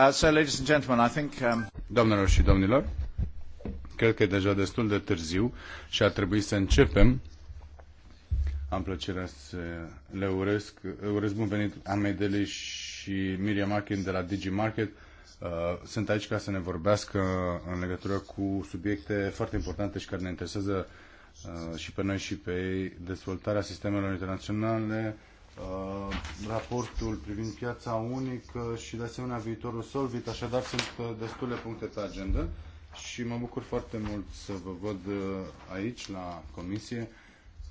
Uh, so, ladies and gentlemen, I think, um... Doamnelor și domnilor, cred că e deja destul de târziu și ar trebui să începem. Am plăcerea să le urez, uh, urez bun venit Anmedele și Miriam Achin de la DigiMarket. Uh, sunt aici ca să ne vorbească în legătură cu subiecte foarte importante și care ne interesează uh, și pe noi și pe ei, dezvoltarea sistemelor internaționale, uh, Uh, raportul privind piața unică și de asemenea viitorul Solvit, așadar sunt uh, destule puncte pe agenda și mă bucur foarte mult să vă văd uh, aici la comisie.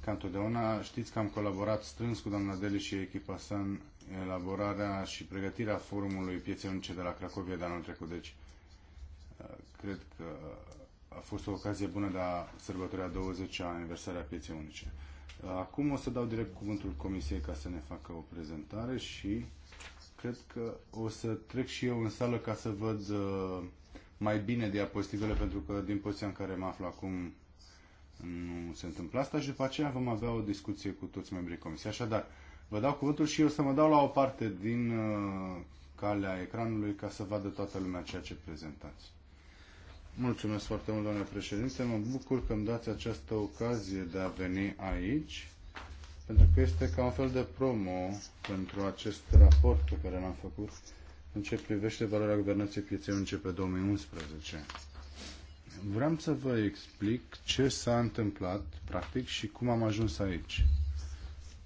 Ca întotdeauna știți că am colaborat strâns cu doamna Deli și echipa sa în elaborarea și pregătirea forumului pieței unice de la Cracovia de anul trecut. Deci, cred că a fost o ocazie bună de a sărbătorea 20-a aniversare a pieței unice. Acum o să dau direct cuvântul Comisiei ca să ne facă o prezentare și cred că o să trec și eu în sală ca să văd uh, mai bine diapozitivele, pentru că din poziția în care mă aflu acum nu se întâmplă asta și după aceea vom avea o discuție cu toți membrii Comisiei. Așadar, vă dau cuvântul și eu să mă dau la o parte din uh, calea ecranului ca să vadă toată lumea ceea ce prezentați. Mulțumesc foarte mult, domnule președinte. Mă bucur că îmi dați această ocazie de a veni aici, pentru că este ca un fel de promo pentru acest raport pe care l-am făcut în ce privește valoarea guvernanței pieței unice pe 2011. Vreau să vă explic ce s-a întâmplat, practic, și cum am ajuns aici.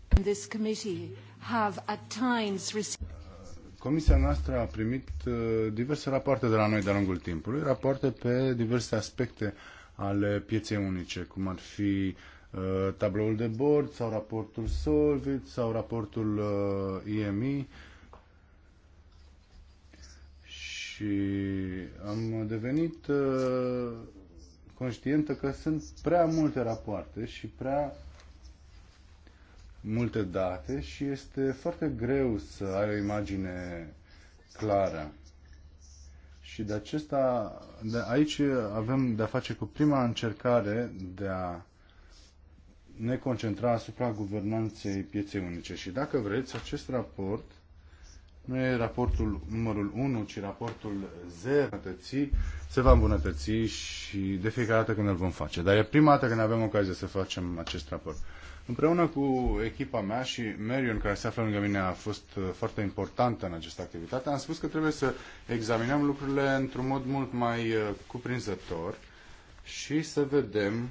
This committee have at times received Comisia noastră a primit uh, diverse rapoarte de la noi de-a lungul timpului, rapoarte pe diverse aspecte ale pieței unice, cum ar fi uh, tabloul de bord sau raportul Solvit sau raportul IMI uh, și am devenit conștientă că sunt prea multe rapoarte și prea multe date și este foarte greu să ai o imagine clară. Și de acesta, de aici avem de-a face cu prima încercare de a ne concentra asupra guvernanței pieței unice. Și dacă vreți, acest raport nu e raportul numărul 1, ci raportul 0, se va îmbunătăți și de fiecare dată când îl vom face. Dar e prima dată când avem ocazia să facem acest raport. Împreună cu echipa mea și Marion, care se află lângă mine, a fost uh, foarte importantă în această activitate, am spus că trebuie să examinăm lucrurile într-un mod mult mai uh, cuprinzător și să vedem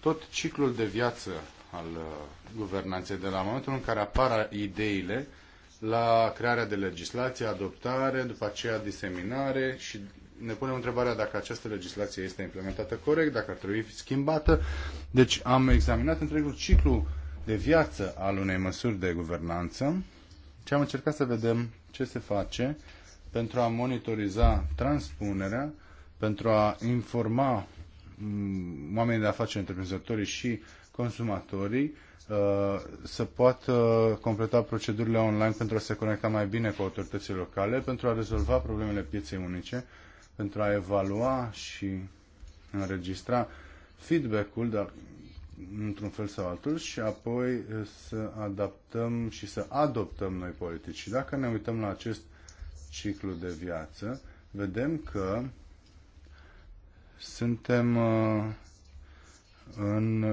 tot ciclul de viață al uh, guvernanței, de la momentul în care apar ideile la crearea de legislație, adoptare, după aceea diseminare și ne punem întrebarea dacă această legislație este implementată corect, dacă ar trebui schimbată. Deci am examinat întregul ciclu de viață al unei măsuri de guvernanță și am încercat să vedem ce se face pentru a monitoriza transpunerea, pentru a informa mm, oamenii de afaceri, întreprinzătorii și consumatorii uh, să poată completa procedurile online pentru a se conecta mai bine cu autoritățile locale, pentru a rezolva problemele pieței unice pentru a evalua și înregistra feedback-ul într-un fel sau altul și apoi să adaptăm și să adoptăm noi politici. Și dacă ne uităm la acest ciclu de viață, vedem că suntem în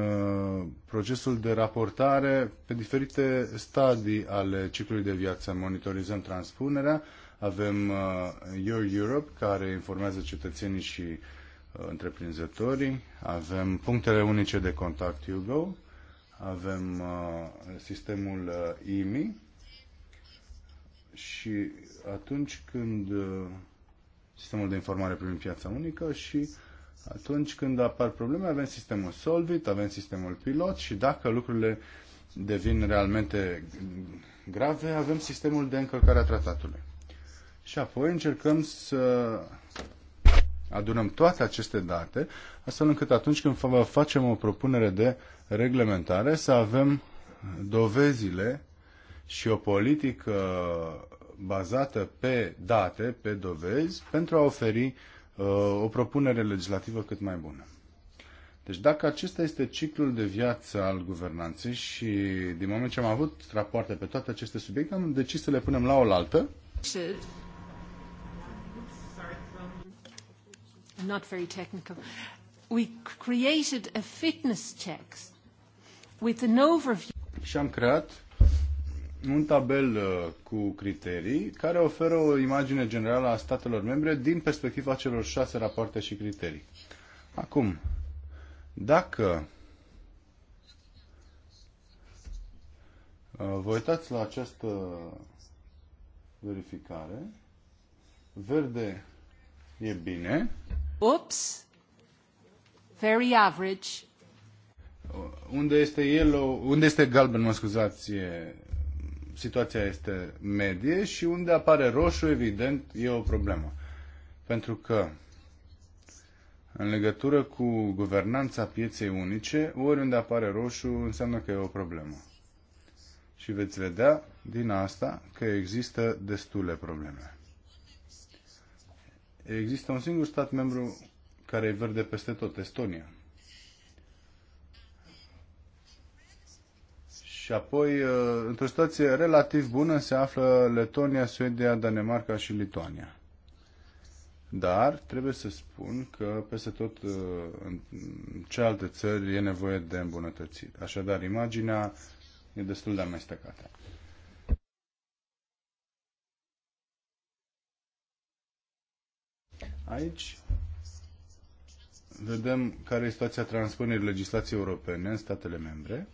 procesul de raportare pe diferite stadii ale ciclului de viață. Monitorizăm transpunerea, avem uh, Your Europe, care informează cetățenii și uh, întreprinzătorii. Avem punctele unice de contact Hugo. Avem uh, sistemul IMI. Și atunci când sistemul de informare privind piața unică și atunci când apar probleme avem sistemul Solvit, avem sistemul Pilot și dacă lucrurile devin realmente grave, avem sistemul de încălcare a tratatului. Și apoi încercăm să adunăm toate aceste date, astfel încât atunci când facem o propunere de reglementare să avem dovezile și o politică bazată pe date, pe dovezi, pentru a oferi uh, o propunere legislativă cât mai bună. Deci dacă acesta este ciclul de viață al guvernanței și din moment ce am avut rapoarte pe toate aceste subiecte, am decis să le punem la oaltă not very technical. We created a fitness check with an overview. Și am creat un tabel uh, cu criterii care oferă o imagine generală a statelor membre din perspectiva celor șase rapoarte și criterii. Acum, dacă uh, vă uitați la această verificare, verde e bine, Oops. Very average. Unde este yellow, unde este galben, mă scuzați, e, situația este medie și unde apare roșu, evident, e o problemă. Pentru că în legătură cu guvernanța pieței unice, oriunde apare roșu înseamnă că e o problemă. Și veți vedea din asta că există destule probleme. Există un singur stat membru care e verde peste tot, Estonia. Și apoi, uh, într-o situație relativ bună, se află Letonia, Suedia, Danemarca și Lituania. Dar trebuie să spun că peste tot uh, în cealaltă țări e nevoie de îmbunătățit. Așadar, imaginea e destul de amestecată. Aici vedem care e situația transpunerii legislației europene în statele membre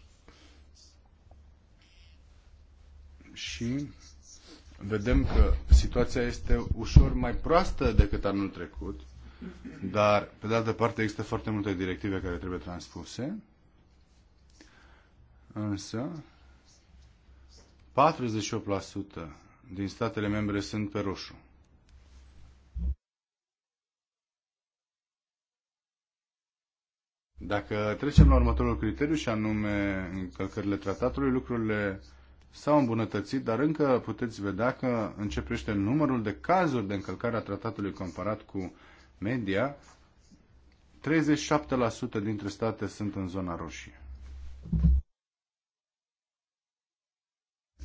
și vedem că situația este ușor mai proastă decât anul trecut, dar, pe de altă parte, există foarte multe directive care trebuie transpuse. Însă, 48% din statele membre sunt pe roșu. Dacă trecem la următorul criteriu și anume încălcările tratatului, lucrurile s-au îmbunătățit, dar încă puteți vedea că începește numărul de cazuri de încălcare a tratatului comparat cu media. 37% dintre state sunt în zona roșie.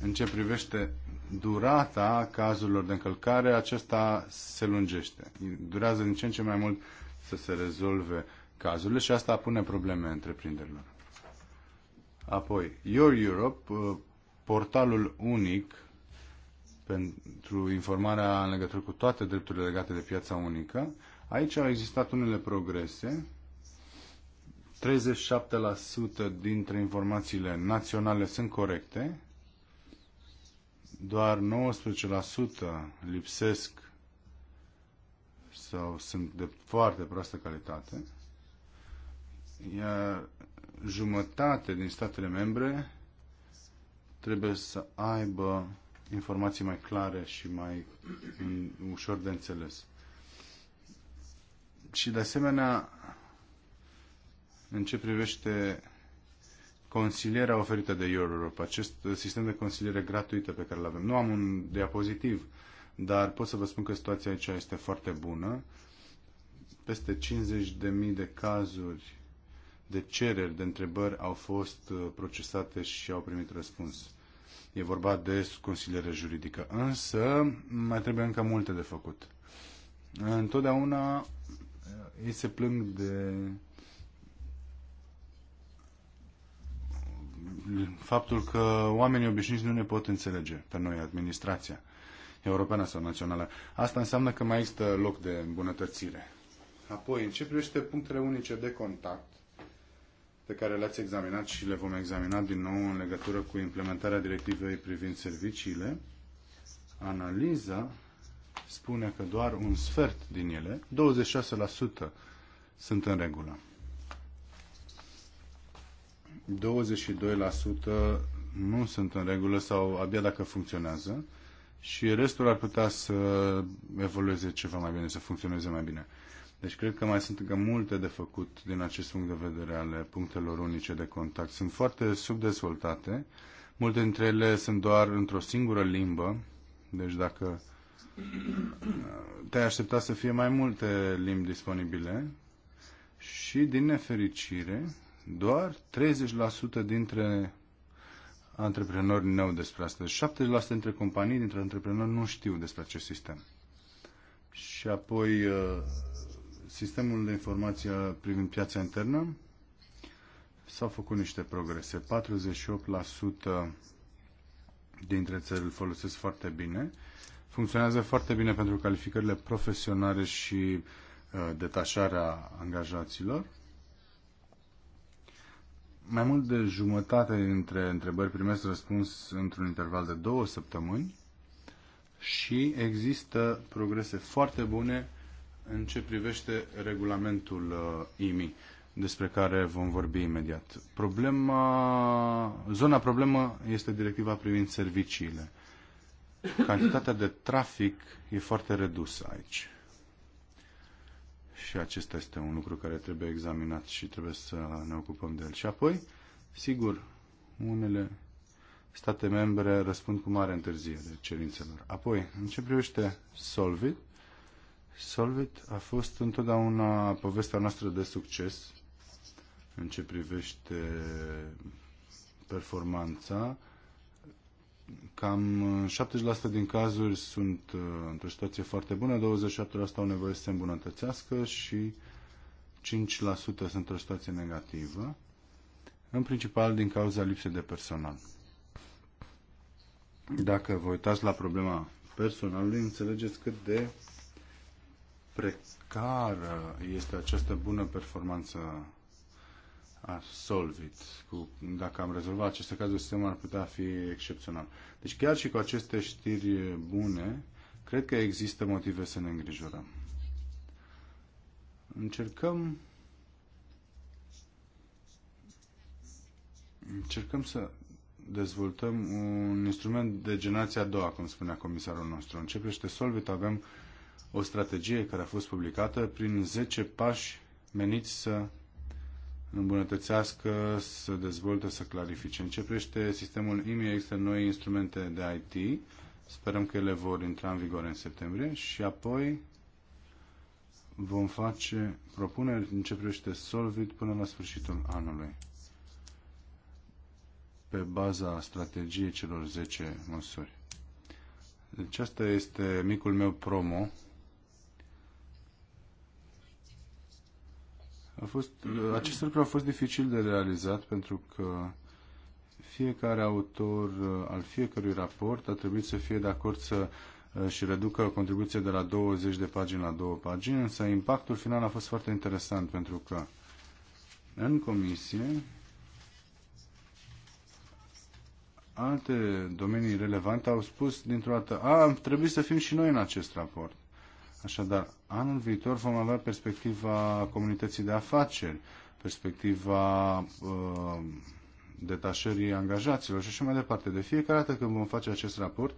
În ce privește durata cazurilor de încălcare, acesta se lungește. Durează din ce în ce mai mult să se rezolve cazurile și asta pune probleme întreprinderilor. Apoi, Your Europe, uh, portalul unic pentru informarea în legătură cu toate drepturile legate de piața unică. Aici au existat unele progrese. 37% dintre informațiile naționale sunt corecte, doar 19% lipsesc sau sunt de foarte proastă calitate iar jumătate din statele membre trebuie să aibă informații mai clare și mai mm, ușor de înțeles. Și de asemenea, în ce privește consilierea oferită de Europe, acest sistem de consiliere gratuită pe care îl avem. Nu am un diapozitiv, dar pot să vă spun că situația aici este foarte bună. Peste 50.000 de cazuri de cereri, de întrebări au fost uh, procesate și au primit răspuns. E vorba de consiliere juridică. Însă, mai trebuie încă multe de făcut. Întotdeauna uh, ei se plâng de faptul că oamenii obișnuiți nu ne pot înțelege pe noi, administrația europeană sau națională. Asta înseamnă că mai există loc de îmbunătățire. Apoi, în ce privește punctele unice de contact, pe care le-ați examinat și le vom examina din nou în legătură cu implementarea directivei privind serviciile, analiza spune că doar un sfert din ele, 26%, sunt în regulă. 22% nu sunt în regulă sau abia dacă funcționează și restul ar putea să evolueze ceva mai bine, să funcționeze mai bine. Deci cred că mai sunt încă multe de făcut din acest punct de vedere ale punctelor unice de contact. Sunt foarte subdezvoltate. Multe dintre ele sunt doar într-o singură limbă. Deci dacă te-ai aștepta să fie mai multe limbi disponibile și, din nefericire, doar 30% dintre antreprenori nu despre asta. Deci 70% dintre companii, dintre antreprenori, nu știu despre acest sistem. Și apoi uh, sistemul de informație privind piața internă, s-au făcut niște progrese. 48% dintre țări îl folosesc foarte bine. Funcționează foarte bine pentru calificările profesionale și uh, detașarea angajaților. Mai mult de jumătate dintre întrebări primesc răspuns într-un interval de două săptămâni și există progrese foarte bune în ce privește regulamentul IMI, uh, despre care vom vorbi imediat. Problema, zona problemă este directiva privind serviciile. Cantitatea de trafic e foarte redusă aici. Și acesta este un lucru care trebuie examinat și trebuie să ne ocupăm de el. Și apoi, sigur, unele state membre răspund cu mare întârziere cerințelor. Apoi, în ce privește Solvit, Solvit a fost întotdeauna povestea noastră de succes în ce privește performanța. Cam 70% din cazuri sunt uh, într-o situație foarte bună, 27% au nevoie să se îmbunătățească și 5% sunt într-o situație negativă, în principal din cauza lipsei de personal. Dacă vă uitați la problema personalului, înțelegeți cât de precară este această bună performanță a Solvit. Cu, dacă am rezolvat aceste cazuri, sistemul ar putea fi excepțional. Deci chiar și cu aceste știri bune, cred că există motive să ne îngrijorăm. Încercăm încercăm să dezvoltăm un instrument de generația a doua, cum spunea comisarul nostru. Începește Solvit avem o strategie care a fost publicată prin 10 pași meniți să îmbunătățească, să dezvolte, să clarifice. Începește sistemul IMI, există noi instrumente de IT, sperăm că ele vor intra în vigoare în septembrie și apoi vom face propuneri, începește Solvit până la sfârșitul anului pe baza strategiei celor 10 măsuri. Deci asta este micul meu promo A fost, acest lucru a fost dificil de realizat pentru că fiecare autor uh, al fiecărui raport a trebuit să fie de acord să uh, și reducă contribuția de la 20 de pagini la 2 pagini, însă impactul final a fost foarte interesant pentru că în comisie alte domenii relevante au spus dintr-o dată, a, trebuie să fim și noi în acest raport. Așadar, anul viitor vom avea perspectiva comunității de afaceri, perspectiva uh, detașării angajaților și așa mai departe. De fiecare dată când vom face acest raport,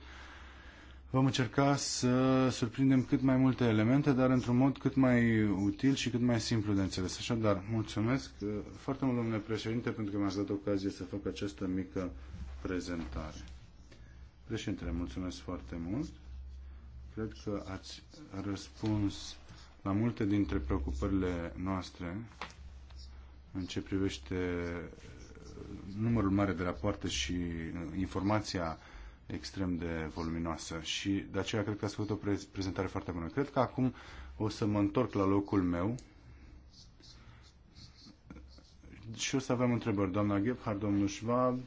vom încerca să surprindem cât mai multe elemente, dar într-un mod cât mai util și cât mai simplu de înțeles. Așadar, mulțumesc uh, foarte mult, domnule președinte, pentru că mi-ați dat ocazie să fac această mică prezentare. Președintele, mulțumesc foarte mult. Cred că ați răspuns la multe dintre preocupările noastre în ce privește uh, numărul mare de rapoarte și uh, informația extrem de voluminoasă și de aceea cred că ați făcut o prezentare foarte bună. Cred că acum o să mă întorc la locul meu și o să avem întrebări. Doamna Gebhard, domnul Schwab,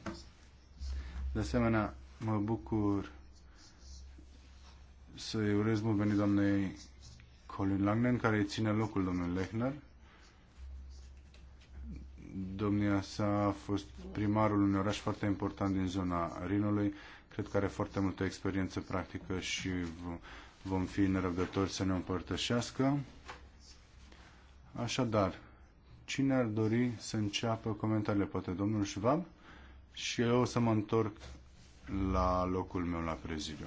de asemenea, mă bucur să-i urez bun venit doamnei Colin Langnen, care ține locul domnului Lechner. Domnia sa a fost primarul unui oraș foarte important din zona Rinului. Cred că are foarte multă experiență practică și vom fi nerăbdători să ne împărtășească. Așadar, cine ar dori să înceapă comentariile? Poate domnul Schwab? Și eu o să mă întorc la locul meu la prezidiu.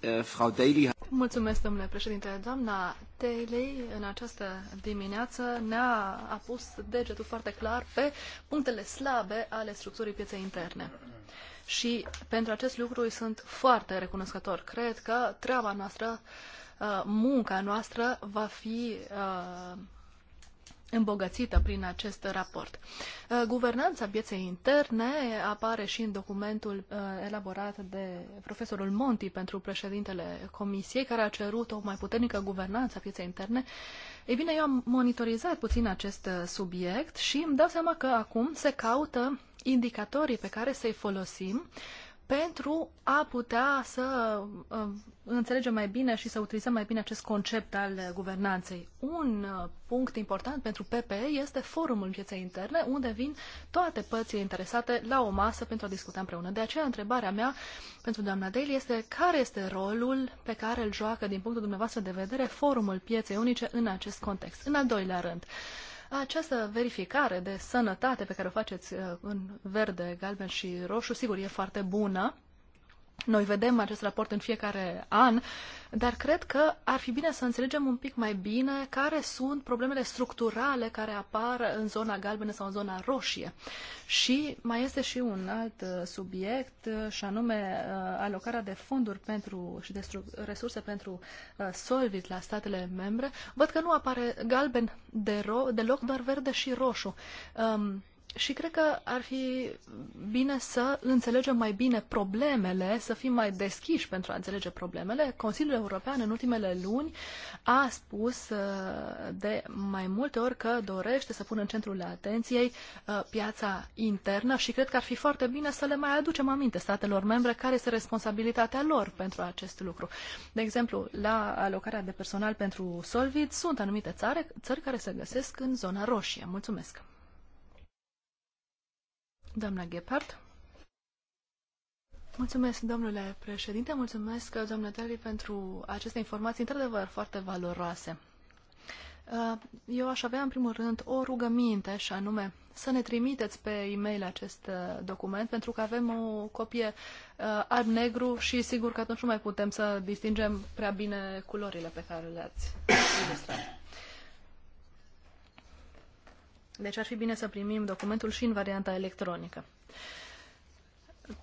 Eh, Frau Daly. Mulțumesc, domnule președinte. Doamna Daly, în această dimineață, ne-a apus degetul foarte clar pe punctele slabe ale structurii pieței interne. Și pentru acest lucru îi sunt foarte recunoscător. Cred că treaba noastră, eh, munca noastră va fi eh, îmbogățită prin acest raport. Uh, guvernanța pieței interne apare și în documentul uh, elaborat de profesorul Monti pentru președintele Comisiei, care a cerut o mai puternică guvernanță a pieței interne. Ei bine, eu am monitorizat puțin acest uh, subiect și îmi dau seama că acum se caută indicatorii pe care să-i folosim pentru a putea să uh, înțelegem mai bine și să utilizăm mai bine acest concept al guvernanței. Un uh, punct important pentru PPE este forumul pieței interne, unde vin toate părțile interesate la o masă pentru a discuta împreună. De aceea, întrebarea mea pentru doamna Daly este care este rolul pe care îl joacă, din punctul dumneavoastră de vedere, forumul pieței unice în acest context. În al doilea rând, uh, această verificare de sănătate pe care o faceți uh, în verde, galben și roșu, sigur, e foarte bună noi vedem acest raport în fiecare an, dar cred că ar fi bine să înțelegem un pic mai bine care sunt problemele structurale care apar în zona galbenă sau în zona roșie. Și mai este și un alt uh, subiect, uh, și anume uh, alocarea de fonduri pentru și de resurse pentru solvit la statele membre. Văd că nu apare galben de deloc, doar verde și roșu. Um, și cred că ar fi bine să înțelegem mai bine problemele, să fim mai deschiși pentru a înțelege problemele. Consiliul European în ultimele luni a spus uh, de mai multe ori că dorește să pună în centrul atenției uh, piața internă și cred că ar fi foarte bine să le mai aducem aminte statelor membre care este responsabilitatea lor pentru acest lucru. De exemplu, la alocarea de personal pentru Solvit sunt anumite țări, țări care se găsesc în zona roșie. Mulțumesc! Doamna Gephardt. Mulțumesc, domnule președinte, mulțumesc, doamnă Terry, pentru aceste informații, într-adevăr, foarte valoroase. Uh, eu aș avea, în primul rând, o rugăminte, și anume să ne trimiteți pe e-mail acest uh, document, pentru că avem o copie uh, alb-negru și sigur că atunci nu mai putem să distingem prea bine culorile pe care le-ați ilustrat. Deci ar fi bine să primim documentul și în varianta electronică.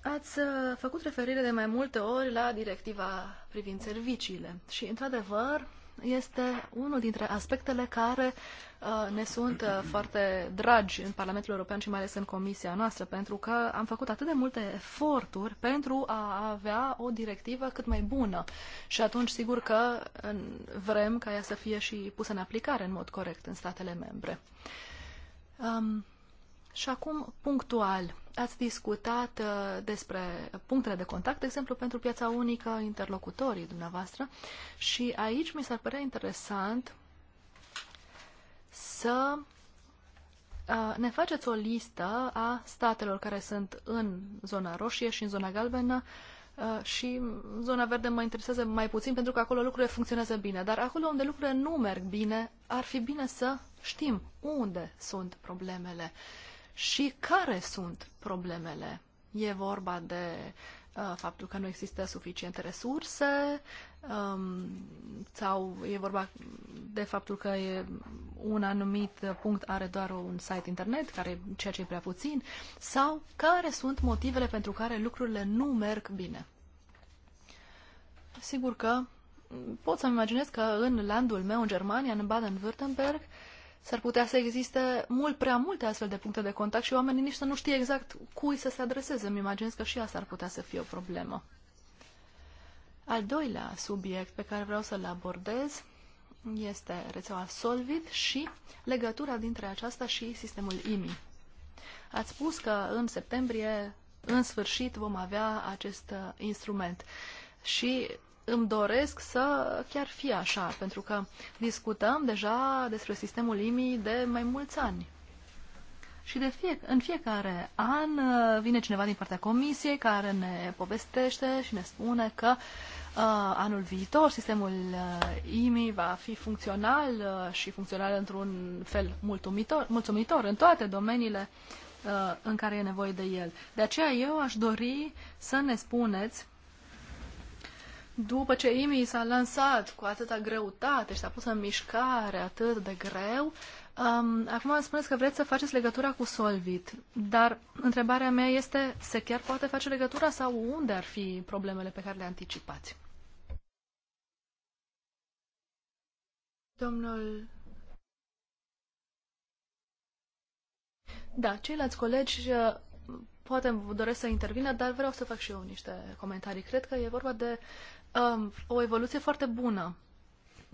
Ați uh, făcut referire de mai multe ori la directiva privind serviciile și, într-adevăr, este unul dintre aspectele care uh, ne sunt uh, foarte dragi în Parlamentul European și mai ales în comisia noastră, pentru că am făcut atât de multe eforturi pentru a avea o directivă cât mai bună. Și atunci, sigur că vrem ca ea să fie și pusă în aplicare în mod corect în statele membre. Uh, Um, și acum, punctual, ați discutat uh, despre punctele de contact, de exemplu, pentru piața unică, interlocutorii dumneavoastră, și aici mi s-ar părea interesant să uh, ne faceți o listă a statelor care sunt în zona roșie și în zona galbenă uh, Uh, și zona verde mă interesează mai puțin pentru că acolo lucrurile funcționează bine. Dar acolo unde lucrurile nu merg bine, ar fi bine să știm unde sunt problemele și care sunt problemele. E vorba de uh, faptul că nu există suficiente resurse, um, sau e vorba de faptul că e un anumit punct are doar un site internet, care, ceea ce e prea puțin, sau care sunt motivele pentru care lucrurile nu merg bine. Sigur că pot să-mi imaginez că în landul meu, în Germania, în Baden-Württemberg, s-ar putea să existe mult prea multe astfel de puncte de contact și oamenii nici să nu știe exact cui să se adreseze. Îmi imaginez că și asta ar putea să fie o problemă. Al doilea subiect pe care vreau să-l abordez este rețeaua Solvit și legătura dintre aceasta și sistemul IMI. Ați spus că în septembrie, în sfârșit, vom avea acest uh, instrument și îmi doresc să chiar fie așa, pentru că discutăm deja despre sistemul IMI de mai mulți ani. Și de fie, în fiecare an uh, vine cineva din partea comisiei care ne povestește și ne spune că uh, Uh, anul viitor sistemul IMI uh, va fi funcțional uh, și funcțional într-un fel mulțumitor, mulțumitor în toate domeniile în care e nevoie de el. De aceea eu aș dori să ne spuneți, după ce IMI s-a lansat cu atâta greutate și s-a pus în mișcare atât de greu, um, acum spuneți că vreți să faceți legătura cu Solvit, dar întrebarea mea este, se chiar poate face legătura sau unde ar fi problemele pe care le anticipați? Domnul Da, ceilalți colegi uh, poate doresc să intervină, dar vreau să fac și eu niște comentarii. Cred că e vorba de um, o evoluție foarte bună,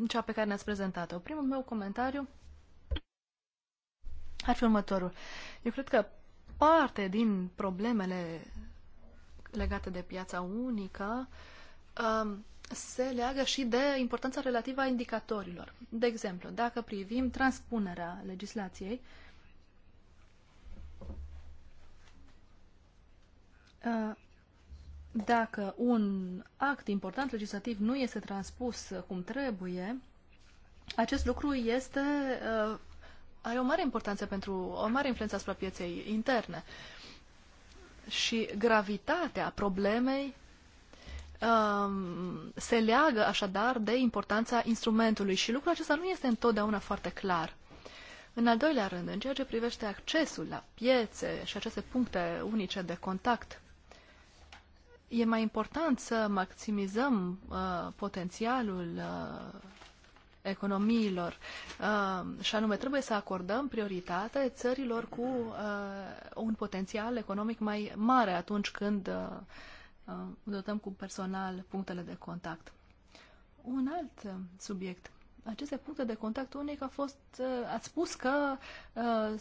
cea pe care ne-ați prezentat-o. Primul meu comentariu ar fi următorul. Eu cred că parte din problemele legate de piața unică um, se leagă și de importanța relativă a indicatorilor. De exemplu, dacă privim transpunerea legislației, uh, dacă un act important legislativ nu este transpus cum trebuie, acest lucru este uh, are o mare importanță pentru o mare influență asupra pieței interne. Și gravitatea problemei Um, se leagă așadar de importanța instrumentului și lucrul acesta nu este întotdeauna foarte clar. În al doilea rând, în ceea ce privește accesul la piețe și aceste puncte unice de contact, e mai important să maximizăm uh, potențialul uh, economiilor. Uh, și anume, trebuie să acordăm prioritate țărilor cu uh, un potențial economic mai mare atunci când uh, Uh, dotăm cu personal punctele de contact. Un alt uh, subiect. Aceste puncte de contact unic a fost, uh, ați spus că uh,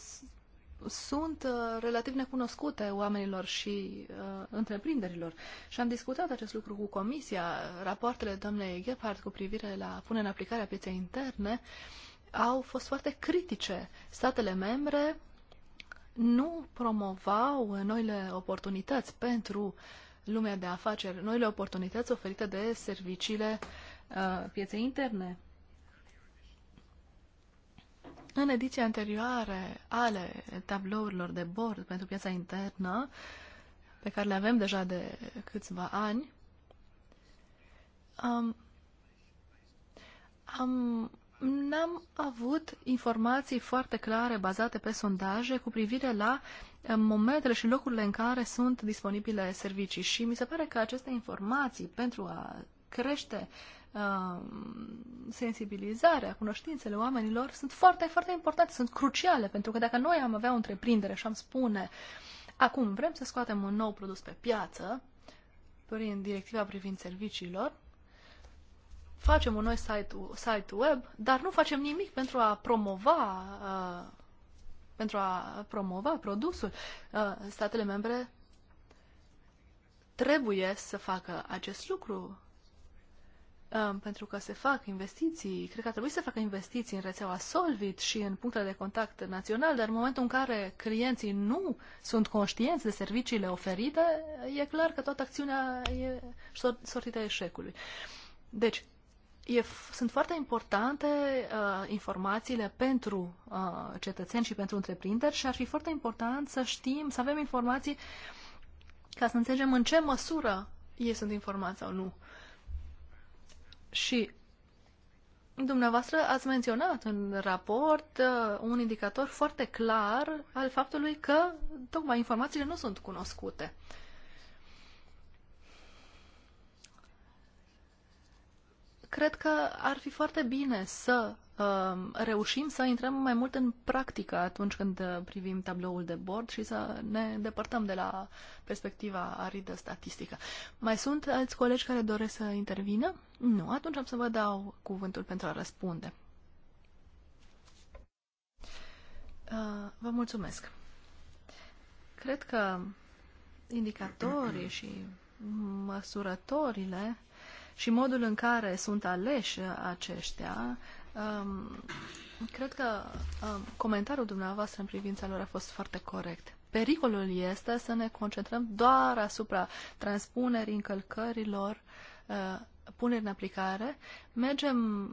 sunt relativ necunoscute oamenilor și uh, întreprinderilor. Și am discutat acest lucru cu Comisia. Rapoartele doamnei Gephardt cu privire la punerea în aplicare a pieței interne au fost foarte critice. Statele membre nu promovau noile oportunități pentru uh, lumea de afaceri, noile oportunități oferite de serviciile uh, pieței interne. În ediția anterioare ale tablourilor de bord pentru piața internă, pe care le avem deja de câțiva ani, um, am, n-am avut informații foarte clare bazate pe sondaje cu privire la momentele și locurile în care sunt disponibile servicii și mi se pare că aceste informații pentru a crește um, sensibilizarea, cunoștințele oamenilor sunt foarte, foarte importante, sunt cruciale, pentru că dacă noi am avea o întreprindere și am spune acum vrem să scoatem un nou produs pe piață prin directiva privind serviciilor, facem un noi site, site web, dar nu facem nimic pentru a promova uh, pentru a promova produsul. Uh, statele membre trebuie să facă acest lucru uh, pentru că se fac investiții, cred că ar trebui să facă investiții în rețeaua Solvit și în punctele de contact național, dar în momentul în care clienții nu sunt conștienți de serviciile oferite, e clar că toată acțiunea e sortită eșecului. Deci, e, sunt foarte importante uh, informațiile pentru uh, cetățeni și pentru întreprinderi și ar fi foarte important să știm, să avem informații ca să înțelegem în ce măsură ei sunt informați sau nu. Și dumneavoastră ați menționat în raport uh, un indicator foarte clar al faptului că tocmai informațiile nu sunt cunoscute. Uh, cred că ar fi foarte bine să um, reușim să intrăm mai mult în practică atunci când privim tabloul de bord și să ne depărtăm de la perspectiva aridă statistică. Mai sunt alți colegi care doresc să intervină? Nu, atunci am să vă dau cuvântul pentru a răspunde. Uh, vă mulțumesc. Cred că indicatorii și măsurătorile uh, și modul în care sunt aleși aceștia, um, cred că um, comentariul dumneavoastră în privința lor a fost foarte corect. Pericolul este să ne concentrăm doar asupra transpunerii încălcărilor, uh, puneri în aplicare. Mergem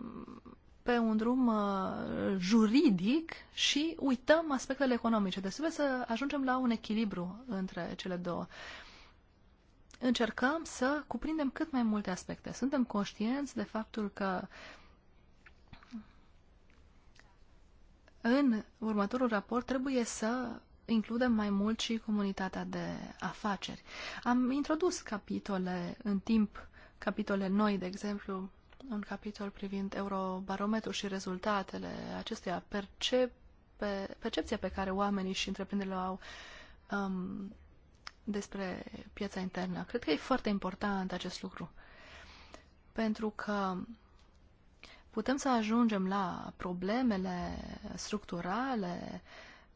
pe un drum uh, juridic și uităm aspectele economice. Deci trebuie să ajungem la un echilibru între cele două. Uh, încercăm să cuprindem cât mai multe aspecte. Suntem conștienți de faptul că în următorul raport trebuie să includem mai mult și comunitatea de afaceri. Am introdus capitole în timp, capitole noi, de exemplu, un capitol privind eurobarometru și rezultatele acesteia, percep, percepția pe care oamenii și întreprinderile au um, despre piața internă. Cred că e foarte important acest lucru. Pentru că putem să ajungem la problemele structurale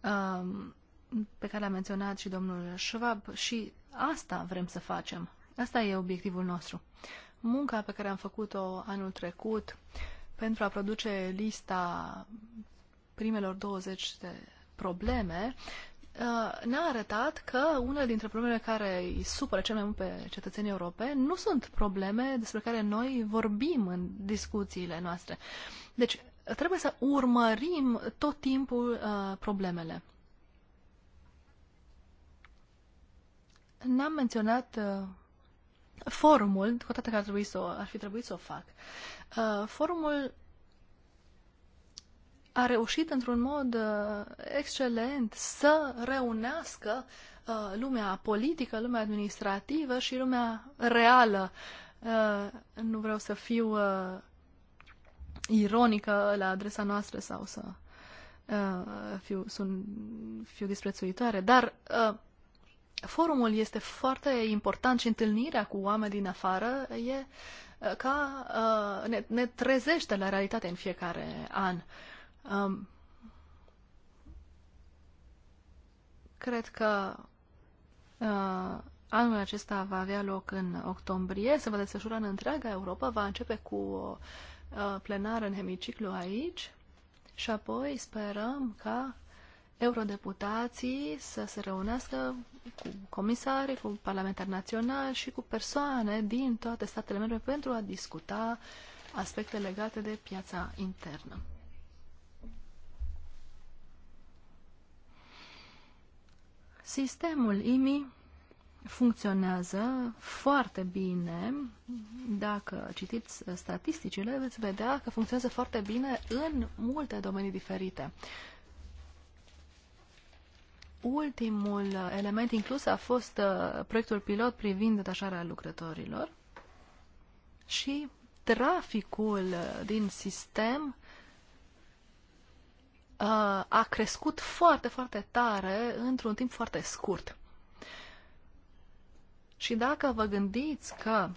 um, pe care le-a menționat și domnul Schwab și asta vrem să facem. Asta e obiectivul nostru. Munca pe care am făcut-o anul trecut pentru a produce lista primelor 20 de probleme Uh, ne-a arătat că unele dintre problemele care îi supără cel mai mult pe cetățenii europeni nu sunt probleme despre care noi vorbim în discuțiile noastre. Deci, trebuie să urmărim tot timpul uh, problemele. N-am menționat uh, forumul, cu toate că ar, trebui să o, ar fi trebuit să o fac. Uh, forumul a reușit într-un mod uh, excelent să reunească uh, lumea politică, lumea administrativă și lumea reală. Uh, nu vreau să fiu ironică la adresa noastră sau să fiu, sun, fiu disprețuitoare, dar forumul este foarte important și întâlnirea cu oameni din afară e ca ne, ne trezește la realitate în fiecare an. Uh, Um, cred că uh, anul acesta va avea loc în octombrie, se va desfășura în întreaga Europa, va începe cu o uh, plenară în hemiciclu aici și apoi sperăm ca eurodeputații să se reunească cu comisari, cu parlamentari naționali și cu persoane din toate statele membre pentru a discuta aspecte legate de piața internă. Sistemul IMI funcționează foarte bine. Dacă citiți statisticile, veți vedea că funcționează foarte bine în multe domenii diferite. Ultimul element inclus a fost uh, proiectul pilot privind detașarea lucrătorilor și traficul uh, din sistem Uh, a crescut foarte, foarte tare într-un timp foarte scurt. Și dacă vă gândiți că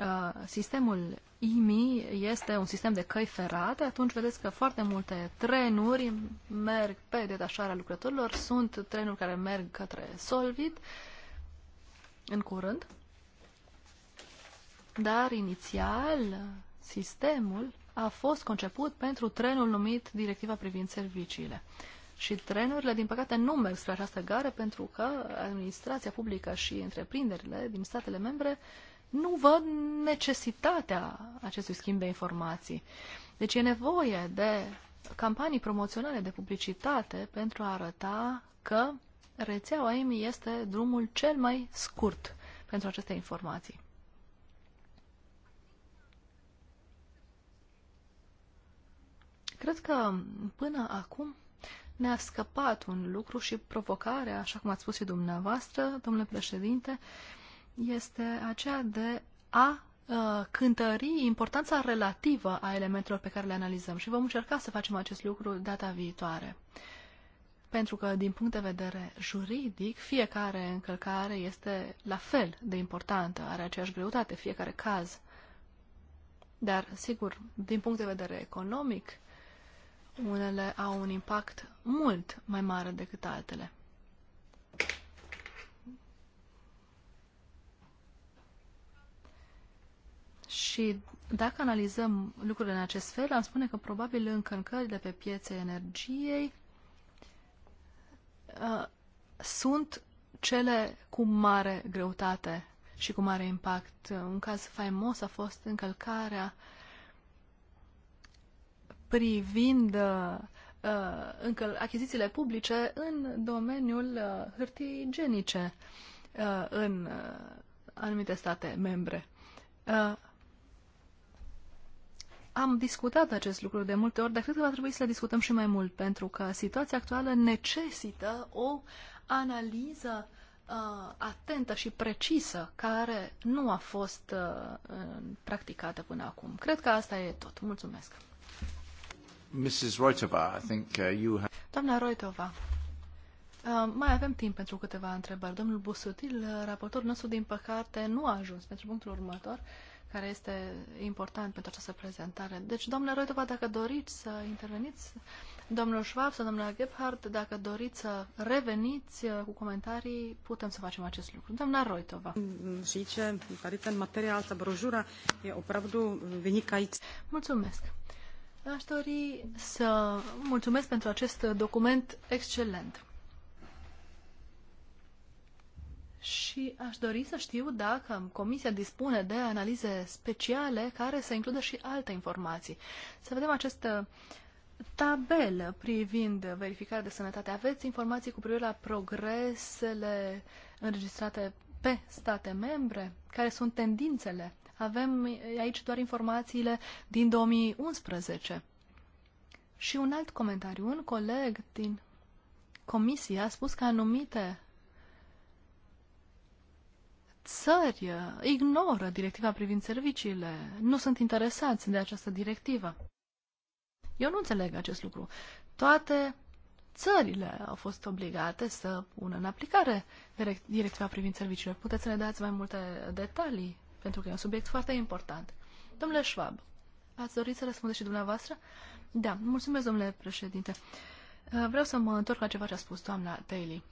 uh, sistemul IMI este un sistem de căi ferate, atunci vedeți că foarte multe trenuri merg pe detașarea lucrătorilor, sunt trenuri care merg către Solvit în curând, dar inițial sistemul a fost conceput pentru trenul numit Directiva privind serviciile. Și trenurile, din păcate, nu merg spre această gare pentru că administrația publică și întreprinderile din statele membre nu văd necesitatea acestui schimb de informații. Deci e nevoie de campanii promoționale de publicitate pentru a arăta că rețeaua EMI este drumul cel mai scurt pentru aceste informații. Cred că până acum ne-a scăpat un lucru și provocarea, așa cum ați spus și dumneavoastră, domnule președinte, este aceea de a uh, cântări importanța relativă a elementelor pe care le analizăm și vom încerca să facem acest lucru data viitoare. Pentru că, din punct de vedere juridic, fiecare încălcare este la fel de importantă, are aceeași greutate, fiecare caz. Dar, sigur, din punct de vedere economic, unele au un impact mult mai mare decât altele. Și dacă analizăm lucrurile în acest fel, am spune că probabil de pe piețe energiei uh, sunt cele cu mare greutate și cu mare impact. Un caz faimos a fost încălcarea uh, privind uh, uh, încă achizițiile publice în domeniul uh, hârtiei igienice uh, în uh, anumite state membre. Uh, am discutat acest lucru de multe ori, dar cred că va trebui să le discutăm și mai mult, pentru că situația actuală necesită o analiză uh, atentă și precisă care nu a fost uh, practicată până acum. Cred că asta e tot. Mulțumesc! Mrs. Roitova, I think uh, you have... Doamna uh, mai avem timp pentru câteva întrebări. Domnul Busutil, uh, raportorul nostru, din păcate, nu a ajuns pentru punctul următor, care este important pentru această prezentare. Deci, doamna Roitova, dacă doriți să interveniți, domnul Schwab sau domnul Gebhardt, dacă doriți să reveniți cu comentarii, putem să facem acest lucru. Doamna Roitova. Mm, mm, și ce, tady ten materiál, ta brožura e opravdu Mulțumesc. Aș dori să mulțumesc pentru acest document excelent. Și aș dori să știu dacă Comisia dispune de analize speciale care să includă și alte informații. Să vedem această tabelă privind verificarea de sănătate. Aveți informații cu privire la progresele înregistrate pe state membre? Care sunt tendințele? Avem aici doar informațiile din 2011. Și un alt comentariu. Un coleg din comisie a spus că anumite țări uh, ignoră directiva privind serviciile, nu sunt interesați de această directivă. Eu nu înțeleg acest lucru. Toate țările au fost obligate să pună în aplicare directiva privind serviciile. Puteți să ne dați mai multe detalii pentru că e un subiect foarte important. Domnule Schwab, ați dorit să răspundeți și dumneavoastră? Da, mulțumesc, domnule președinte. Uh, vreau să mă întorc la ceva ce a spus doamna Daly.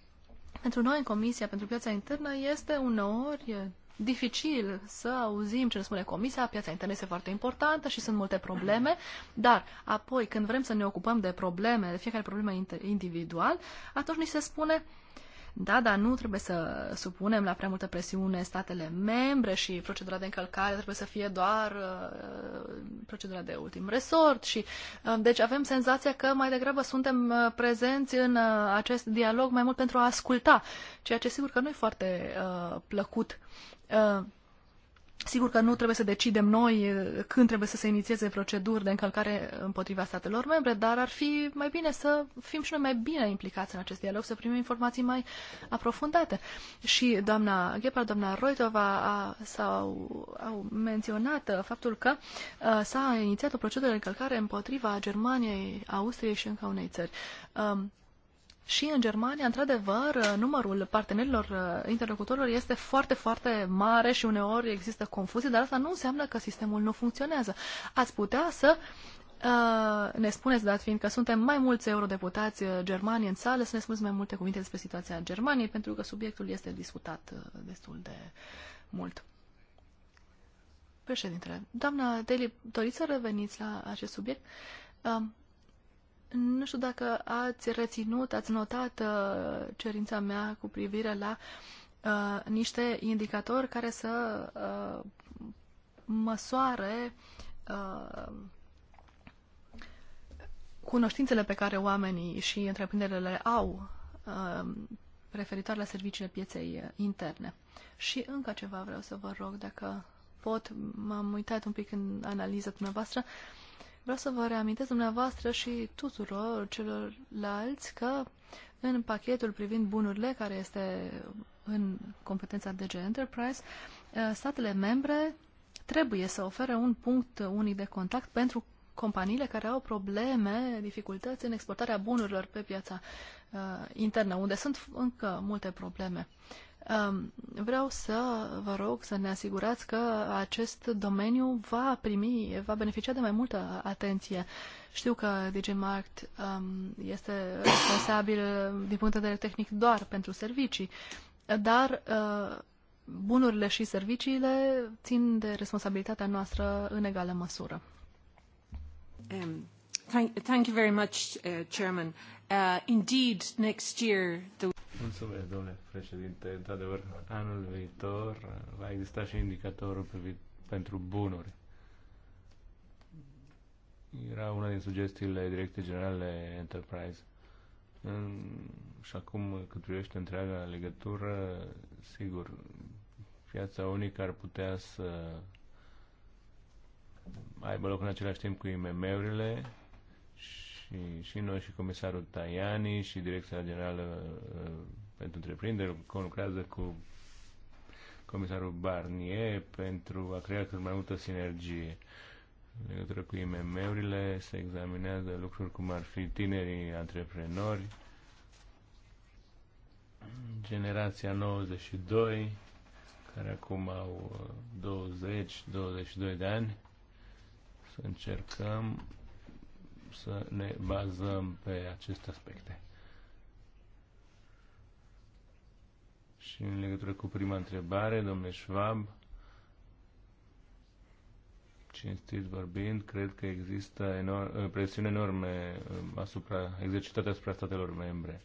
Pentru noi, în Comisia pentru Piața Internă, este uneori uh, dificil să auzim ce ne spune Comisia. Piața internă este foarte importantă și sunt multe probleme, dar apoi, când vrem să ne ocupăm de probleme, de fiecare problemă individual, atunci ni se spune uh, da, dar nu trebuie să supunem la prea multă presiune statele membre și procedura de încălcare trebuie să fie doar uh, procedura de ultim resort. Și, uh, deci avem senzația că mai degrabă suntem uh, prezenți în uh, acest dialog mai mult pentru a asculta, ceea ce sigur că nu e foarte uh, plăcut. Uh, Sigur că nu trebuie să decidem noi uh, când trebuie să se inițieze proceduri de încălcare împotriva statelor membre, dar ar fi mai bine să fim și noi mai bine implicați în acest dialog, să primim informații mai aprofundate. Și doamna Ghepar, doamna Roitova a, s-au, au menționat uh, faptul că uh, s-a inițiat o procedură de încălcare împotriva Germaniei, Austriei și încă unei țări. Um, și în Germania, într-adevăr, numărul partenerilor uh, interlocutorilor este foarte, foarte mare și uneori există confuzii. dar asta nu înseamnă că sistemul nu funcționează. Ați putea să uh, ne spuneți, dat fiindcă că suntem mai mulți eurodeputați uh, germani în sală, să ne spuneți mai multe cuvinte despre situația Germaniei, pentru că subiectul este discutat uh, destul de mult. Președintele, doamna Deli, doriți să reveniți la acest subiect? Nu știu dacă ați reținut, ați notat uh, cerința mea cu privire la uh, niște indicatori care să uh, măsoare uh, cunoștințele pe care oamenii și întreprinderile le au uh, la serviciile pieței interne. Și încă ceva vreau să vă rog, dacă pot, m-am uitat un pic în analiza dumneavoastră. Uh, Vreau să vă reamintesc dumneavoastră și tuturor celorlalți că în pachetul privind bunurile, care este în competența DG Enterprise, eh, statele membre trebuie să ofere un punct unic de contact pentru companiile care au probleme, dificultăți în exportarea bunurilor pe piața uh, internă, unde sunt încă multe probleme. Vreau să vă rog să ne asigurați că acest domeniu va primi, va beneficia de mai multă atenție. Știu că DigiMarkt um, este responsabil din punct de vedere tehnic doar pentru servicii, dar uh, bunurile și serviciile țin de responsabilitatea noastră în egală măsură. Um, thank, thank you very much, uh, Chairman. Uh, indeed, next year the Mulțumesc, domnule președinte. Într-adevăr, anul viitor va exista și indicatorul pentru bunuri. Era una din sugestiile Direcției Generale Enterprise. În, și acum, cât privește întreaga legătură, sigur, piața unică ar putea să aibă loc în același timp cu IMM-urile, și, și noi și comisarul Tajani și Direcția Generală uh, pentru Întreprinderi conlucrează cu comisarul Barnier pentru a crea cât mai multă sinergie. În legătură cu IMM-urile se examinează lucruri cum ar fi tinerii antreprenori, generația 92, care acum au 20-22 uh, de ani, să încercăm să ne bazăm pe aceste aspecte. Și în legătură cu prima întrebare, domnule Schwab, cinstit vorbind, cred că există enorm, presiune enorme um, asupra, exercitate asupra statelor membre.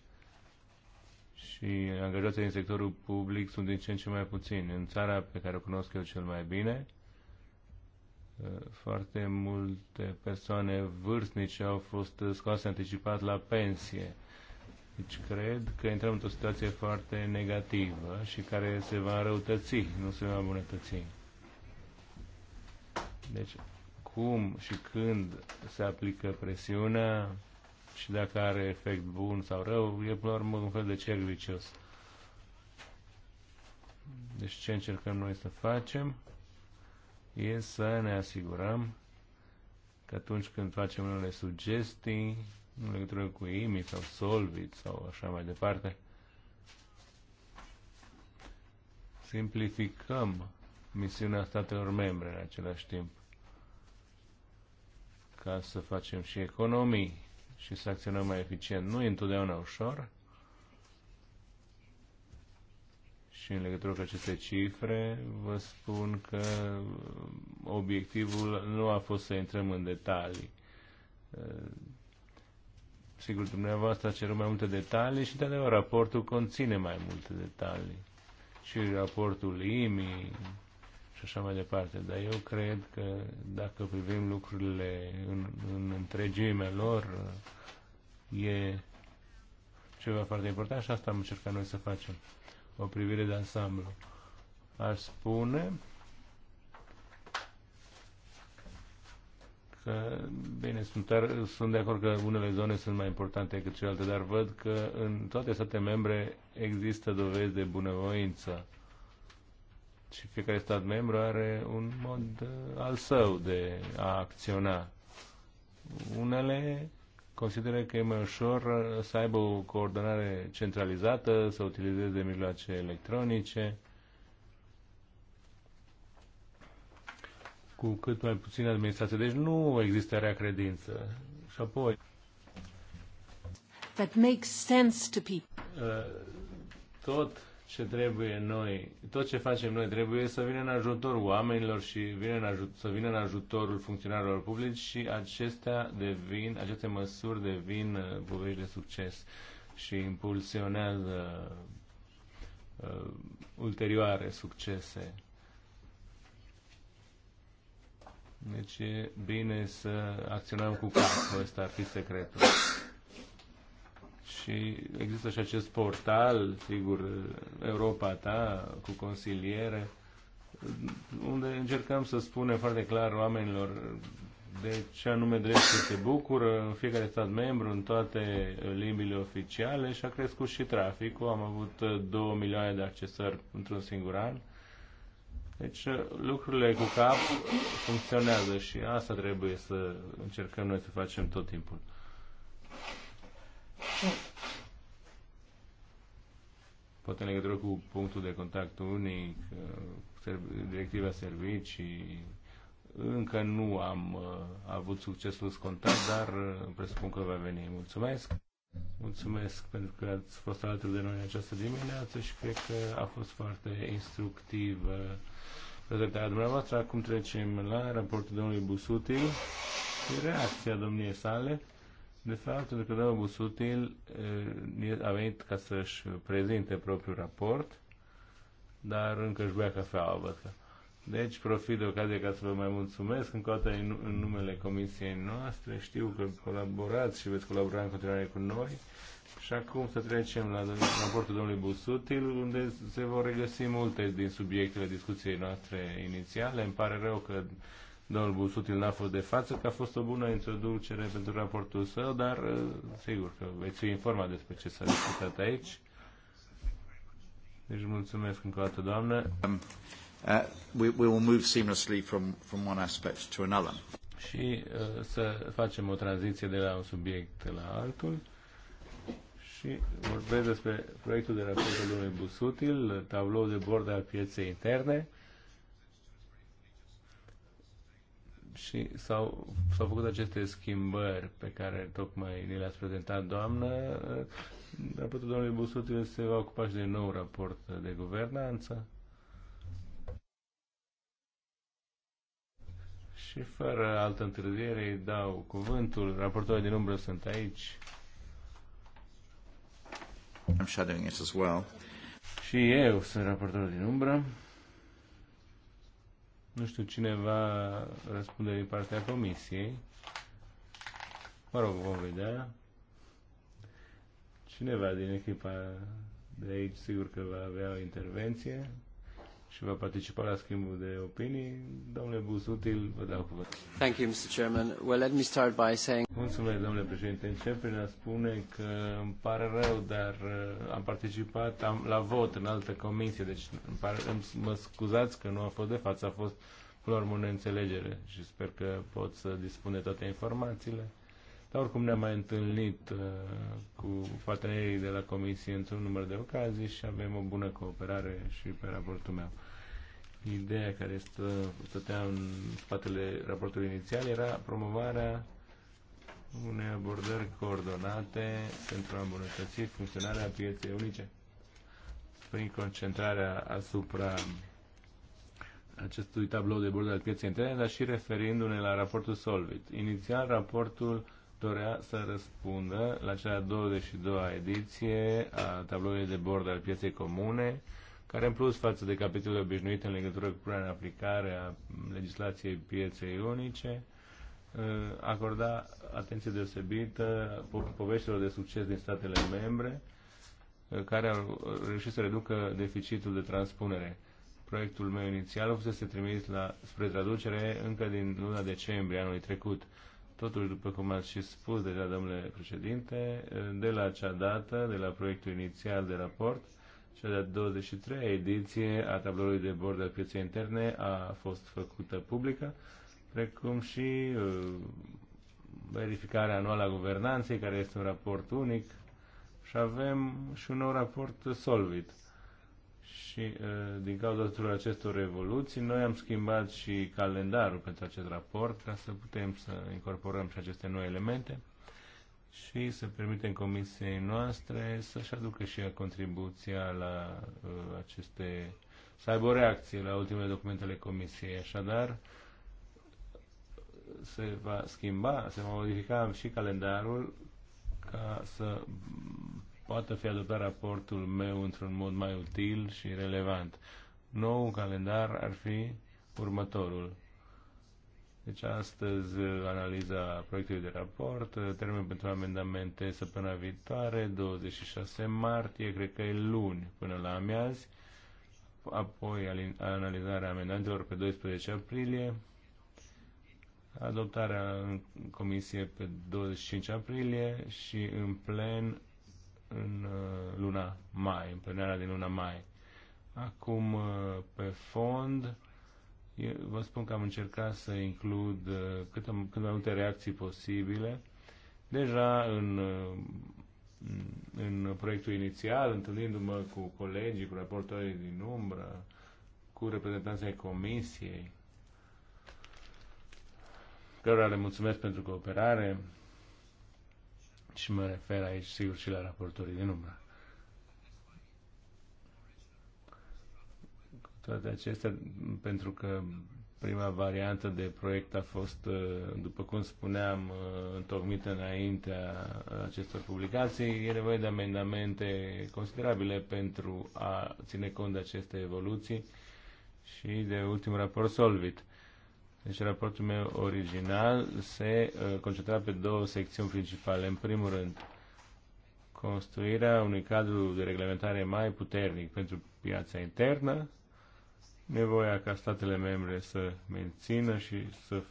Și angajații din sectorul public sunt din ce în ce mai puțini. În țara pe care o cunosc eu cel mai bine, foarte multe persoane vârstnice au fost scoase anticipat la pensie. Deci cred că intrăm într-o situație foarte negativă și care se va răutăți, nu se va îmbunătăți. Deci, cum și când se aplică presiunea și dacă are efect bun sau rău, e până la urmă un fel de cerc vicios. Deci ce încercăm noi să facem? e să ne asigurăm că atunci când facem unele sugestii în legătură cu IMI sau Solvit sau așa mai departe, simplificăm misiunea statelor membre în același timp ca să facem și economii și să acționăm mai eficient. Nu e întotdeauna ușor, Și în legătură cu aceste cifre, vă spun că obiectivul nu a fost să intrăm în detalii. Uh, sigur, dumneavoastră a cerut mai multe detalii și, de adevăr, raportul conține mai multe detalii. Și raportul IMI și așa mai departe. Dar eu cred că dacă privim lucrurile în, în întregimea lor, uh, e ceva foarte important și asta am încercat noi să facem o privire de ansamblu. Aș spune că, bine, sunt, sunt de acord că unele zone sunt mai importante decât celelalte, dar văd că în toate statele membre există dovezi de bunăvoință și fiecare stat membru are un mod uh, al său de a acționa. Unele consideră că e mai ușor să aibă o coordonare centralizată, să utilizeze mijloace electronice, cu cât mai puțin administrație. Deci nu există rea credință. Și apoi... That makes sense to people. Uh, tot ce trebuie noi, tot ce facem noi trebuie să vină în ajutorul oamenilor și vine în ajut, să vină în ajutorul funcționarilor publici și acestea devin, aceste măsuri devin uh, povești de succes și impulsionează uh, ulterioare succese. Deci e bine să acționăm cu cap, ăsta ar fi secretul și există și acest portal, sigur, Europa ta, cu consiliere, unde încercăm să spunem foarte clar oamenilor de ce anume drept se bucură în fiecare stat membru, în toate limbile oficiale și a crescut și traficul. Am avut 2 milioane de accesări într-un singur an. Deci lucrurile cu cap funcționează și asta trebuie să încercăm noi să facem tot timpul. Poate în legătură cu punctul de contact unic, uh, directiva servicii, încă nu am uh, avut succesul contact, dar uh, presupun că va veni. Mulțumesc! Mulțumesc pentru că ați fost alături de noi în această dimineață și cred că a fost foarte instructiv prezentarea dumneavoastră. Acum trecem la raportul domnului Busutil și reacția domniei sale. De fapt, pentru că domnul Busutil eh, a venit ca să-și prezinte propriul raport, dar încă își bea cafeaua, văd că. Deci, profit de ocazie ca să vă mai mulțumesc încă o dată în numele comisiei noastre. Știu că colaborați și veți colabora în continuare cu noi. Și acum să trecem la raportul domnului Busutil, unde se vor regăsi multe din subiectele discuției noastre inițiale. Îmi pare rău că domnul Busutil n-a fost de față, că a fost o bună introducere pentru raportul său, dar uh, sigur că veți fi informat despre ce s-a discutat aici. Deci mulțumesc încă o dată, doamnă. Um, uh, we, we will move seamlessly from, from one aspect to another. Și uh, să facem o tranziție de la un subiect la altul. Și vorbesc despre proiectul de raport al lui Busutil, tablou de bord al pieței interne și s-au, s-au făcut aceste schimbări pe care tocmai ni le-ați prezentat, doamnă. Raportul domnului Busutil se va ocupa și de nou raport de guvernanță. Și fără altă întârziere îi dau cuvântul. Raportorii din umbră sunt aici. I'm shadowing it as well. Și eu sunt raportorul din umbră. Nu știu, cineva răspunde din partea comisiei. Mă rog, vom vedea. Cineva din echipa de aici sigur că va avea o intervenție și va participa la schimbul de opinii. Domnule Busutil, vă dau cuvânt. Thank you, Mr. Chairman. Well, let me start by saying... Mulțumesc, domnule președinte. Încep prin a spune că îmi pare rău, dar uh, am participat am, la vot în altă comisie, deci îmi pare, îmi, mă scuzați că nu a fost de față, a fost urmă, o neînțelegere și sper că pot să dispune toate informațiile dar oricum ne-am mai întâlnit uh, cu partenerii de la Comisie într-un număr de ocazii și avem o bună cooperare și pe raportul meu. Ideea care stă, stătea în spatele raportului inițial era promovarea unei abordări coordonate pentru a îmbunătăți funcționarea pieței unice prin concentrarea asupra acestui tablou de bord al pieței interne, dar și referindu-ne la raportul Solvit. Inițial, raportul dorea să răspundă la cea 22-a ediție a tabloului de bord al pieței comune, care în plus față de capitolul obișnuit în legătură cu punerea în aplicare a legislației pieței unice, uh, acorda atenție deosebită poveștilor de succes din statele membre, uh, care au reușit să reducă deficitul de transpunere. Proiectul meu inițial fusese trimis la, spre traducere încă din luna decembrie anului trecut. Totuși, după cum ați și spus deja, domnule președinte, de la acea dată, de la proiectul inițial de raport, cea de-a 23-a ediție a tablului de bord al pieței interne a fost făcută publică, precum și uh, verificarea anuală a guvernanței, care este un raport unic, și avem și un nou raport Solvit și uh, din cauza tuturor acestor revoluții, noi am schimbat și calendarul pentru acest raport ca să putem să incorporăm și aceste noi elemente și să permitem comisiei noastre să-și aducă și ea contribuția la uh, aceste, să aibă o reacție la ultimele documentele comisiei. Așadar, se va schimba, se va modifica și calendarul ca să poată fi adoptat raportul meu într-un mod mai util și relevant. Nou calendar ar fi următorul. Deci astăzi uh, analiza proiectului de raport, uh, termen pentru amendamente săptămâna viitoare, 26 martie, cred că e luni până la amiazi, apoi analizarea amendamentelor pe 12 aprilie, adoptarea în comisie pe 25 aprilie și în plen în uh, luna mai, în plenarea din luna mai. Acum, uh, pe fond, eu vă spun că am încercat să includ uh, cât, am, cât mai multe reacții posibile. Deja în, în proiectul inițial, întâlnindu-mă cu colegii, cu raportorii din umbră, cu reprezentanții comisiei, cărora le mulțumesc pentru cooperare, și mă refer aici, sigur, și la raportorii din umbră. Cu toate acestea, pentru că prima variantă de proiect a fost, uh, după cum spuneam, uh, întocmită înaintea acestor publicații. E nevoie de amendamente considerabile pentru a ține cont de aceste evoluții și de ultimul raport Solvit. Deci raportul meu original se uh, concentra pe două secțiuni principale. În primul rând, construirea unui cadru de reglementare mai puternic pentru piața internă, nevoia ca statele membre să mențină și să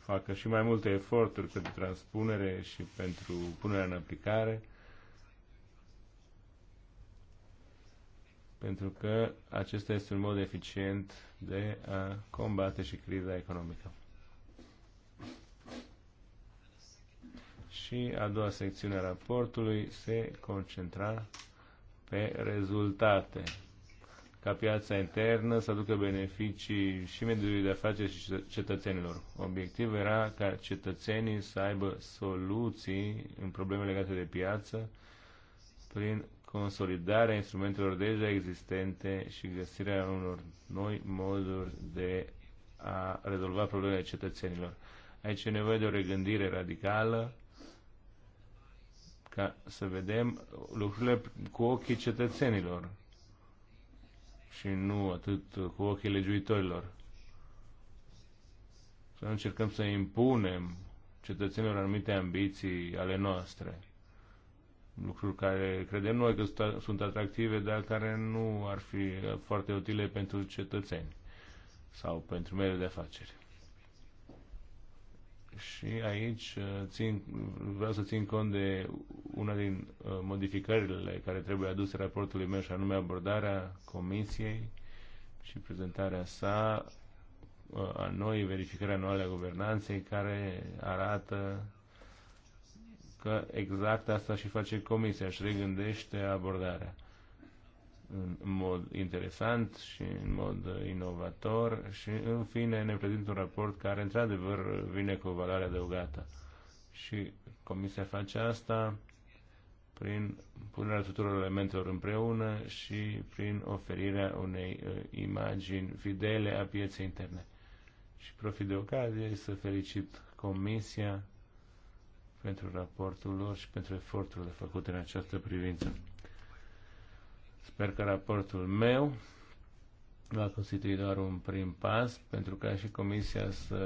facă și mai multe eforturi pentru transpunere și pentru punerea în aplicare, pentru că acesta este un mod eficient de a combate și criza economică. Și a doua secțiune a raportului se concentra pe rezultate. Ca piața internă să aducă beneficii și mediului de afaceri și cetățenilor. Obiectivul era ca cetățenii să aibă soluții în probleme legate de piață prin consolidarea instrumentelor deja existente și găsirea unor noi moduri de a rezolva problemele cetățenilor. Aici e nevoie de o regândire radicală ca să vedem lucrurile cu ochii cetățenilor și nu atât cu ochii legiuitorilor. Să nu încercăm să impunem cetățenilor anumite ambiții ale noastre lucruri care credem noi că sunt atractive, dar care nu ar fi foarte utile pentru cetățeni sau pentru mediul de afaceri. Și aici uh, țin, vreau să țin cont de una din uh, modificările care trebuie aduse raportului meu, și anume abordarea comisiei și prezentarea sa uh, a noi verificarea anuale a guvernanței care arată că exact asta și face Comisia, își regândește abordarea în mod interesant și în mod inovator și în fine ne prezintă un raport care într-adevăr vine cu o valoare adăugată. Și Comisia face asta prin punerea tuturor elementelor împreună și prin oferirea unei uh, imagini fidele a pieței interne. Și profit de ocazie să felicit Comisia pentru raportul lor și pentru eforturile făcute în această privință. Sper că raportul meu va constitui doar un prim pas pentru ca și Comisia să,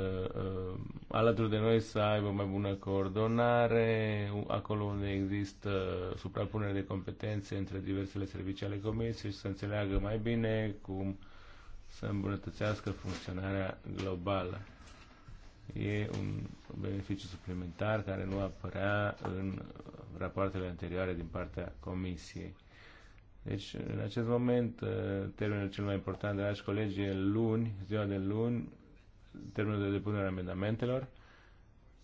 uh, alături de noi, să aibă mai bună coordonare acolo unde există suprapunere de competențe între diversele servicii ale Comisiei și să înțeleagă mai bine cum să îmbunătățească funcționarea globală. E un beneficiu suplimentar care nu apărea în rapoartele anterioare din partea Comisiei. Deci, în acest moment, uh, termenul cel mai important, dragi colegi, e luni, ziua de luni, termenul de depunere a amendamentelor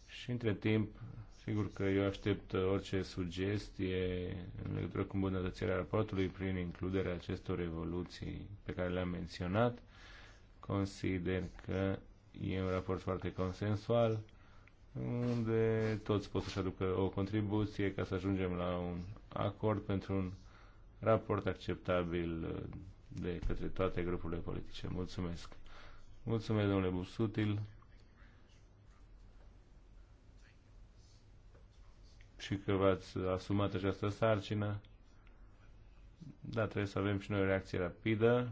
și, între timp, sigur că eu aștept orice sugestie în legătură cu îmbunătățirea raportului prin includerea acestor evoluții pe care le-am menționat. Consider că E un raport foarte consensual, unde toți pot să-și aducă o contribuție ca să ajungem la un acord pentru un raport acceptabil de către toate grupurile politice. Mulțumesc! Mulțumesc, domnule Busutil! și că v-ați asumat această sarcină. Da, trebuie să avem și noi o reacție rapidă.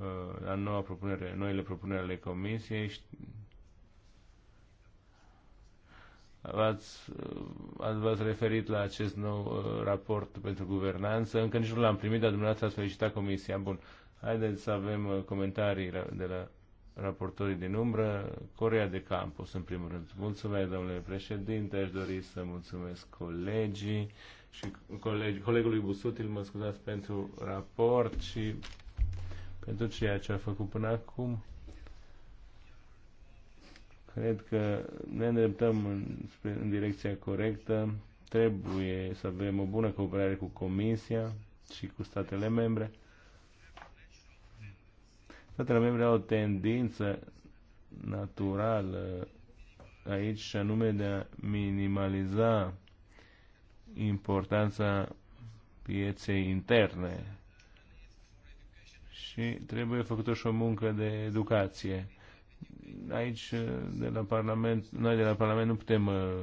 Uh, la noua propunere, noile propuneri ale Comisiei. V-ați, uh, v-ați referit la acest nou uh, raport pentru guvernanță. Încă nici nu l-am primit, dar dumneavoastră ați felicitat Comisia. Bun, haideți să avem comentarii de la raportorii din umbră, Corea de Campos, în primul rând. Mulțumesc, domnule președinte, aș dori să mulțumesc colegii și colegi, colegului Busutil, mă scuzați pentru raport și pentru ceea ce a făcut până acum. Cred că ne îndreptăm în, în direcția corectă. Trebuie să avem o bună cooperare cu Comisia și cu statele membre. Statele membre au o tendință naturală aici și anume de a minimaliza importanța pieței interne și trebuie făcută și o muncă de educație. Aici, uh, de la Parlament, noi de la Parlament nu putem uh,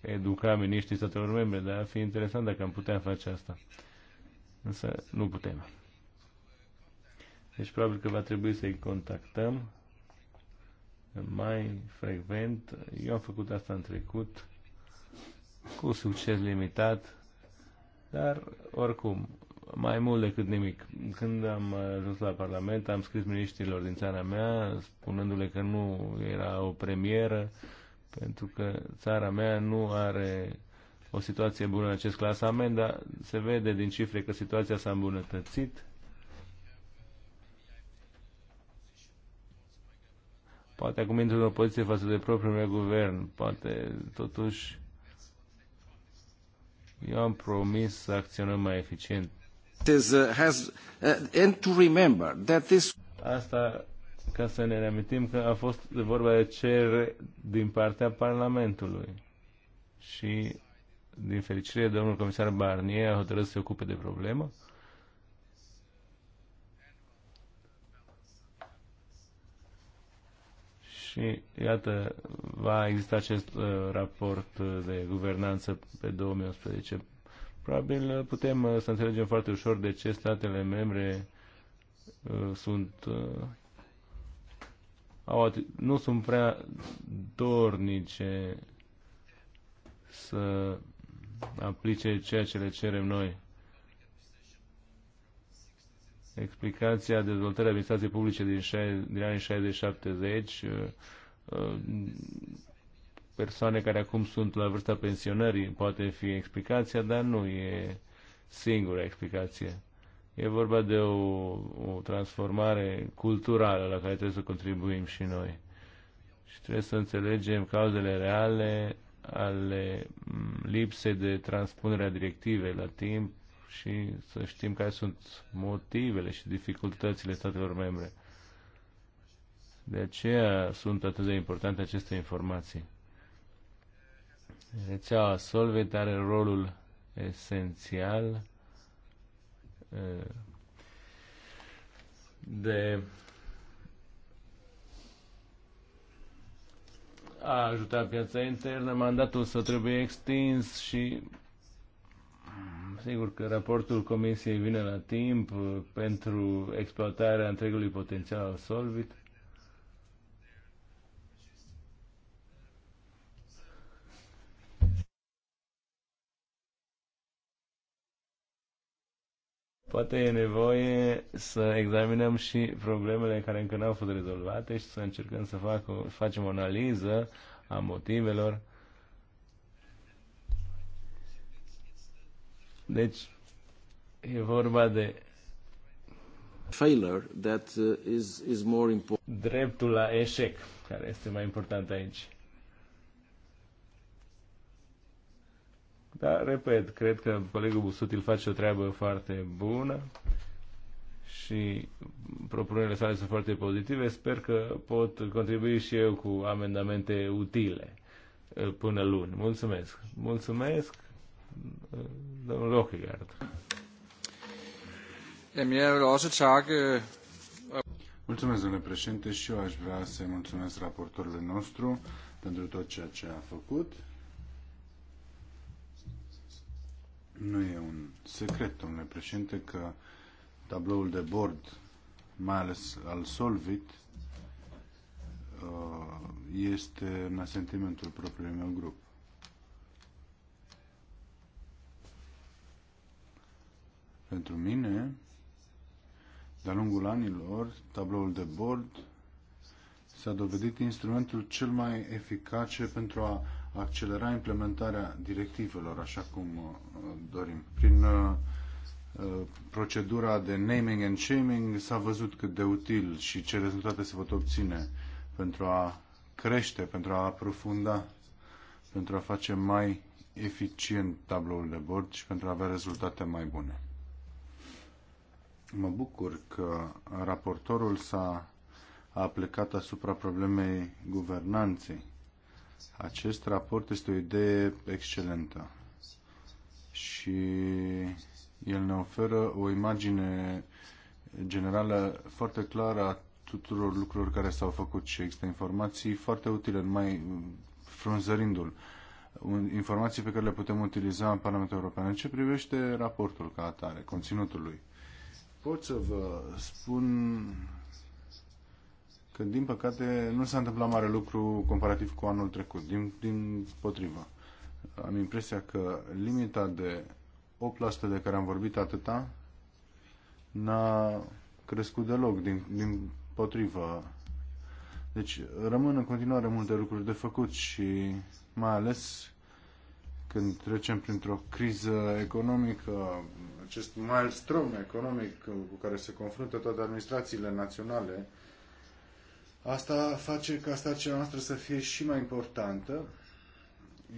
educa miniștrii statelor membre, dar ar fi interesant dacă am putea face asta. Însă nu putem. Deci probabil că va trebui să-i contactăm mai frecvent. Eu am făcut asta în trecut cu succes limitat, dar oricum mai mult decât nimic. Când am ajuns la Parlament, am scris miniștrilor din țara mea, spunându-le că nu era o premieră, pentru că țara mea nu are o situație bună în acest clasament, dar se vede din cifre că situația s-a îmbunătățit. Poate acum intru în opoziție față de propriul meu guvern, poate totuși eu am promis să acționăm mai eficient Uh, uh, Asta ca să ne reamintim că a fost de vorba de cer din partea Parlamentului. Și, din fericire, domnul comisar Barnier a hotărât să se ocupe de problemă. Și, iată, va exista acest uh, raport uh, de guvernanță pe 2011 Probabil putem uh, să înțelegem foarte ușor de ce statele membre uh, sunt uh, au nu sunt prea dornice să aplice ceea ce le cerem noi. Explicația dezvoltării administrației publice din, din anii 60-70 persoane care acum sunt la vârsta pensionării, poate fi explicația, dar nu e singura explicație. E vorba de o, o transformare culturală la care trebuie să contribuim și noi. Și trebuie să înțelegem cauzele reale ale lipsei de transpunere a directivei la timp și să știm care sunt motivele și dificultățile statelor membre. De aceea sunt atât de importante aceste informații rețeaua Solvit are rolul esențial de a ajuta piața internă, mandatul să trebuie extins și mm, sigur că raportul Comisiei vine la timp pentru exploatarea întregului potențial al Solvit poate e nevoie să examinăm și problemele care încă n-au fost rezolvate și să încercăm să fac o, facem o analiză a motivelor. Deci, e vorba de failure that uh, is, is more important. dreptul la eșec, care este mai important aici. Dar, repet, cred că colegul Busutil face o treabă foarte bună și propunerile sale sunt foarte pozitive. Sper că pot contribui și eu cu amendamente utile eh, până luni. Mulțumesc! Mulțumesc, eh, domnul Lochegard! Eh, mulțumesc, domnule președinte, și eu aș vrea să mulțumesc raportorului nostru pentru tot ceea ce a făcut Nu e un secret, domnule președinte, că tabloul de bord, mai ales al Solvit, uh, este în asentimentul propriului meu grup. Pentru mine, de-a lungul anilor, tabloul de bord s-a dovedit instrumentul cel mai eficace pentru a accelera implementarea directivelor așa cum uh, dorim. Prin uh, uh, procedura de naming and shaming s-a văzut cât de util și ce rezultate se pot obține pentru a crește, pentru a aprofunda, pentru a face mai eficient tabloul de bord și pentru a avea rezultate mai bune. Mă bucur că raportorul s-a aplicat asupra problemei guvernanței acest raport este o idee excelentă și el ne oferă o imagine generală foarte clară a tuturor lucrurilor care s-au făcut și există informații foarte utile, mai frunzărindu-l, informații pe care le putem utiliza în Parlamentul European. În ce privește raportul ca atare, conținutul lui, pot să vă spun că, din păcate, nu s-a întâmplat mare lucru comparativ cu anul trecut, din, din potrivă. Am impresia că limita de 8% de care am vorbit atâta n-a crescut deloc, din, din potrivă. Deci rămân în continuare multe lucruri de făcut și mai ales când trecem printr-o criză economică, acest maelstrom economic cu care se confruntă toate administrațiile naționale, Asta face ca stația noastră să fie și mai importantă.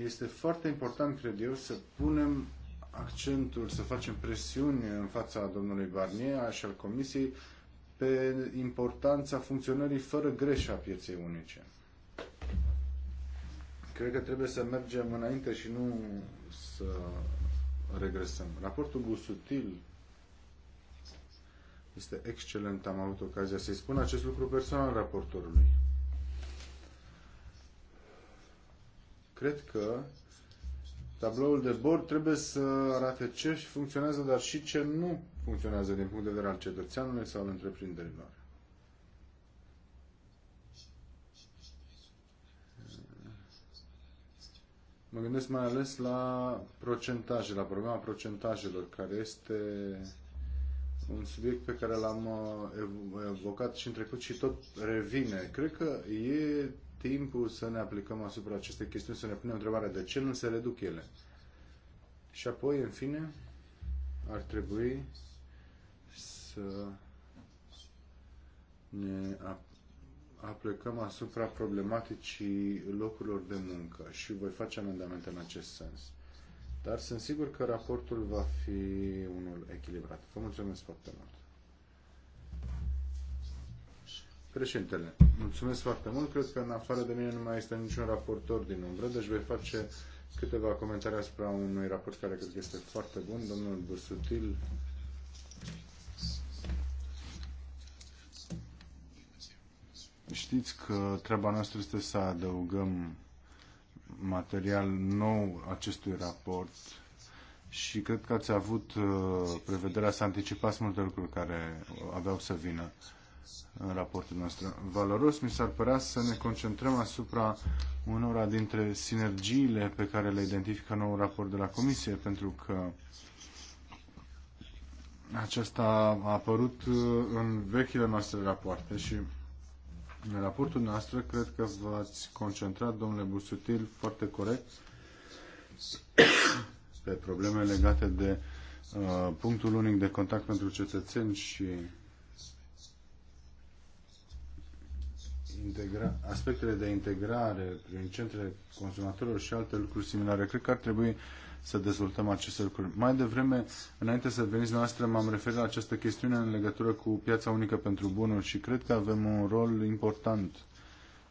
Este foarte important, cred eu, să punem accentul, să facem presiuni în fața domnului Barnier și al Comisiei pe importanța funcționării fără greșe a pieței unice. Cred că trebuie să mergem înainte și nu să regresăm. Raportul Busutil este excelent. Am avut ocazia să-i spun acest lucru personal raportorului. Cred că tabloul de bord trebuie să arate ce funcționează, dar și ce nu funcționează din punct de vedere al cetățeanului sau al întreprinderilor. Mă gândesc mai ales la procentaje, la problema procentajelor, care este un subiect pe care l-am uh, evocat și în trecut și tot revine. Cred că e timpul să ne aplicăm asupra acestei chestiuni, să ne punem întrebarea de ce nu se reduc ele. Și apoi, în fine, ar trebui să ne aplicăm asupra problematicii locurilor de muncă și voi face amendamente în acest sens. Dar sunt sigur că raportul va fi unul echilibrat. Vă mulțumesc foarte mult. Președintele, mulțumesc foarte mult. Cred că în afară de mine nu mai este niciun raportor din umbră, deci voi face câteva comentarii asupra unui raport care cred că este foarte bun. Domnul Bursutil Știți că treaba noastră este să adăugăm material nou acestui raport și cred că ați avut uh, prevederea să anticipați multe lucruri care aveau să vină în raportul nostru. Valoros mi s-ar părea să ne concentrăm asupra unora dintre sinergiile pe care le identifică nou raport de la Comisie, pentru că aceasta a apărut uh, în vechile noastre rapoarte și în raportul noastră cred că v-ați concentrat, domnule Busutil, foarte corect pe probleme legate de uh, punctul unic de contact pentru cetățeni și integra- aspectele de integrare prin centrele consumatorilor și alte lucruri similare. Cred că ar trebui uh, să dezvoltăm aceste lucruri. Mai devreme, înainte să veniți noastră, m-am referit la această chestiune în legătură cu piața unică pentru bunuri și cred că avem un rol important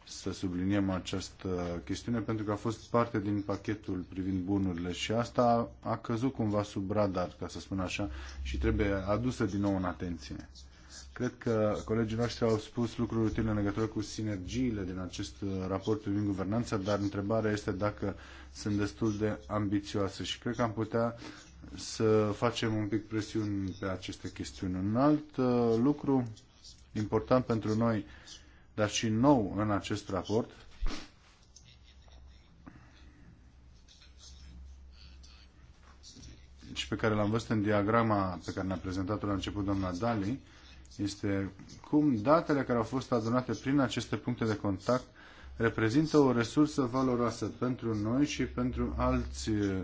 să subliniem această chestiune pentru că a fost parte din pachetul privind bunurile și asta a căzut cumva sub radar, ca să spun așa, și trebuie adusă din nou în atenție. Cred că colegii noștri au spus lucruri utile în legătură cu sinergiile din acest uh, raport privind guvernanța, dar întrebarea este dacă sunt destul de ambițioase și cred că am putea să facem un pic presiuni pe aceste chestiuni. Un alt uh, lucru important pentru noi, dar și nou în acest raport, și pe care l-am văzut în diagrama pe care ne-a prezentat-o la început doamna Dali, este cum datele care au fost adunate prin aceste puncte de contact reprezintă o resursă valoroasă pentru noi și pentru alți uh,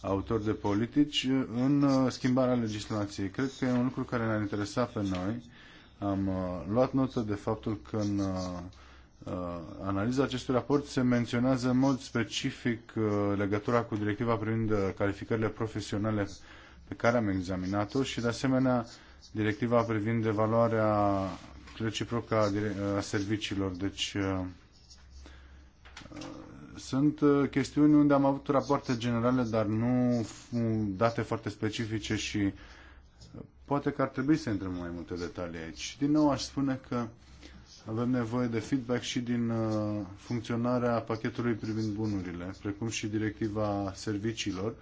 autori de politici în uh, schimbarea legislației. Cred că e un lucru care ne-ar interesa pe noi. Am uh, luat notă de faptul că în analiza acestui raport se menționează în mod specific legătura cu directiva privind calificările profesionale pe care am examinat-o și de asemenea directiva privind evaluarea reciprocă a serviciilor. Deci uh, uh, sunt uh, chestiuni unde am avut rapoarte generale, dar nu date foarte specifice și poate că ar trebui să intrăm mai multe detalii aici. Din nou aș spune că avem nevoie de feedback și din funcționarea pachetului privind bunurile, precum și directiva serviciilor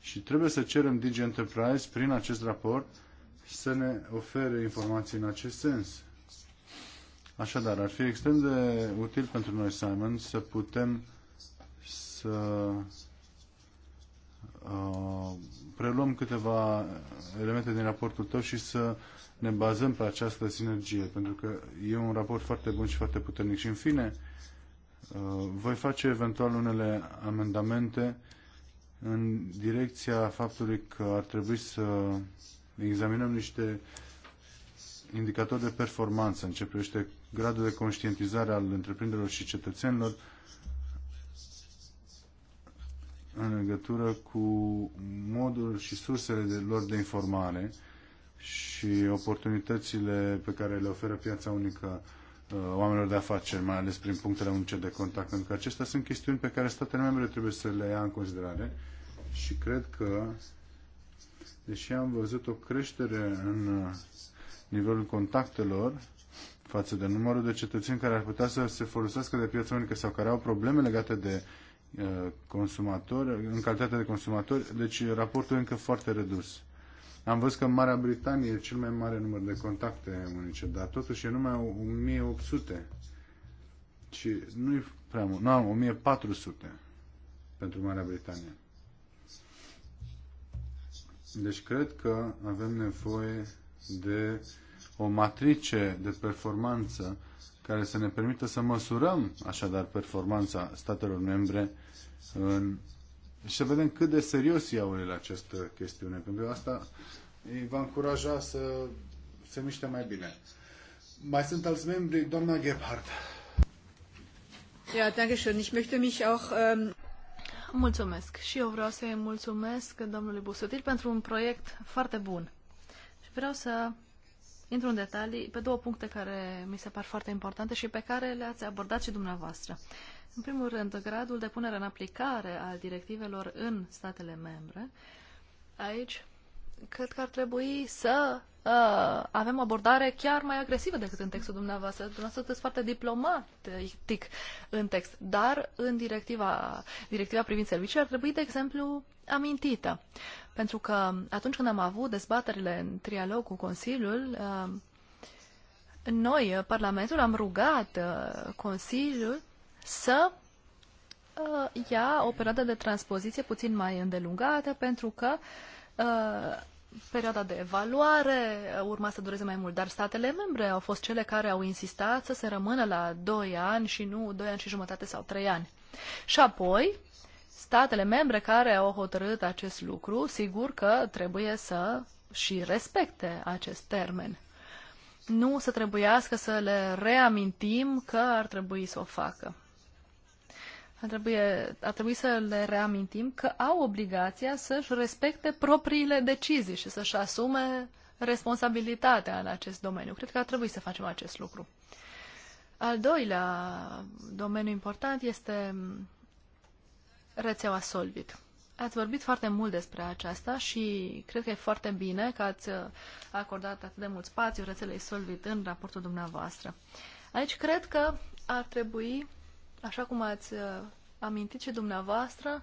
și trebuie să cerem Digi Enterprise prin acest raport să ne ofere informații în acest sens. Așadar, ar fi extrem de util pentru noi, Simon, să putem să uh, preluăm câteva elemente din raportul tău și să ne bazăm pe această sinergie, pentru că e un raport foarte bun și foarte puternic. Și, în fine, uh, voi face eventual unele amendamente în direcția faptului că ar trebui să examinăm niște indicatori de performanță începește gradul de conștientizare al întreprinderilor și cetățenilor în legătură cu modul și sursele de lor de informare și oportunitățile pe care le oferă piața unică uh, oamenilor de afaceri, mai ales prin punctele unice de contact, pentru că acestea sunt chestiuni pe care statele membre trebuie să le ia în considerare și cred că deși am văzut o creștere în uh, nivelul contactelor față de numărul de cetățeni care ar putea să se folosească de piața unică sau care au probleme legate de uh, consumatori, în calitate de consumatori, deci raportul e încă foarte redus. Am văzut că în Marea Britanie e cel mai mare număr de contacte unice, dar totuși e numai 1800. Și nu e prea mult, nu am 1400 pentru Marea Britanie. Deci cred că avem nevoie de o matrice de performanță care să ne permită să măsurăm așadar performanța statelor membre în... și să vedem cât de serios iau ele această chestiune, pentru că asta îi va încuraja să se miște mai bine. Mai sunt alți membri, doamna Gebhardt. Ja, danke schön. Ich möchte mich auch ähm Mulțumesc. Și eu vreau să-i mulțumesc domnului Busutil pentru un proiect foarte bun. Și vreau să intru în detalii pe două puncte care mi se par foarte importante și pe care le-ați abordat și dumneavoastră. În primul rând, gradul de punere în aplicare al directivelor în statele membre. Aici, cred că ar trebui să uh, avem abordare chiar mai agresivă decât în textul dumneavoastră. Dumneavoastră sunteți foarte diplomatic în text, dar în directiva, directiva privind servicii ar trebui, de exemplu, amintită. Pentru că atunci când am avut dezbaterile în trialog cu Consiliul, uh, noi, Parlamentul, am rugat uh, Consiliul să uh, ia o perioadă de transpoziție puțin mai îndelungată, pentru că uh, perioada de evaluare urma să dureze mai mult, dar statele membre au fost cele care au insistat să se rămână la 2 ani și nu 2 ani și jumătate sau 3 ani. Și apoi, statele membre care au hotărât acest lucru, sigur că trebuie să și respecte acest termen. Nu să trebuiască să le reamintim că ar trebui să o facă ar trebui, ar trebui să le reamintim că au obligația să-și respecte propriile decizii și să-și asume responsabilitatea în acest domeniu. Cred că ar trebui să facem acest lucru. Al doilea domeniu important este rețeaua Solvit. Ați vorbit foarte mult despre aceasta și cred că e foarte bine că ați acordat atât de mult spațiu rețelei Solvit în raportul dumneavoastră. Aici cred că ar trebui așa cum ați uh, amintit și dumneavoastră,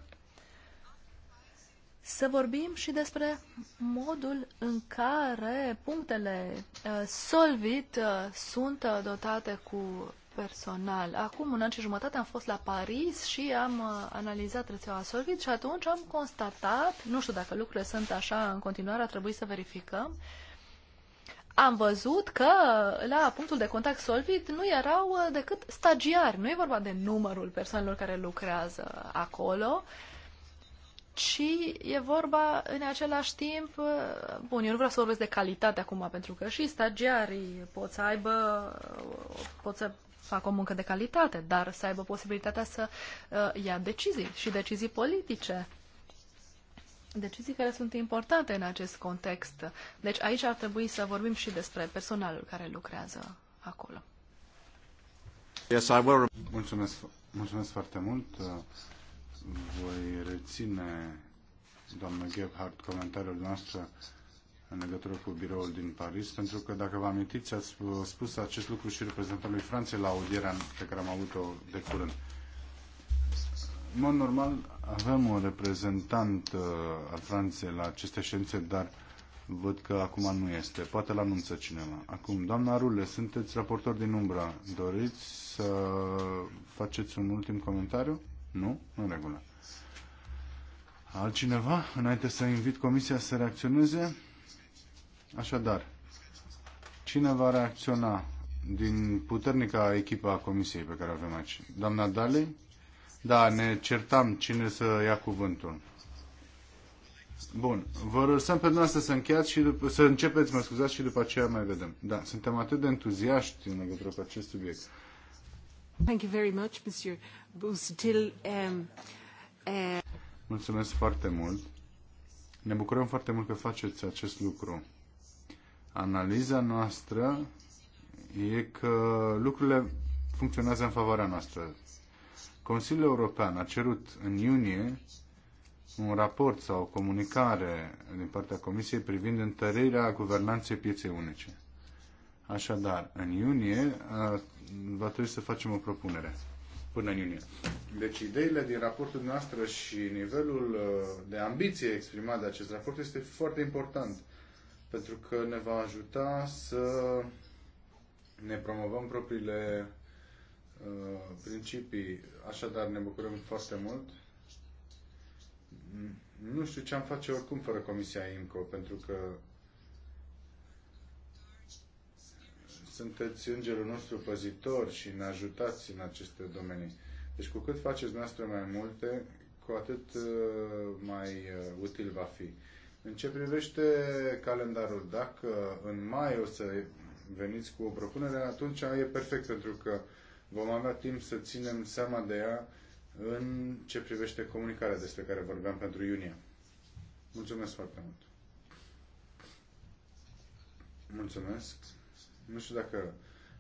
să vorbim și despre modul în care punctele uh, Solvit uh, sunt dotate cu personal. Acum un an și jumătate am fost la Paris și am analizat rețeaua Solvit și atunci am constatat, nu știu dacă lucrurile sunt așa în continuare, a trebuit să verificăm, am văzut că la punctul de contact Solvit nu erau uh, decât stagiari. Nu e vorba de numărul persoanelor care lucrează acolo, ci e vorba în același timp, uh, bun, eu nu vreau să vorbesc de calitate acum, pentru că și stagiarii pot să aibă, uh, pot să facă o muncă de calitate, dar să aibă posibilitatea să ia decizii și decizii politice decizii care sunt importante în acest context. Deci aici ar trebui să vorbim și despre personalul care lucrează acolo. Yes, I will... mulțumesc, mulțumesc foarte mult. Voi reține, doamnă Gebhardt, comentariul noastră în legătură cu biroul din Paris, pentru că, dacă vă amintiți, ați spus acest lucru și reprezentantului Franței la audierea pe care am avut-o de curând. În mod normal avem un reprezentant uh, al Franței la aceste ședințe, dar văd că acum nu este. Poate l-anunță cineva. Acum, doamna Rule, sunteți raportor din Umbra. Doriți să faceți un ultim comentariu? Nu? În regulă. Altcineva, înainte să invit comisia să reacționeze? Așadar, cine va reacționa din puternica echipa a comisiei pe care o avem aici? Doamna Dali da, ne certam cine să ia cuvântul. Bun, vă lăsăm pe dumneavoastră să încheiați și după, să începeți, mă scuzați, și după aceea mai vedem. Da, suntem atât de entuziaști în legătură cu acest subiect. Thank you very much, Monsieur Bustil. Um, uh... Mulțumesc foarte mult. Ne bucurăm foarte mult că faceți acest lucru. Analiza noastră e că lucrurile funcționează în favoarea noastră. Consiliul European a cerut în iunie un raport sau o comunicare din partea Comisiei privind întărirea guvernanței pieței unice. Așadar, în iunie va trebui să facem o propunere. Până în iunie. Deci ideile din raportul noastră și nivelul uh, de ambiție exprimat de acest raport este foarte important pentru că ne va ajuta să ne promovăm propriile Uh, principii. Așadar, ne bucurăm foarte mult. Nu știu ce am face oricum fără Comisia IMCO, pentru că sunteți îngerul nostru păzitor și ne ajutați în aceste domenii. Deci cu cât faceți noastre mai multe, cu atât uh, mai uh, util va fi. În ce privește calendarul, dacă în mai o să veniți cu o propunere, atunci e perfect, pentru că vom avea timp să ținem seama de ea în ce privește comunicarea despre care vorbeam pentru iunie. Mulțumesc foarte mult! Mulțumesc! Nu știu dacă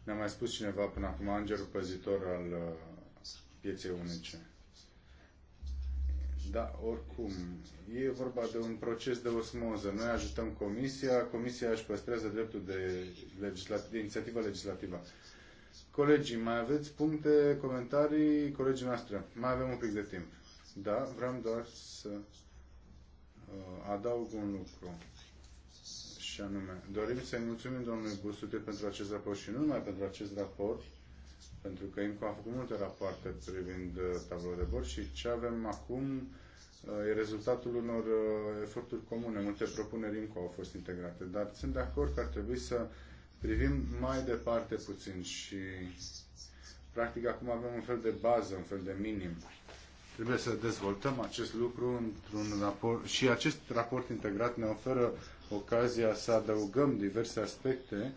ne-a mai spus cineva până acum îngerul păzitor al uh, pieței unice. Da, oricum, e vorba de un proces de osmoză. Noi ajutăm comisia, comisia își păstrează dreptul de, legislat- de inițiativă legislativă. Colegii, mai aveți puncte, comentarii, colegii noastre? Mai avem un pic de timp. Da, vreau doar să uh, adaug un lucru. Și anume, dorim să-i mulțumim domnului Busute pentru acest raport și nu numai pentru acest raport, pentru că încă a făcut multe rapoarte privind uh, tabloul de bord și ce avem acum uh, e rezultatul unor uh, eforturi comune. Multe propuneri încă au fost integrate, dar sunt de acord că ar trebui să privim mai departe puțin și practic acum avem un fel de bază, un fel de minim. Trebuie să dezvoltăm acest lucru într-un raport și acest raport integrat ne oferă ocazia să adăugăm diverse aspecte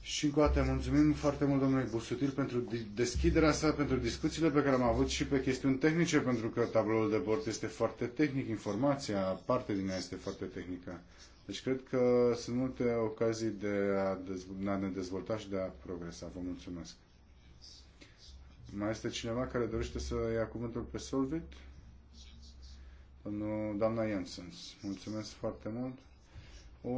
și încă o dată mulțumim foarte mult domnului Busutil pentru deschiderea sa, pentru discuțiile pe care am avut și pe chestiuni tehnice, pentru că tabloul de bord este foarte tehnic, informația, parte din ea este foarte tehnică. Deci cred că sunt multe ocazii de a, de a ne dezvolta și de a progresa. Vă mulțumesc. Mai este cineva care dorește să ia cuvântul pe Solvit? doamna Jensens, mulțumesc foarte mult. O,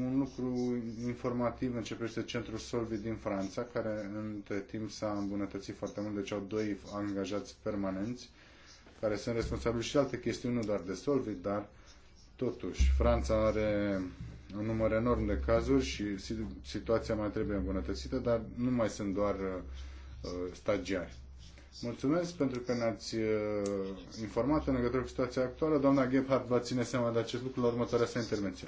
un lucru informativ începește centrul Solvit din Franța, care între timp s-a îmbunătățit foarte mult, deci au doi angajați permanenți, care sunt responsabili și de alte chestiuni, nu doar de Solvit, dar Totuși, Franța are un număr enorm de cazuri și situația mai trebuie îmbunătățită, dar nu mai sunt doar uh, stagiari. Mulțumesc pentru că ne-ați uh, informat în legătură cu situația actuală. Doamna Gebhardt va ține seama de acest lucru la următoarea sa intervenție.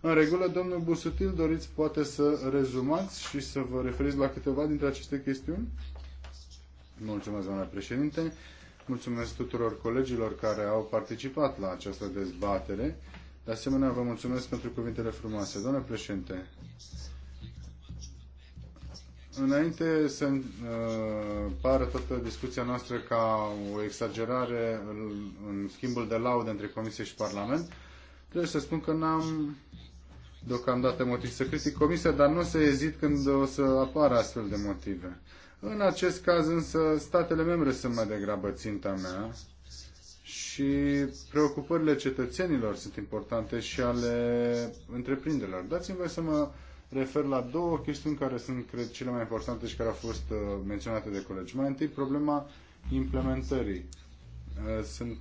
În regulă, domnul Busutil, doriți poate să rezumați și să vă referiți la câteva dintre aceste chestiuni? Mulțumesc, doamna președinte. Mulțumesc tuturor colegilor care au participat la această dezbatere. De asemenea, vă mulțumesc pentru cuvintele frumoase. Doamne președinte, înainte să uh, pară toată discuția noastră ca o exagerare în, în schimbul de laudă între Comisie și Parlament, trebuie să spun că n-am deocamdată motiv să critic Comisia, dar nu o să ezit când o să apară astfel de motive. În acest caz însă statele membre sunt mai degrabă ținta mea și preocupările cetățenilor sunt importante și ale întreprinderilor. Dați-mi voi să mă refer la două chestiuni care sunt, cred, cele mai importante și care au fost uh, menționate de colegi. Mai întâi, problema implementării. Uh, sunt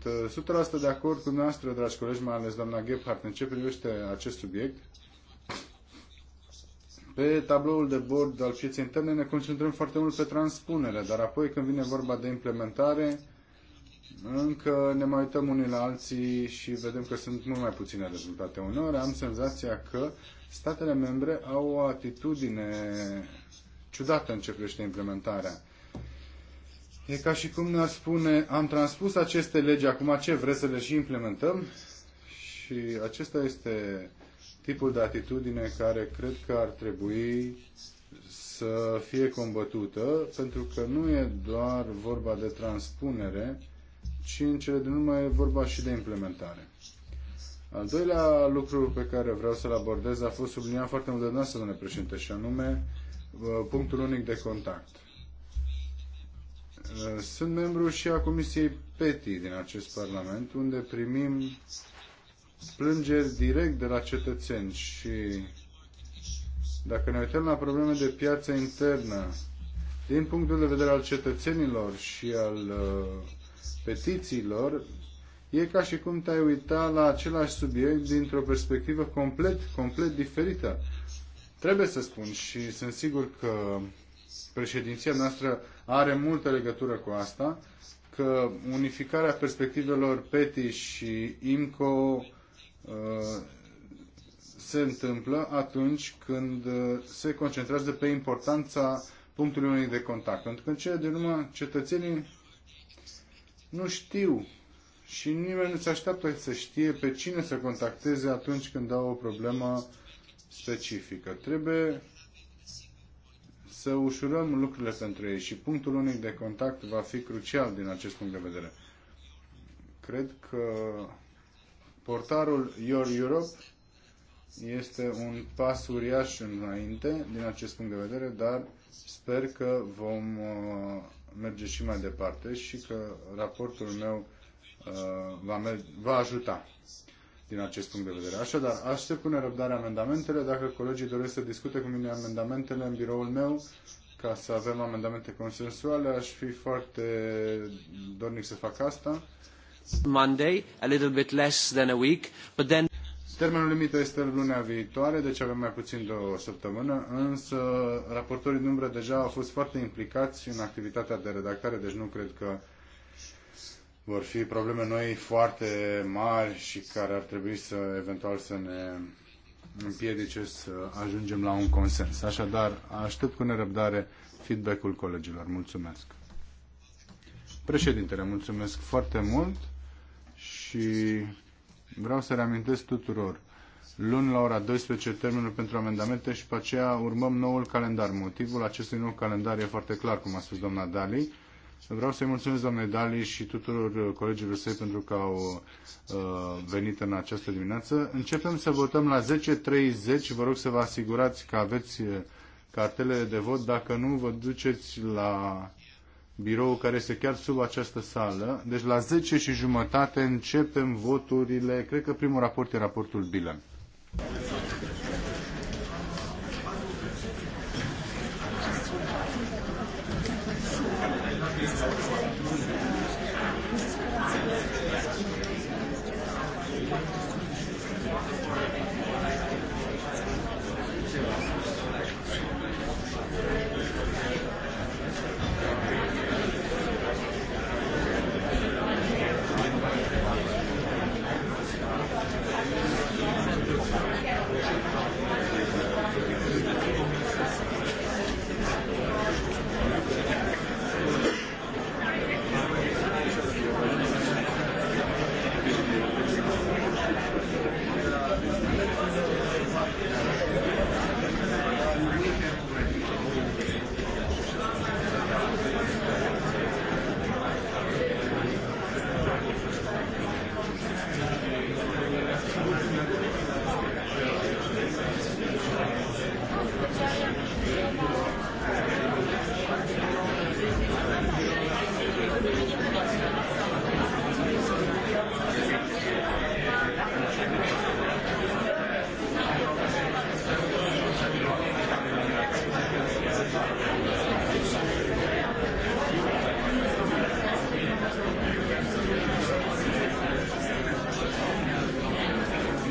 100% uh, de acord cu dumneavoastră, dragi colegi, mai ales doamna Gebhardt, în ce privește acest subiect. Pe tabloul de bord al pieței interne ne concentrăm foarte mult pe transpunere, dar apoi când vine vorba de implementare, încă ne mai uităm unii la alții și vedem că sunt mult mai puține rezultate. Uneori am senzația că statele membre au o atitudine ciudată în ce privește implementarea. E ca și cum ne-ar spune, am transpus aceste legi, acum ce vreți să le și implementăm? Și acesta este tipul de atitudine care cred că ar trebui să fie combătută, pentru că nu e doar vorba de transpunere, ci în cele din urmă e vorba și de implementare. Al doilea lucru pe care vreau să-l abordez a fost subliniat foarte mult de noastră, domnule președinte, și anume uh, punctul unic de contact. Uh, sunt membru și a Comisiei PETI din acest Parlament, unde primim plângeri direct de la cetățeni și dacă ne uităm la probleme de piață internă, din punctul de vedere al cetățenilor și al uh, petițiilor, e ca și cum te-ai uita la același subiect dintr-o perspectivă complet, complet diferită. Trebuie să spun și sunt sigur că președinția noastră are multă legătură cu asta, că unificarea perspectivelor PETI și IMCO Uh, se întâmplă atunci când uh, se concentrează pe importanța punctului unui de contact. Pentru că în cele din urmă cetățenii nu știu și nimeni nu se așteaptă să știe pe cine să contacteze atunci când au o problemă specifică. Trebuie să ușurăm lucrurile pentru ei și punctul unic de contact va fi crucial din acest punct de vedere. Cred că Portarul Your Europe este un pas uriaș înainte din acest punct de vedere, dar sper că vom uh, merge și mai departe și că raportul meu uh, va, va ajuta din acest punct de vedere. Așadar, aștept cu nerăbdare amendamentele. Dacă colegii doresc să discute cu mine amendamentele în biroul meu, ca să avem amendamente consensuale, aș fi foarte dornic să fac asta Monday, a little bit less than a week, but then Termenul limită este lunea viitoare, deci avem mai puțin de o săptămână, însă raportorii din umbră deja au fost foarte implicați în activitatea de redactare, deci nu cred că vor fi probleme noi foarte mari și care ar trebui să eventual să ne împiedice să ajungem la un consens. Așadar, aștept cu nerăbdare feedback-ul colegilor. Mulțumesc. Președintele, mulțumesc foarte mult și vreau să reamintesc tuturor. Luni la ora 12 termenul pentru amendamente și pe aceea urmăm noul calendar. Motivul acestui nou calendar e foarte clar, cum a spus doamna Dali. Vreau să-i mulțumesc doamnei Dali și tuturor uh, colegilor săi pentru că au uh, venit în această dimineață. Începem să votăm la 10.30. Vă rog să vă asigurați că aveți uh, cartelele de vot. Dacă nu, vă duceți la birou care este chiar sub această sală. Deci la 10 și jumătate începem voturile. Cred că primul raport e raportul Bilan.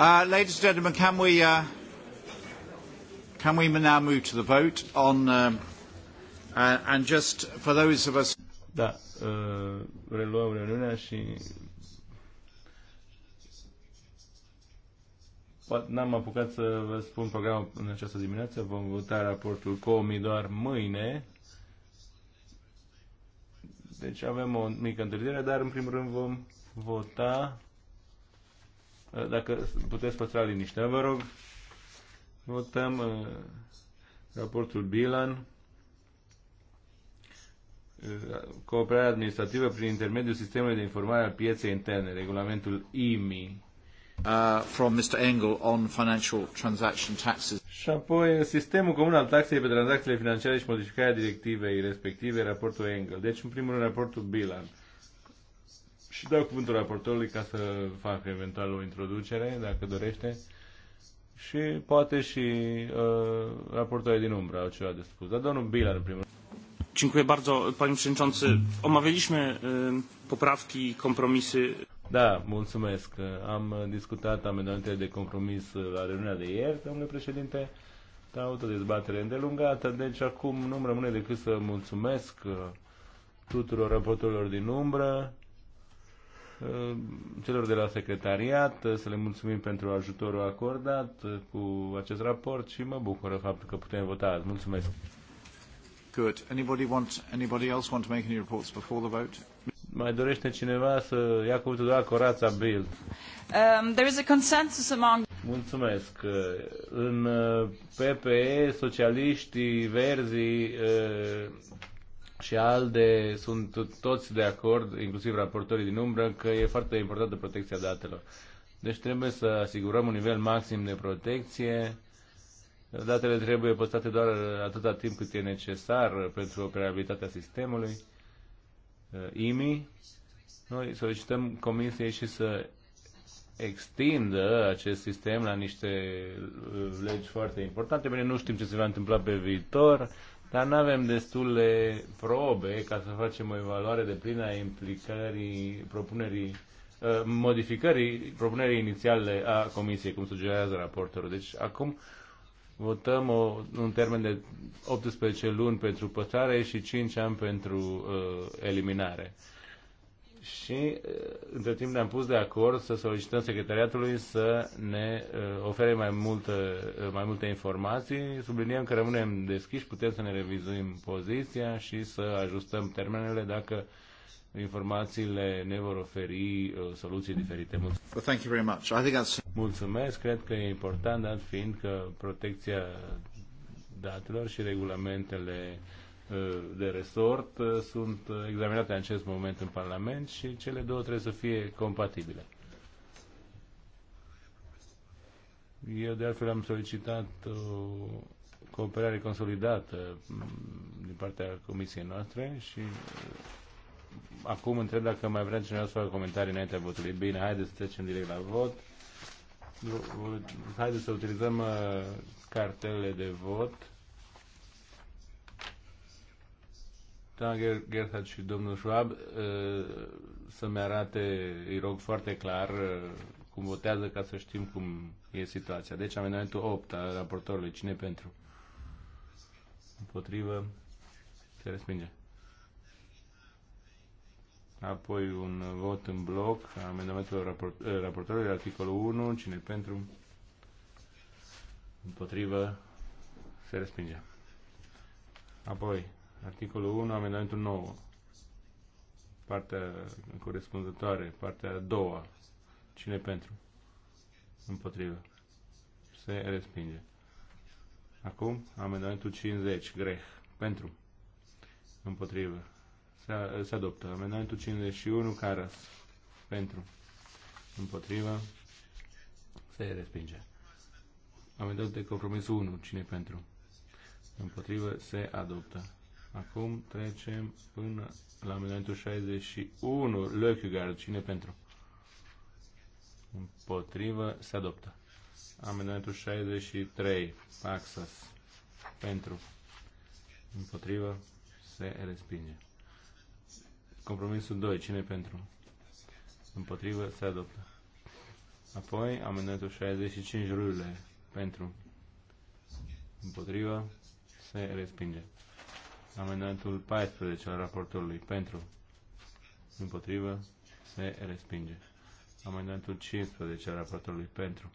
Uh, ladies and gentlemen, can we, uh, can we now move to the vote on, um, uh, and just for those of us... Da, uh, reluăm reuniunea și n-am apucat să vă spun programul în această dimineață, vom vota raportul COMI doar mâine, deci avem o mică întârziere, dar în primul rând vom vota Eh, dacă puteți păstra liniștea, vă rog. Votăm eh, raportul Bilan eh, cooperarea administrativă prin intermediul sistemului de informare al pieței interne, regulamentul IMI. Uh, from Mr. Engel on financial transaction taxes. Și apoi sistemul comun al taxei pe tranzacțiile financiare și modificarea directivei respective, raportul Engel. Deci, în primul rând, raportul Bilan. Și dau cuvântul raportorului ca să facă eventual o introducere, dacă dorește. Și poate și uh, raportorii din umbră au ceva de spus. Dar domnul Bilar, în primul rând. Dziękuję bardzo, panie przewodniczący. Omawialiśmy poprawki, kompromisy. Da, mulțumesc. Am discutat amendamentele de compromis la reuniunea de ieri, domnule președinte. Da, o dezbatere îndelungată, deci acum nu-mi rămâne decât să mulțumesc uh, tuturor raportorilor din umbră Uh, celor de la secretariat, uh, să le mulțumim pentru ajutorul acordat uh, cu acest raport și mă bucură faptul că putem vota Mulțumesc. Good. Anybody want anybody else want to make any reports before the vote? Mai dorește cineva să ia cuvântul doar Corața Bill. Um, there is a consensus among Mulțumesc. În PPE, socialiștii, verzii, și ALDE sunt toți de acord, inclusiv raportorii din umbră, că e foarte importantă protecția datelor. Deci trebuie să asigurăm un nivel maxim de protecție. Datele trebuie păstrate doar atâta timp cât e necesar pentru operabilitatea sistemului. IMI, uh, noi solicităm Comisiei și să extindă acest sistem la niște uh, legi foarte importante. Bine, nu știm ce se va întâmpla pe viitor, dar nu avem destule probe ca să facem o evaluare de plină a implicării propunerii uh, modificării propunerii inițiale a Comisiei, cum sugerează raportorul. Deci acum votăm o, un termen de 18 luni pentru păstrare și 5 ani pentru uh, eliminare și între timp ne-am pus de acord să solicităm secretariatului să ne ofere mai, multă, mai multe informații. Subliniem că rămânem deschiși, putem să ne revizuim poziția și să ajustăm termenele dacă informațiile ne vor oferi soluții diferite. Mulțumesc. Mulțumesc, cred că e important, dat fiind că protecția datelor și regulamentele de resort uh, sunt examinate în acest moment în Parlament și cele două trebuie să fie compatibile. Eu de altfel am solicitat o cooperare consolidată mm, din partea comisiei noastre și uh, acum întreb dacă mai vrea cineva să facă comentarii înaintea votului. Bine, haideți să trecem direct la vot. Haideți să utilizăm uh, cartele de vot doamna Gerhard și domnul Schwab uh, să-mi arate, îi rog foarte clar, uh, cum votează ca să știm cum e situația. Deci amendamentul 8 al raportorului. Cine pentru? Împotrivă? Se respinge. Apoi un vot în bloc, amendamentul raport, uh, raportorului, articolul 1, cine pentru, împotrivă, se respinge. Apoi, Articolul 1, amendamentul 9. Partea corespunzătoare, partea a doua. Cine pentru? Împotrivă. Se respinge. Acum, amendamentul 50, greh. Pentru. Împotrivă. Se, se adoptă. Amendamentul 51, caras. Pentru. Împotrivă. Se respinge. Amendamentul de compromis 1, cine pentru? Împotrivă. Se adoptă. Acum trecem până la momentul 61. Lökügar, cine pentru? Împotrivă, se adoptă. Amendamentul 63, Paxas, pentru. Împotrivă, se respinge. Compromisul 2, cine pentru? Împotrivă, se adoptă. Apoi, amendamentul 65, Rule, pentru. Împotrivă, se respinge. Amendamentul 14 al raportorului pentru, împotrivă, se respinge. Amendamentul 15 al raportorului pentru,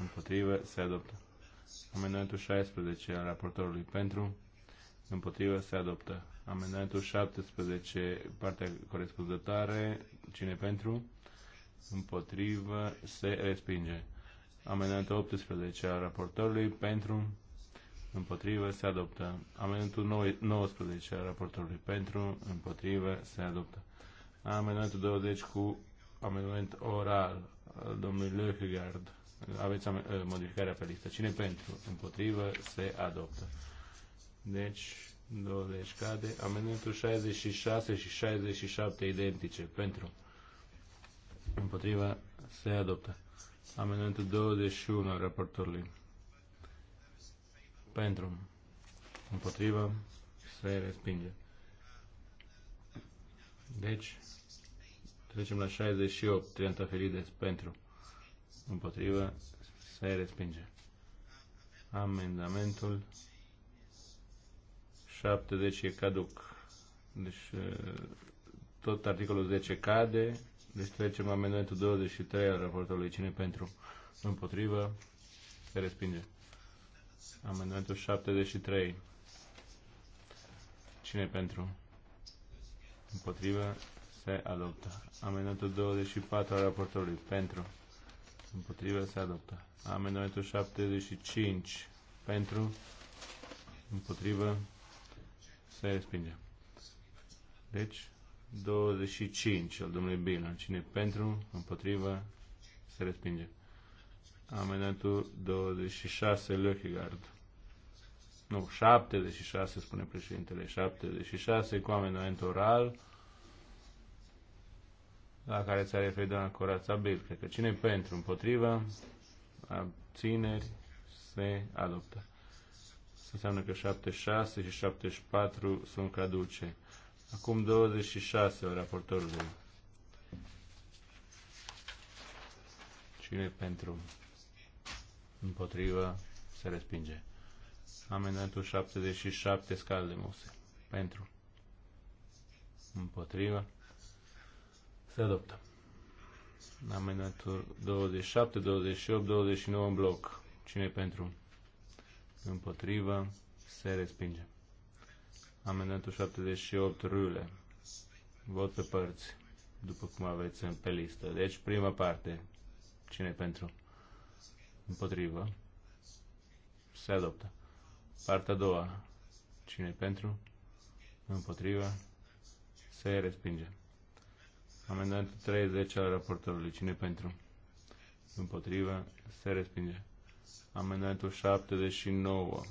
împotrivă, se adoptă. Amendamentul 16 al raportorului pentru, împotrivă, se adoptă. Amendamentul 17, partea corespunzătoare, cine pentru, împotrivă, se respinge. Amendamentul 18 al raportorului pentru, împotrivă, se adoptă. Amendamentul 19 al raportului pentru, împotrivă, se adoptă. Amendamentul 20 cu amendament oral al domnului Löhegard. Aveți eh, modificarea pe listă. Cine pentru? Împotrivă, se adoptă. Deci, 20 cade. Amendamentul 66 și 67 identice. Pentru. Împotriva se adoptă. Amendamentul 21 al raportului. Pentru. Împotrivă. Se respinge. Deci, trecem la 68. Triantafilides. Pentru. Împotrivă. Se respinge. Amendamentul 70 e caduc. Deci, tot articolul 10 cade. Deci trecem la amendamentul 23 al raportului. Cine pentru? Împotrivă? Se respinge. Amendamentul 73. Cine pentru? Împotrivă se adoptă. Amendamentul 24 al raportorului. Pentru. Împotrivă se adoptă. Amendamentul 75. Pentru. Împotrivă se respinge. Deci, 25 al domnului Bilan. Cine pentru, împotrivă, se respinge. Amendamentul 26, Lechigard. Nu, 76, spune președintele, 76 cu amendament oral la care ți-a referit doamna Corața Bill. Cred că cine pentru, împotriva, abțineri, se adoptă. Asta înseamnă că 76 și 74 sunt caduce. Acum 26 al raportorului. Cine pentru? împotrivă, se respinge. Amendamentul 77, de muse. Pentru. Împotrivă. Se adoptă. Amendamentul 27, 28, 29 în bloc. Cine pentru? Împotrivă. Se respinge. Amendamentul 78, rule. Vot pe părți, după cum aveți în pe listă. Deci, prima parte. Cine pentru? Împotrivă. Se adoptă. Partea a doua. cine pentru? Împotrivă. Se respinge. Amendamentul 30 al raportorului. cine pentru? Împotrivă. Se respinge. Amendamentul 79.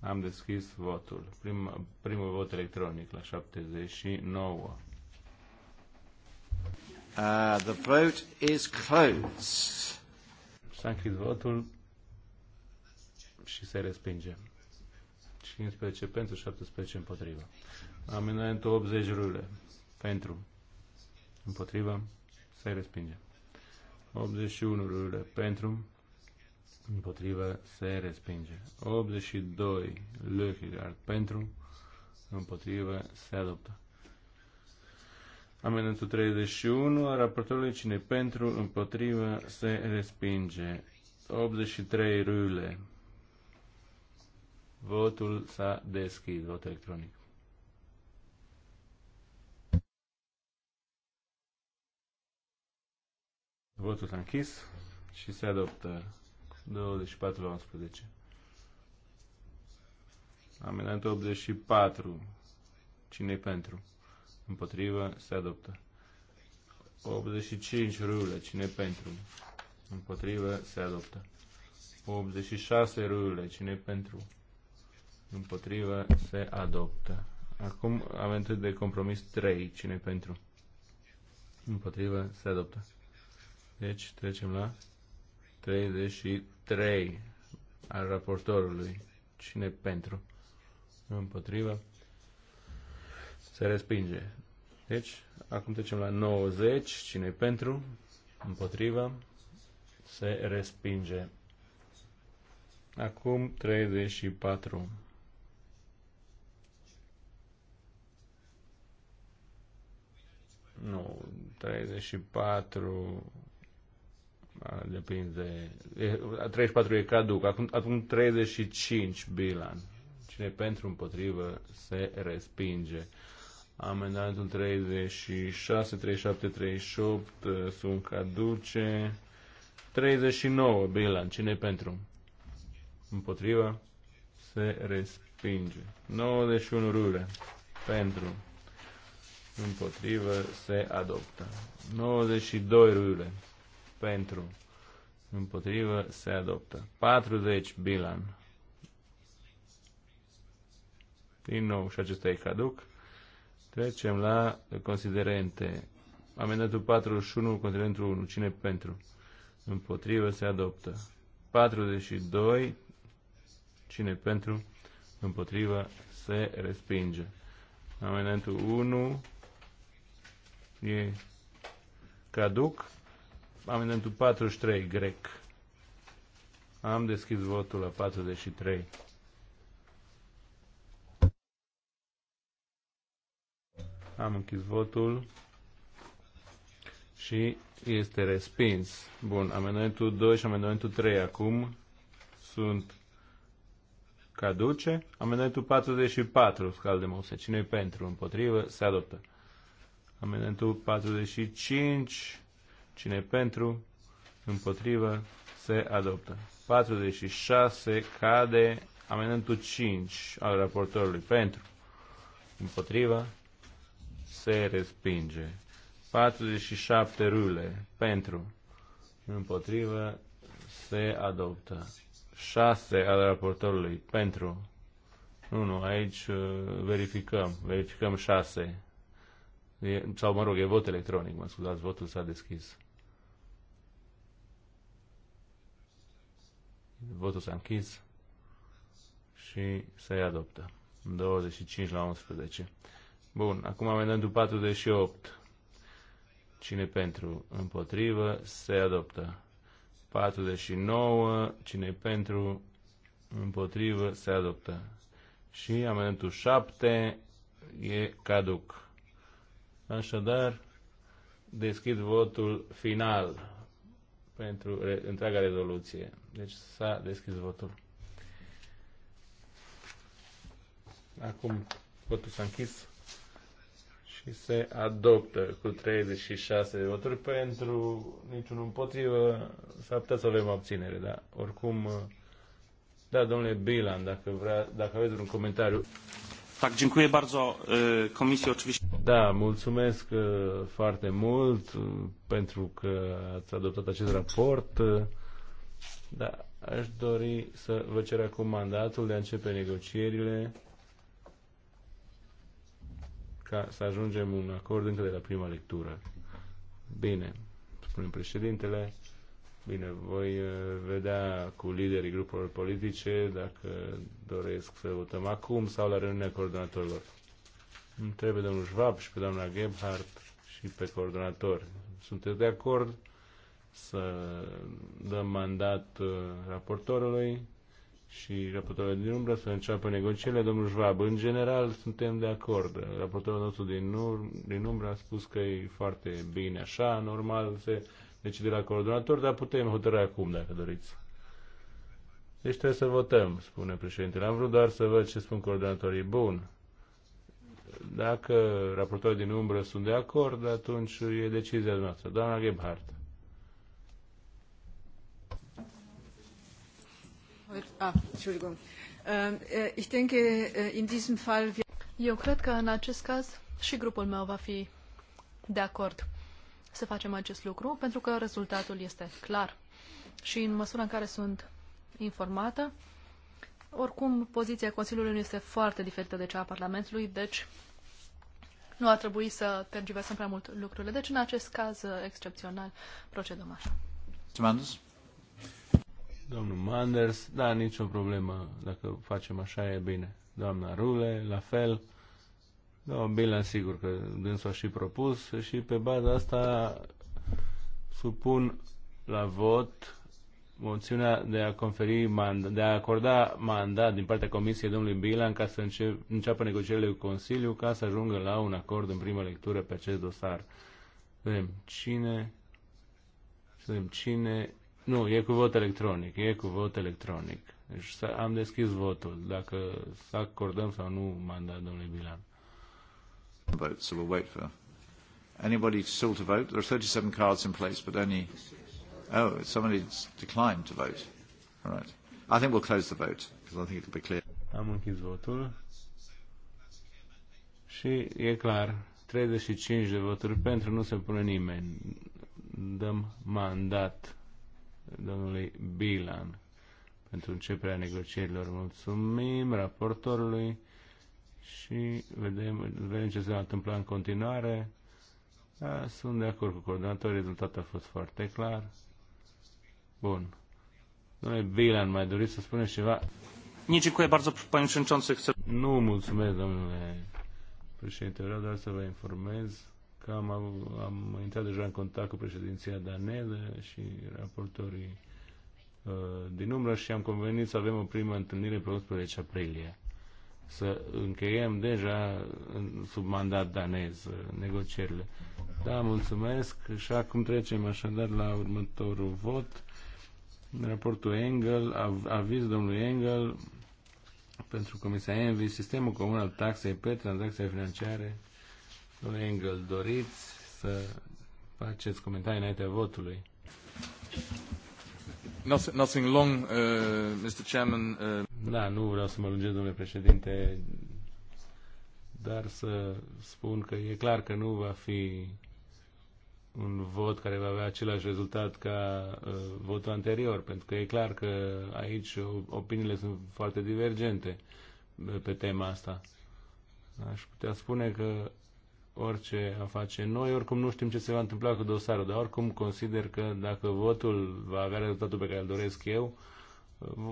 Am deschis votul. Prim, primul vot electronic la 79. Uh, the vote is closed. S-a închis votul și se respinge. 15 pentru, 17 împotriva. Amendamentul 80 rule. Pentru. Împotriva. Se respinge. 81 rule. Pentru. Împotriva. Se respinge. 82 lăhigard. Pentru. Împotriva. Se adoptă. Amendamentul 31 a raportorului cine pentru, împotrivă, se respinge. 83 râle. Votul s-a deschis, vot electronic. Votul s-a închis și se adoptă 24 la 11. Amendamentul 84. cine pentru? împotrivă, se adoptă. 85 rule, cine pentru, împotrivă, se adoptă. 86 rule, cine pentru, împotrivă, se adoptă. Acum avem de compromis 3, cine pentru, împotrivă, se adoptă. Deci trecem la 33 al raportorului. Cine pentru? Împotrivă? Se respinge. Deci, acum trecem la 90. cine e pentru? Împotrivă? Se respinge. Acum 34. Nu, 34 depinde. 34 e caduc. Acum, acum 35 bilan. Cine pentru împotrivă se respinge. Amendamentul 36, 37, 38 sunt caduce. 39, Bilan, cine pentru? Împotriva? Se respinge. 91, Rure, pentru. Împotriva? se adoptă. 92 Rure, Pentru. Împotriva? se adoptă. 40 bilan. Din nou și acesta e caduc. Trecem la considerente. Amendatul 41, considerentul 1. Cine pentru? Împotrivă se adoptă. 42. Cine pentru? Împotrivă se respinge. Amendatul 1 e caduc. Amendatul 43, grec. Am deschis votul la 43. Am închis votul și este respins. Bun, amendamentul 2 și amendamentul 3 acum sunt caduce. Amendamentul 44, scaldemose. cine e pentru? Împotrivă? Se adoptă. Amendamentul 45, cine e pentru? Împotrivă? Se adoptă. 46 cade amendamentul 5 al raportorului pentru. Împotrivă? se respinge. 47 rule pentru, împotrivă, se adoptă. 6 al raportorului pentru, nu, nu, aici uh, verificăm, verificăm 6. E, sau, mă rog, e vot electronic, mă scuzați, votul s-a deschis. Votul s-a închis și se adoptă. 25 la 11. Bun, acum amendamentul 48. Cine pentru? Împotrivă? Se adoptă. 49. Cine pentru? Împotrivă? Se adoptă. Și amendamentul 7 e caduc. Așadar, deschid votul final pentru re- întreaga rezoluție. Deci s-a deschis votul. Acum votul s-a închis și se adoptă cu 36 de voturi pentru niciunul împotrivă. S-ar putea să avem abținere, dar oricum... Da, domnule Bilan, dacă, vrea, dacă aveți un comentariu. Tak, dziękuję bardzo komisji oczywiście. Da, mulțumesc foarte mult pentru că ați adoptat acest raport. Da, aș dori să vă cer acum mandatul de a începe negocierile ca să ajungem un acord încă de la prima lectură. Bine, spunem președintele, bine, voi uh, vedea cu liderii grupurilor politice dacă doresc să votăm acum sau la reuniunea coordonatorilor. Îmi trebuie domnul Schwab și pe doamna Gebhardt și pe coordonatori. Sunteți de acord să dăm mandat uh, raportorului? și raportorul din umbră să înceapă negocierile. Domnul Schwab, în general suntem de acord. Raportorul nostru din, ur- din umbră a spus că e foarte bine așa, normal se decide la coordonator, dar putem hotărâi acum dacă doriți. Deci trebuie să votăm, spune președintele. Am vrut doar să văd ce spun coordonatorii. Bun. Dacă raportorii din umbră sunt de acord, atunci e decizia noastră. Doamna Gebhardt. Ah, ähm, äh, äh, Eu cred că în acest caz și grupul meu va fi de acord să facem acest lucru, pentru că rezultatul este clar. Și în măsura în care sunt informată, oricum poziția Consiliului nu este foarte diferită de cea a Parlamentului, deci nu ar trebui să tergiversăm prea mult lucrurile. Deci, în acest caz excepțional, procedăm așa. Mulțumesc. Domnul Manders, da, nicio problemă. Dacă facem așa, e bine. Doamna Rule, la fel. Da, bine, sigur că dânsul a și propus și pe baza asta supun la vot moțiunea de a conferi mand- de a acorda mandat din partea Comisiei domnului Bilan ca să înce- înceapă negocierile cu Consiliu ca să ajungă la un acord în prima lectură pe acest dosar. Vedem cine vedem cine nu, e cu vot electronic, e cu vot electronic. Deci am deschis votul, dacă să acordăm sau nu mandat domnului Bilan. Vote, so we'll wait for anybody still to vote. There are 37 cards in place, but only oh, somebody's declined to vote. All right. I think we'll close the vote because I think it'll be clear. Am închis votul. Și e clar, 35 de voturi pentru, nu se pune nimeni. Dăm mandat domnului Bilan pentru începerea negocierilor. Mulțumim raportorului și vedem, vedem ce se va întâmpla în continuare. Da, sunt de acord cu coordonatorul, rezultatul a fost foarte clar. Bun. Domnule Bilan, mai doriți să spuneți ceva? Nie bardzo, panie przewodniczący. Nu, mulțumesc, domnule președinte. Vreau doar să vă informez că am, am intrat deja în contact cu președinția daneză și raportorii uh, din umbră și am convenit să avem o primă întâlnire pe 11 aprilie. Să încheiem deja în, sub mandat danez uh, negocierile. Da, mulțumesc și acum trecem așadar la următorul vot. Raportul Engel, av, aviz domnului Engel pentru Comisia Envi, sistemul comun al taxei pe tranzacțiile financiare Domnule Engel, doriți să faceți comentarii înaintea votului? Nothing, nothing long, uh, Mr. Chairman. Uh... Da, nu vreau să mă lungesc, domnule președinte, dar să spun că e clar că nu va fi un vot care va avea același rezultat ca uh, votul anterior, pentru că e clar că aici opiniile sunt foarte divergente uh, pe tema asta. Aș putea spune că orice am face noi, oricum nu știm ce se va întâmpla cu dosarul, dar oricum consider că dacă votul va avea rezultatul pe care îl doresc eu,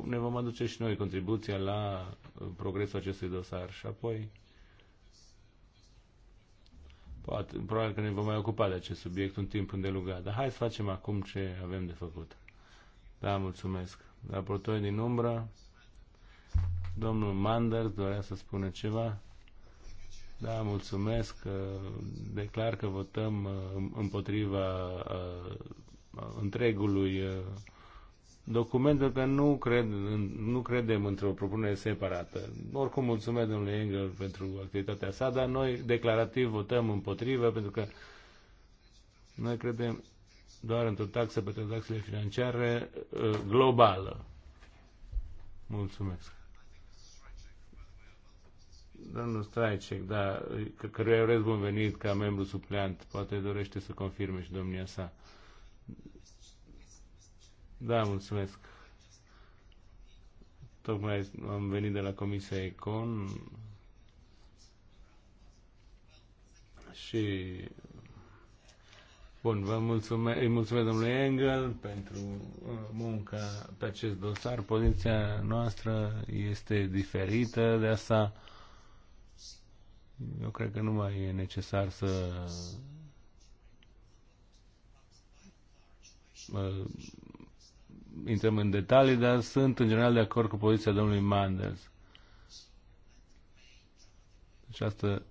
ne vom aduce și noi contribuția la progresul acestui dosar și apoi poate, probabil că ne vom mai ocupa de acest subiect un timp îndelugat, dar hai să facem acum ce avem de făcut. Da, mulțumesc. Raportori din umbră, domnul Manders dorea să spună ceva. Da, mulțumesc. Declar că votăm uh, împotriva uh, întregului uh, document, pentru că nu, cred, nu credem într-o propunere separată. Oricum, mulțumesc domnului Engel pentru activitatea sa, dar noi declarativ votăm împotrivă, pentru că noi credem doar într-o taxă pe taxele financiare globală. Mulțumesc. Domnul Straicec, da, căruia urez bun venit ca membru supleant, poate dorește să confirme și domnia sa. Da, mulțumesc. Tocmai am venit de la Comisia Econ și Bun, vă mulțumesc, îi mulțumesc domnului Engel pentru uh, munca pe acest dosar. Poziția noastră este diferită, de asta eu cred că nu mai e necesar să intrăm în detalii, dar sunt în general de acord cu poziția domnului Manders. Această deci asta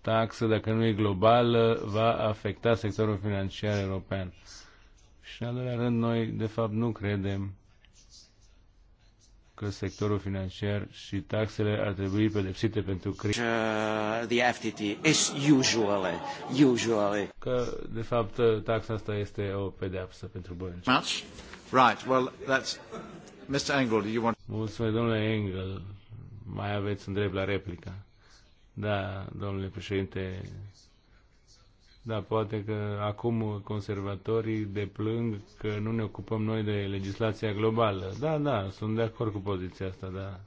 taxă, dacă nu e globală, va afecta sectorul financiar european. Și în al doilea rând, noi, de fapt, nu credem că sectorul financiar și taxele ar trebui pedepsite pentru crimă. Uh, the FTT is usually, usually. Că, de fapt, taxa asta este o pedeapsă pentru bănci. Much? Right, well, that's... Mr. Engel, do you want... Mulțumesc, domnule Engel. Mai aveți un drept la replică. Da, domnule președinte, da, poate că acum conservatorii deplâng că nu ne ocupăm noi de legislația globală. Da, da, sunt de acord cu poziția asta, da.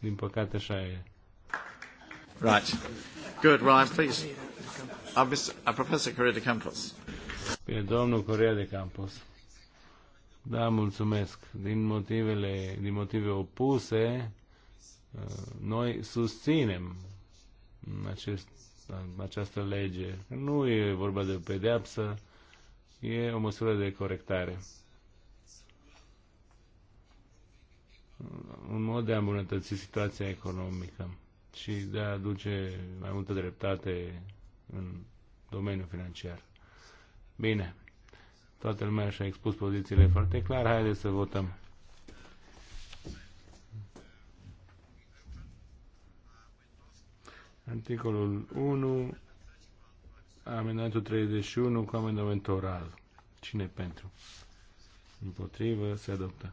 Din păcate așa e. Right. Good, Ryan, please. Uh, I'm, uh, Professor Correa de Campos. Bine, domnul Correa de Campos. Da, mulțumesc. Din motivele, din motive opuse, uh, noi susținem acest această lege. Nu e vorba de pedeapsă, e o măsură de corectare. Un mod de a îmbunătăți situația economică și de a aduce mai multă dreptate în domeniul financiar. Bine, toată lumea și-a expus pozițiile foarte clar, haideți să votăm. Articolul 1, amendamentul 31 cu amendament oral. Cine pentru? Împotrivă, se adoptă.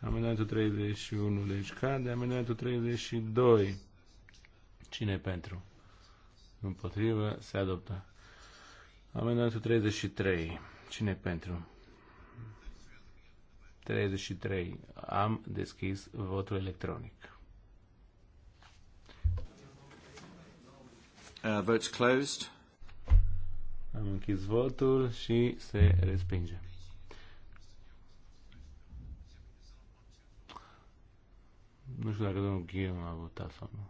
Amendamentul 31, deci cade. Amendamentul 32. Cine pentru? Împotrivă, se adoptă. Amendamentul 33. Cine pentru? 33. Am deschis votul electronic. Uh, votes closed. Am închis votul și se respinge. Nu știu dacă domnul Ghion a votat sau nu.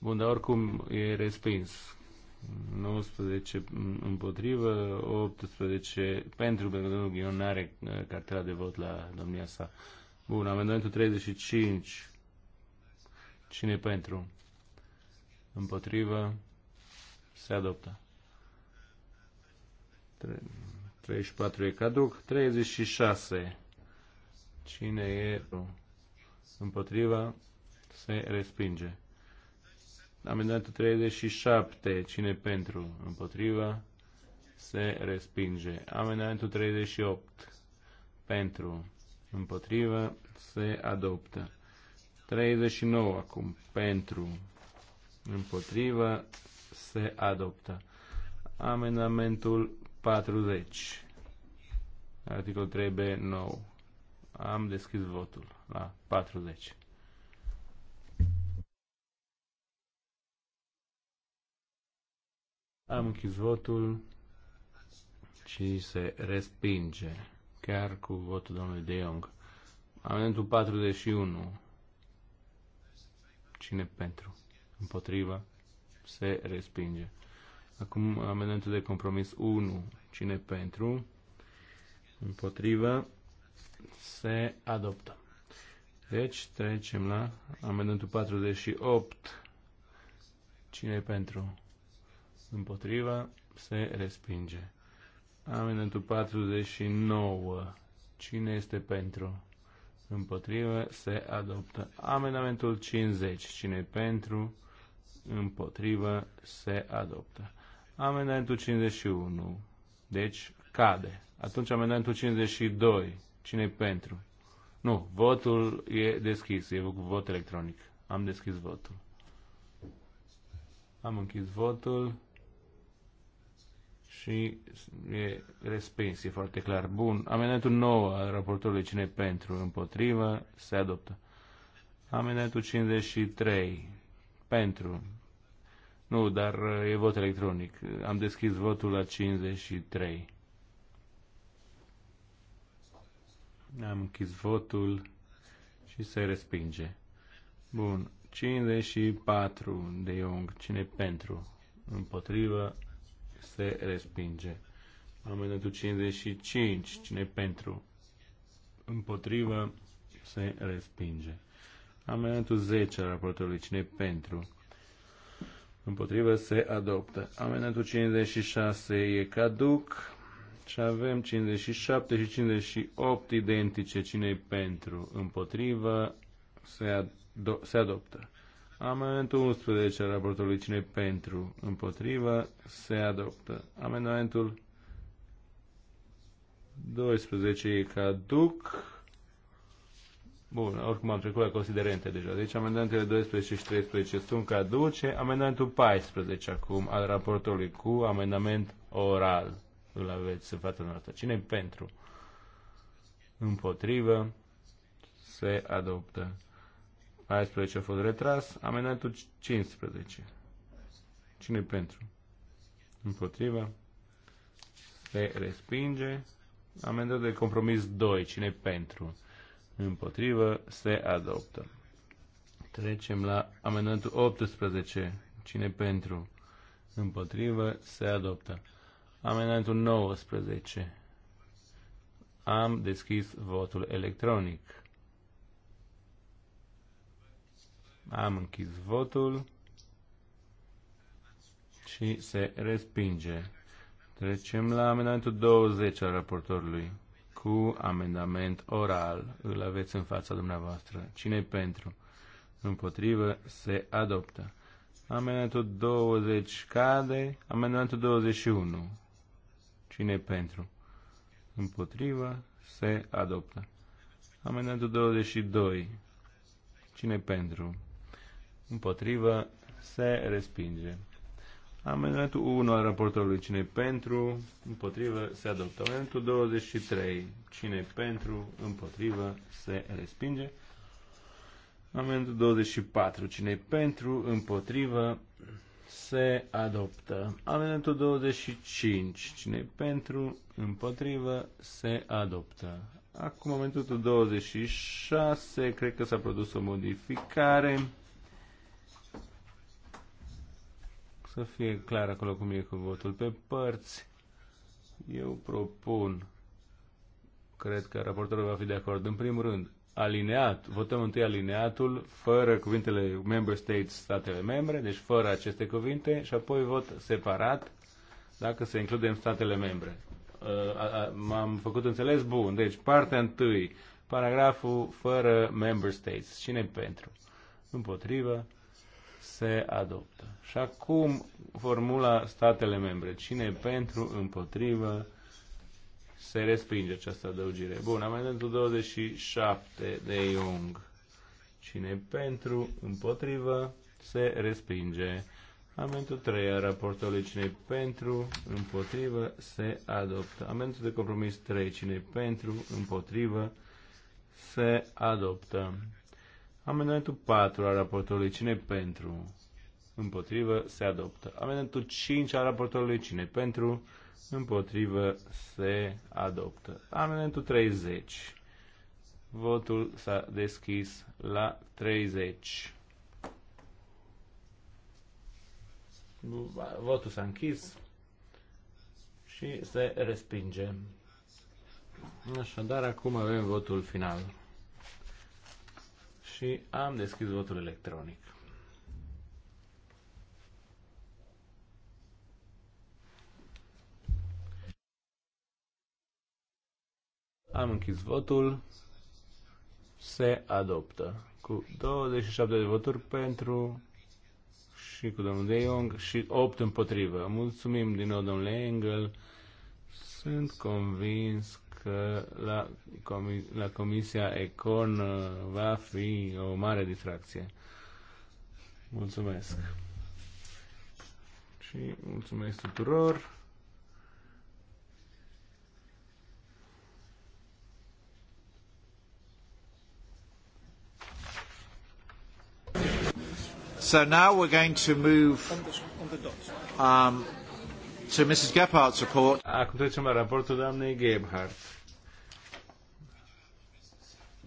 Bun, dar oricum e respins. 19 împotrivă, 18 pentru, pentru că domnul Ghion nu are uh, cartela de vot la domnia sa. Bun, amendamentul 35. Cine pentru? împotrivă, se adoptă. 34 e caduc, 36. Cine e împotriva, se respinge. Amendamentul 37. Cine pentru, împotriva, se respinge. Amendamentul 38. Pentru, împotriva, se adoptă. 39 acum, pentru, Împotrivă. Se adoptă. Amendamentul 40. Articol 3B9. Am deschis votul la 40. Am închis votul și se respinge, chiar cu votul domnului De Jong. Amendamentul 41. Cine pentru? împotriva, se respinge. Acum amendamentul de compromis 1, cine pentru, împotriva, se adoptă. Deci trecem la amendamentul 48, cine pentru, împotriva, se respinge. Amendamentul 49, cine este pentru? Împotrivă se adoptă. Amendamentul 50. Cine pentru? împotrivă, se adoptă. Amendamentul 51, deci cade. Atunci amendamentul 52, cine pentru? Nu, votul e deschis, e cu vot electronic. Am deschis votul. Am închis votul și e respins, e foarte clar. Bun, amendamentul 9 al raportorului cine pentru, împotrivă, se adoptă. Amendamentul 53 pentru. Nu, dar uh, e vot electronic. Am deschis votul la 53. Am închis votul și se respinge. Bun. 54 de Young. Cine pentru? Împotrivă se respinge. Amendamentul 55. Cine pentru? Împotrivă se respinge. Amendamentul 10 al raportului. Cine pentru? Împotrivă se adoptă. Amendamentul 56 e caduc. Și avem 57 și 58 identice. cine pentru? Împotrivă se, ado- se adoptă. Amendamentul 11 al raportului. cine pentru? Împotrivă se adoptă. Amendamentul 12 e caduc. Bun, oricum am trecut la considerente deja. Deci amendamentele 12 și 13 sunt caduce. Amendamentul 14 acum al raportului cu amendament oral. Îl aveți în fața noastră. cine pentru? Împotrivă. Se adoptă. 14 a fost retras. Amendamentul 15. cine pentru? Împotrivă. Se respinge. Amendamentul de compromis 2. cine pentru? împotrivă, se adoptă. Trecem la amendamentul 18. Cine pentru? Împotrivă, se adoptă. Amendamentul 19. Am deschis votul electronic. Am închis votul și se respinge. Trecem la amendamentul 20 al raportorului cu amendament oral. Îl aveți în fața dumneavoastră. cine pentru? Împotrivă se adoptă. Amendamentul 20 cade. Amendamentul 21. cine pentru? Împotrivă se adoptă. Amendamentul 22. cine pentru? Împotrivă se respinge. Amendamentul 1 al raportorului. Cine pentru? Împotrivă. Se adoptă. Amendamentul 23. Cine pentru? Împotrivă. Se respinge. Amendamentul 24. Cine pentru? Împotrivă. Se adoptă. Amendamentul 25. Cine pentru? Împotrivă. Se adoptă. Acum, amendamentul 26. Cred că s-a produs o modificare. să fie clar acolo cum e cu votul pe părți. Eu propun, cred că raportorul va fi de acord, în primul rând, alineat, votăm întâi alineatul fără cuvintele member states, statele membre, deci fără aceste cuvinte și apoi vot separat dacă se includem statele membre. Uh, m-am făcut înțeles? Bun, deci partea întâi, paragraful fără member states. Cine pentru? Împotrivă? se adoptă. Și acum formula statele membre. Cine e pentru, împotrivă, se respinge această adăugire. Bun, amendamentul 27 de Young. Cine e pentru, împotrivă, se respinge. Amendamentul 3 a raportului. Cine e pentru, împotrivă, se adoptă. Amendamentul de compromis 3. Cine e pentru, împotrivă, se adoptă. Amendamentul 4 al raportorului, cine pentru? Împotrivă, se adoptă. Amendamentul 5 al raportorului, cine pentru? Împotrivă, se adoptă. Amendamentul 30. Votul s-a deschis la 30. Votul s-a închis și se respinge. Așadar, acum avem votul final și am deschis votul electronic. Am închis votul. Se adoptă cu 27 de voturi pentru și cu domnul De Jong și 8 împotrivă. Mulțumim din nou, domnule Engel. Sunt convins că la, comi- la Comisia Econ uh, va fi o mare distracție. Mulțumesc! Și mulțumesc tuturor! So now we're going to move um, to Mrs. Gephardt's report. Acum raportul doamnei Gebhardt.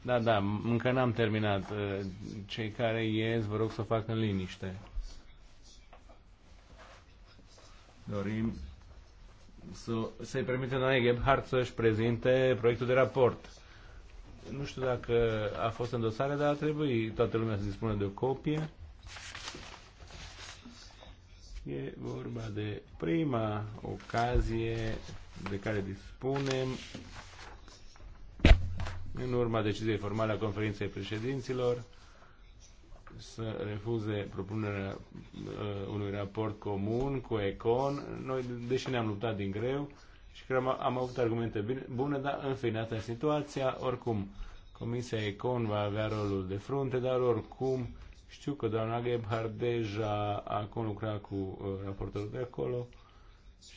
Da, da, încă n-am terminat. Uh, cei care ies, vă rog să o facă în liniște. Dorim să-i permitem doamnei Gebhardt să-și prezinte proiectul de raport. Nu știu dacă a fost în dosare, dar a trebuit toată lumea să dispună de o copie. E vorba de prima ocazie de care dispunem în urma deciziei formale a conferinței președinților să refuze propunerea uh, unui raport comun cu Econ. Noi, deși ne-am luptat din greu și că am, am avut argumente bine, bune, dar în fine, asta e situația. Oricum, Comisia Econ va avea rolul de frunte, dar oricum știu că doamna Gebhard deja acum lucra cu uh, raportorul de acolo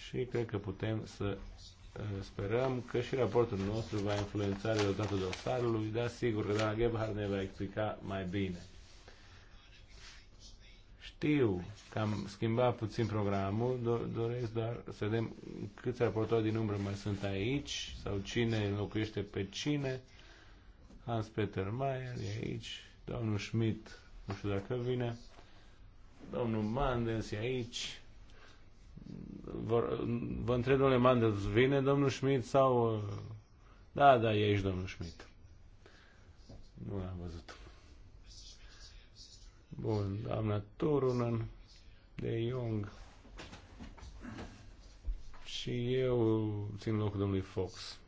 și cred că putem să uh, sperăm că și raportul nostru va influența rezultatul dosarului, dar sigur că doamna Gebhard ne va explica mai bine. Știu că am schimbat puțin programul, do- doresc doar să vedem câți raportori din umbră mai sunt aici sau cine înlocuiește pe cine. Hans Peter Mayer e aici, domnul Schmidt nu știu dacă vine. Domnul Mandels e aici. Vor, vă întreb, domnule Mandels, vine domnul Schmidt sau... Uh, da, da, e aici domnul Schmidt. Nu l-am văzut. Bun, doamna Turunen de Jung. Și eu țin locul domnului Fox.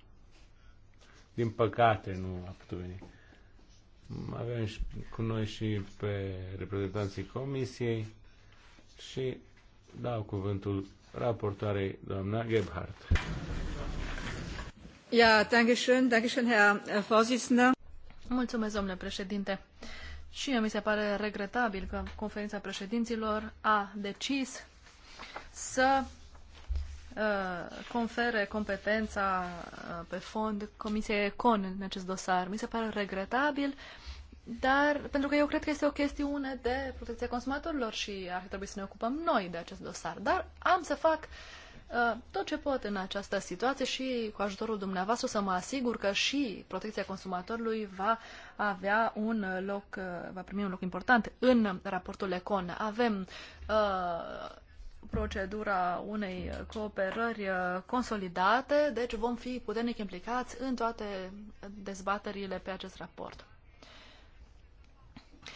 Din păcate nu a putut veni avem și, cu noi și pe reprezentanții comisiei și dau cuvântul raportoarei doamna Gebhardt. Ja, danke schön, danke schön, Herr Vorsitzender. Mulțumesc, domnule președinte. Și mi se pare regretabil că conferința președinților a decis să Uh, confere competența uh, pe fond Comisiei Econ în acest dosar. Mi se pare regretabil, dar pentru că eu cred că este o chestiune de protecția consumatorilor și ar trebui să ne ocupăm noi de acest dosar. Dar am să fac uh, tot ce pot în această situație și cu ajutorul dumneavoastră să mă asigur că și protecția consumatorului va avea un loc, va primi un loc important în raportul Econ. Avem uh, procedura unei cooperări uh, consolidate, deci vom fi puternic implicați în toate dezbaterile pe acest raport.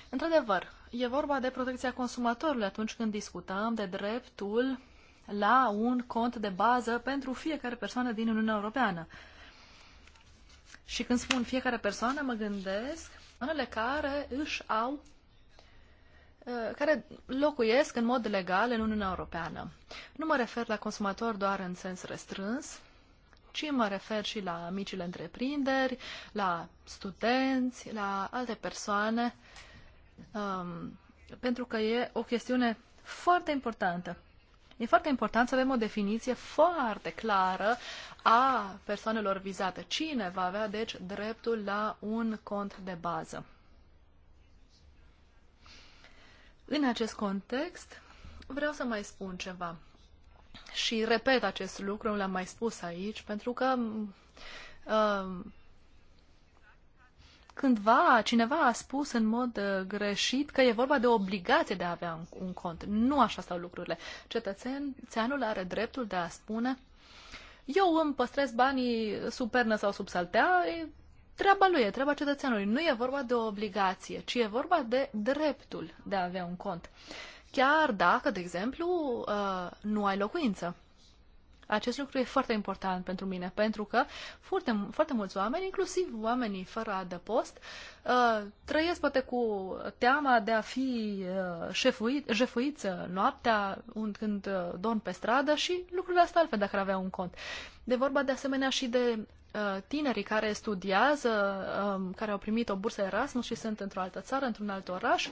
Într-adevăr, e vorba de protecția consumatorului atunci când discutăm de dreptul la un cont de bază pentru fiecare persoană din Uniunea Europeană. Și când spun fiecare persoană, mă gândesc unele care își au Uh, care locuiesc în mod legal în Uniunea Europeană. Nu mă refer la consumator doar în sens restrâns, ci mă refer și la micile întreprinderi, la studenți, la alte persoane, um, pentru că e o chestiune foarte importantă. E foarte important să avem o definiție foarte clară a persoanelor vizate. Cine va avea, deci, dreptul la un cont de bază? În acest context, vreau să mai spun ceva. Și repet acest lucru, l-am mai spus aici, pentru că um, cândva cineva a spus în mod uh, greșit că e vorba de obligație de a avea un, un cont. Nu așa stau lucrurile. Cetățeanul are dreptul de a spune eu îmi păstrez banii sub pernă sau sub saltea, treaba lui, e treaba cetățeanului. Nu e vorba de o obligație, ci e vorba de dreptul de a avea un cont. Chiar dacă, de exemplu, uh, nu ai locuință. Acest lucru e foarte important pentru mine, pentru că foarte, foarte mulți oameni, inclusiv oamenii fără adăpost, uh, trăiesc poate cu teama de a fi uh, șefuit, jefuiță noaptea când dorm pe stradă și lucrurile astea altfel dacă ar avea un cont. De vorba de asemenea și de Uh, tinerii care studiază, um, care au primit o bursă Erasmus și sunt într-o altă țară, într-un alt oraș,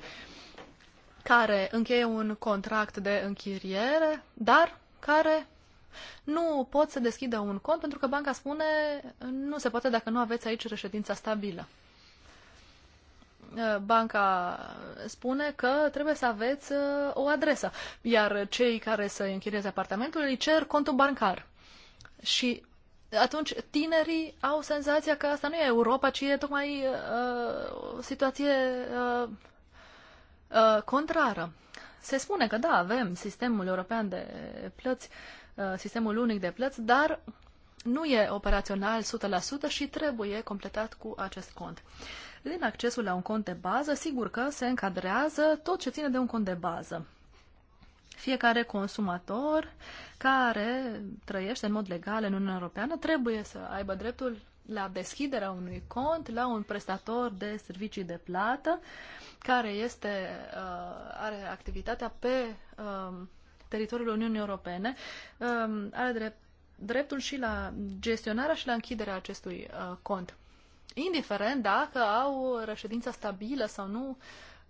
care încheie un contract de închiriere, dar care nu pot să deschidă un cont pentru că banca spune nu se poate dacă nu aveți aici reședința stabilă. Uh, banca spune că trebuie să aveți uh, o adresă, iar cei care să închirieze apartamentul îi cer contul bancar. Și atunci tinerii au senzația că asta nu e Europa, ci e tocmai uh, o situație uh, uh, contrară. Se spune că da, avem sistemul european de plăți, uh, sistemul unic de plăți, dar nu e operațional 100% și trebuie completat cu acest cont. Din accesul la un cont de bază, sigur că se încadrează tot ce ține de un cont de bază. Fiecare consumator care trăiește în mod legal în Uniunea Europeană trebuie să aibă dreptul la deschiderea unui cont la un prestator de servicii de plată care este, uh, are activitatea pe um, teritoriul Uniunii Europene, um, are drept, dreptul și la gestionarea și la închiderea acestui uh, cont indiferent dacă au reședința stabilă sau nu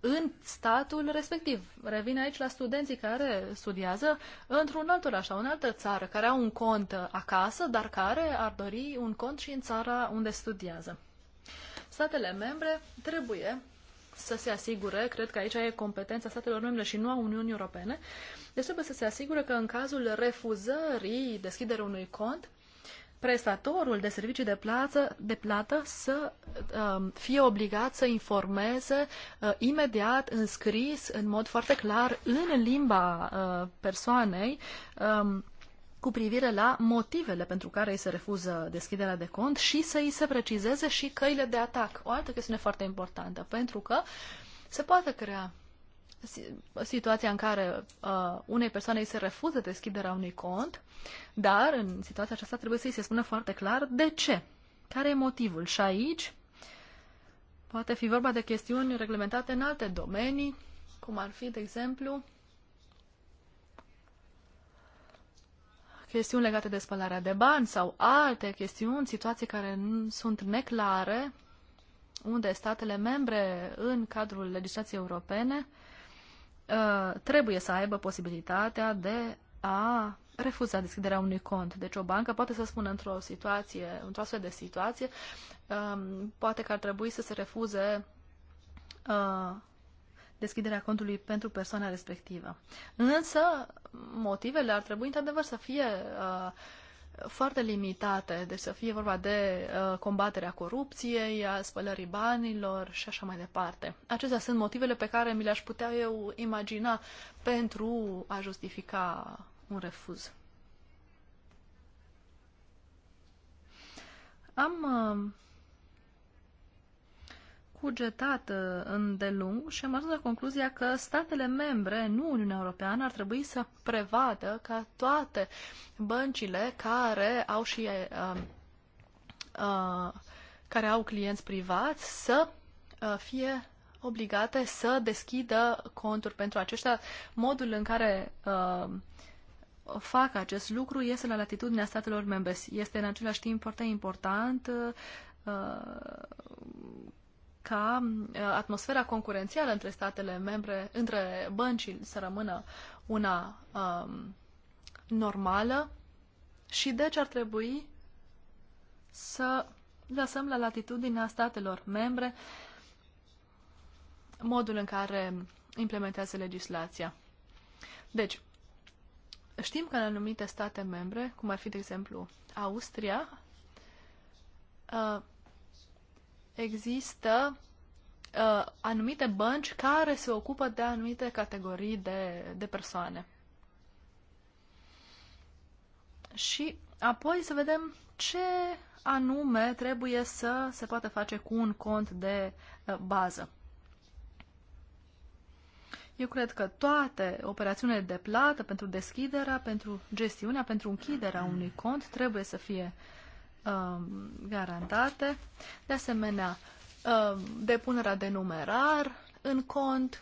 în statul respectiv. Revin aici la studenții care studiază într-un alt sau în altă țară, care au un cont acasă, dar care ar dori un cont și în țara unde studiază. Statele membre trebuie să se asigure, cred că aici e competența statelor membre și nu a Uniunii Europene, deci trebuie să se asigure că în cazul refuzării deschiderea unui cont, prestatorul de servicii de, plață, de plată să um, fie obligat să informeze uh, imediat, în scris, în mod foarte clar, în limba uh, persoanei, um, cu privire la motivele pentru care îi se refuză deschiderea de cont și să îi se precizeze și căile de atac. O altă chestiune foarte importantă, pentru că se poate crea situația în care uh, unei persoane îi se refuză deschiderea unui cont, dar în situația aceasta trebuie să îi se spună foarte clar de ce, care e motivul. Și aici poate fi vorba de chestiuni reglementate în alte domenii, cum ar fi, de exemplu, chestiuni legate de spălarea de bani sau alte chestiuni, situații care sunt neclare, unde statele membre, în cadrul legislației europene, uh, Uh, trebuie să aibă posibilitatea de a refuza deschiderea unui cont. Deci o bancă poate să spună într-o situație, într-o astfel de situație, um, poate că ar trebui să se refuze uh, deschiderea contului pentru persoana respectivă. Însă, motivele ar trebui într-adevăr să fie uh, foarte limitate, deci să fie vorba de uh, combaterea corupției, a spălării banilor și așa mai departe. Acestea sunt motivele pe care mi le-aș putea eu imagina pentru a justifica un refuz. Am uh, cugetat uh, îndelung și am ajuns la concluzia că statele membre, nu Uniunea Europeană, ar trebui să prevadă ca toate băncile care au și uh, uh, care au clienți privați să uh, fie obligate să deschidă conturi pentru aceștia. Modul în care uh, fac acest lucru este la latitudinea statelor membre. Este în același timp foarte important uh, ca uh, atmosfera concurențială între statele membre, între bănci să rămână una um, normală și deci ar trebui să lăsăm la latitudinea statelor membre modul în care implementează legislația. Deci, știm că în anumite state membre, cum ar fi, de exemplu, Austria, uh, există uh, anumite bănci care se ocupă de anumite categorii de, de persoane. Și apoi să vedem ce anume trebuie să se poată face cu un cont de uh, bază. Eu cred că toate operațiunile de plată pentru deschiderea, pentru gestiunea, pentru închiderea unui cont trebuie să fie uh, Um, garantate. De asemenea, um, depunerea de numerar în cont,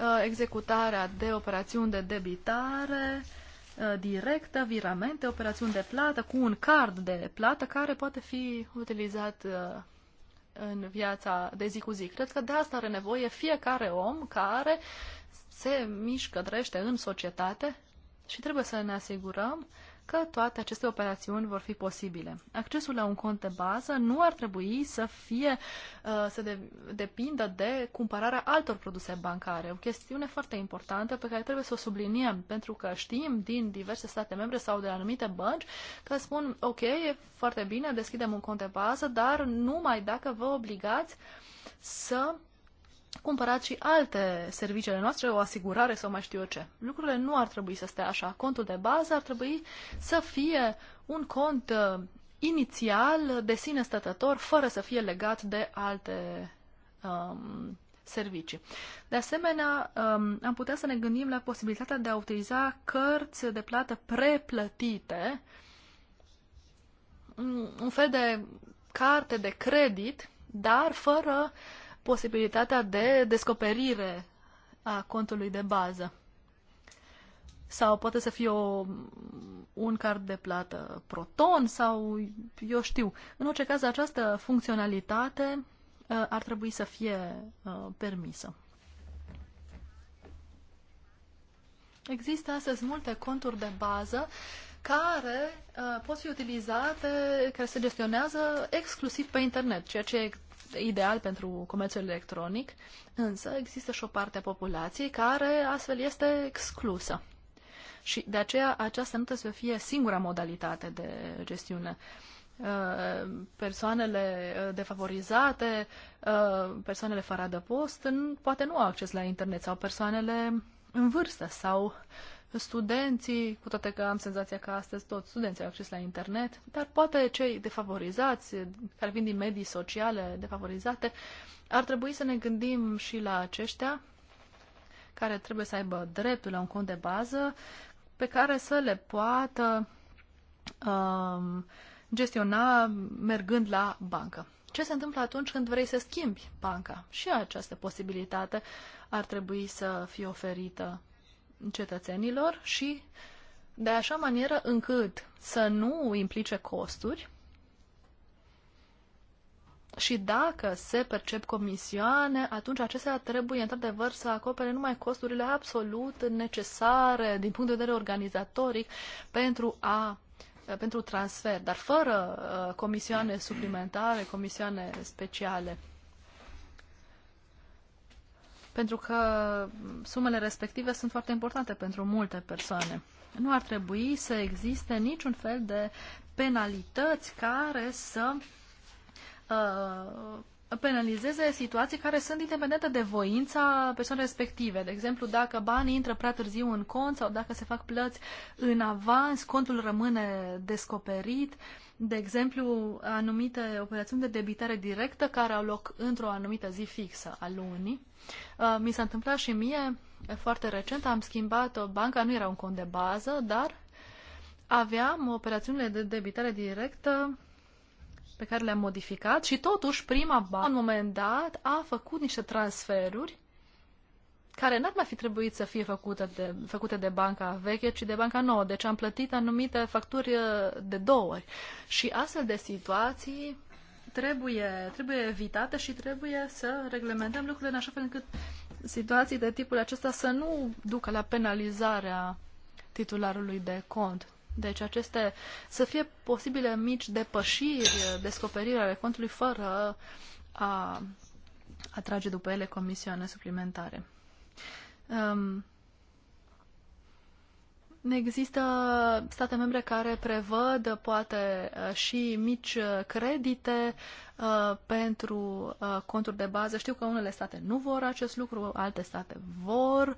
uh, executarea de operațiuni de debitare uh, directă, viramente, operațiuni de plată cu un card de plată care poate fi utilizat uh, în viața de zi cu zi. Cred că de asta are nevoie fiecare om care se mișcă, trăiește în societate și trebuie să ne asigurăm uh, că toate aceste operațiuni vor fi posibile. Accesul la un cont de bază nu ar trebui să fie uh, să de, depindă de cumpărarea altor produse bancare. O chestiune foarte importantă pe care trebuie să o subliniem, pentru că știm din diverse state membre sau de anumite bănci că spun, ok, e foarte bine, deschidem un cont de bază, dar numai dacă vă obligați să cumpărat și alte serviciile noastre, o asigurare sau mai știu eu ce. Lucrurile nu ar trebui să stea așa. Contul de bază ar trebui să fie un cont uh, inițial de sine stătător, fără să fie legat de alte um, servicii. De asemenea, um, am putea să ne gândim la posibilitatea de a utiliza cărți de plată preplătite, un fel de carte de credit, dar fără uh, posibilitatea de descoperire a contului de bază. Sau poate să fie o, un card de plată proton sau eu știu. În orice caz, această funcționalitate uh, ar trebui să fie uh, permisă. Există astăzi multe conturi de bază care uh, pot fi utilizate, care se gestionează exclusiv pe internet, ceea ce e ideal pentru comerțul electronic, însă există și o parte a populației care astfel este exclusă. Și de aceea aceasta nu trebuie să fie singura modalitate de gestiune. Uh, persoanele uh, defavorizate, uh, persoanele fără adăpost, poate nu au acces la internet sau persoanele în vârstă sau studenții, cu toate că am senzația că astăzi toți studenții au acces la internet, dar poate cei defavorizați, care vin din medii sociale defavorizate, ar trebui să ne gândim și la aceștia care trebuie să aibă dreptul la un cont de bază pe care să le poată um, gestiona mergând la bancă. Ce se întâmplă atunci când vrei să schimbi banca? Și această posibilitate ar trebui să fie oferită cetățenilor și de așa manieră încât să nu implice costuri și dacă se percep comisioane, atunci acestea trebuie într-adevăr să acopere numai costurile absolut necesare din punct de vedere organizatoric pentru a pentru transfer, dar fără uh, comisioane suplimentare, comisioane speciale pentru că sumele respective sunt foarte importante pentru multe persoane. Nu ar trebui să existe niciun fel de penalități care să uh, penalizeze situații care sunt independente de voința persoanei respective. De exemplu, dacă banii intră prea târziu în cont sau dacă se fac plăți în avans, contul rămâne descoperit. De exemplu, anumite operațiuni de debitare directă care au loc într-o anumită zi fixă a lunii. Uh, mi s-a întâmplat și mie foarte recent, am schimbat o bancă, nu era un cont de bază, dar aveam operațiunile de debitare directă pe care le-am modificat și totuși prima bancă, în moment dat, a făcut niște transferuri care n-ar mai fi trebuit să fie făcute de, făcute de banca veche, ci de banca nouă. Deci am plătit anumite facturi uh, de două ori. Și astfel de situații trebuie, trebuie evitate și trebuie să reglementăm lucrurile în așa fel încât situații de tipul acesta să nu ducă la penalizarea titularului de cont. Deci aceste, să fie posibile mici depășiri, descoperiri ale contului fără a atrage după ele comisioane suplimentare. Um, Există state membre care prevăd poate și mici credite uh, pentru uh, conturi de bază. Știu că unele state nu vor acest lucru, alte state vor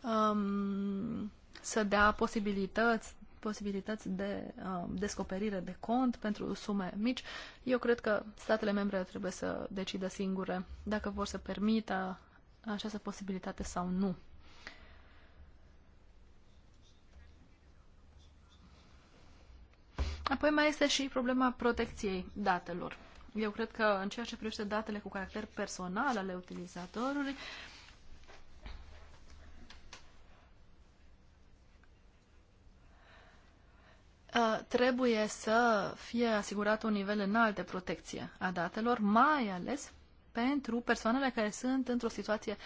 um, să dea posibilități posibilități de uh, descoperire de cont pentru sume mici. Eu cred că statele membre trebuie să decidă singure dacă vor să permită această posibilitate sau nu. Apoi mai este și problema protecției datelor. Eu cred că în ceea ce privește datele cu caracter personal ale utilizatorului, uh, trebuie să fie asigurat un nivel înalt de protecție a datelor, mai ales pentru persoanele care sunt într-o situație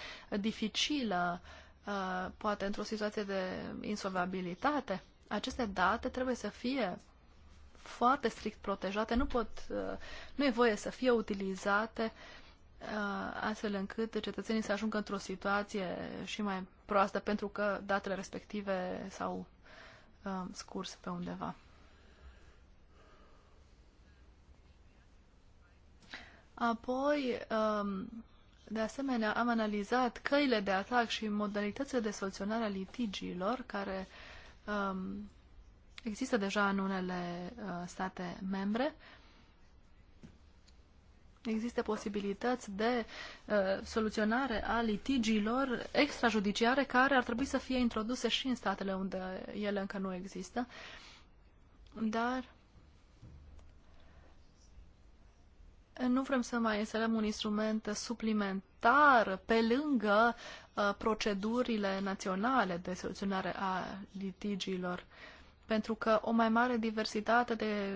dificilă, poate într-o situație de insolvabilitate. Aceste date trebuie să fie foarte strict protejate, nu pot, nu e voie să fie utilizate astfel încât cetățenii să ajungă într-o situație și mai proastă pentru că datele respective s-au uh, scurs pe undeva. Apoi, um, de asemenea, am analizat căile de atac și modalitățile de soluționare a litigiilor care um, există deja în unele uh, state membre. Există posibilități de uh, soluționare a litigiilor extrajudiciare care ar trebui să fie introduse și în statele unde ele încă nu există. Dar nu vrem să mai înțelegem un instrument suplimentar pe lângă uh, procedurile naționale de soluționare a litigiilor. Uh, pentru că o mai mare diversitate de,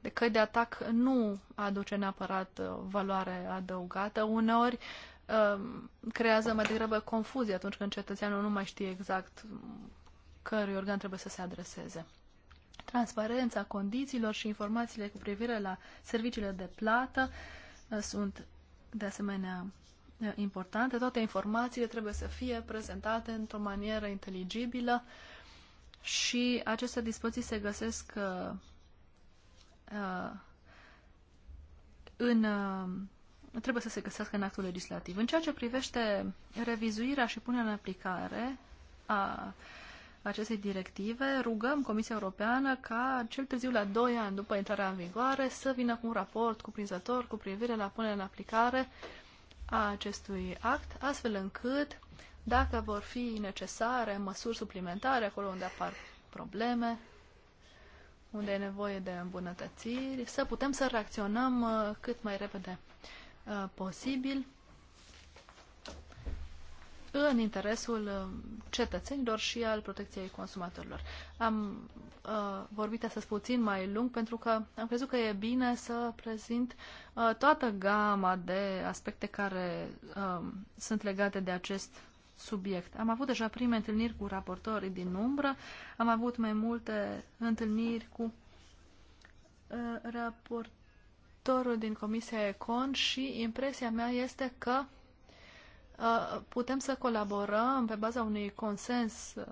de căi de atac nu aduce neapărat uh, valoare adăugată. Uneori uh, creează mai degrabă confuzie atunci când cetățeanul nu mai știe exact cărui organ trebuie să se adreseze. Transparența condițiilor și informațiile cu privire la serviciile de plată uh, sunt de asemenea importante. Toate informațiile trebuie să fie prezentate într-o manieră inteligibilă uh, și aceste dispoziții se găsesc uh, uh, în uh, trebuie să se găsească în actul legislativ. În ceea ce privește revizuirea și punerea în aplicare a acestei directive, rugăm Comisia Europeană ca cel târziu la 2 ani după intrarea în vigoare să vină cu un raport cuprinzător cu privire la punerea în aplicare a acestui act, astfel încât dacă vor fi necesare măsuri suplimentare acolo unde apar probleme, unde e nevoie de îmbunătățiri, să putem să reacționăm uh, cât mai repede uh, posibil în interesul uh, cetățenilor și al protecției consumatorilor. Am uh, vorbit astăzi puțin mai lung pentru că am crezut că e bine să prezint uh, toată gama de aspecte care uh, sunt legate de acest subiect. Am avut deja prime întâlniri cu raportorii din umbră, am avut mai multe întâlniri cu uh, raportorul din Comisia Econ și impresia mea este că uh, putem să colaborăm pe baza unui consens uh,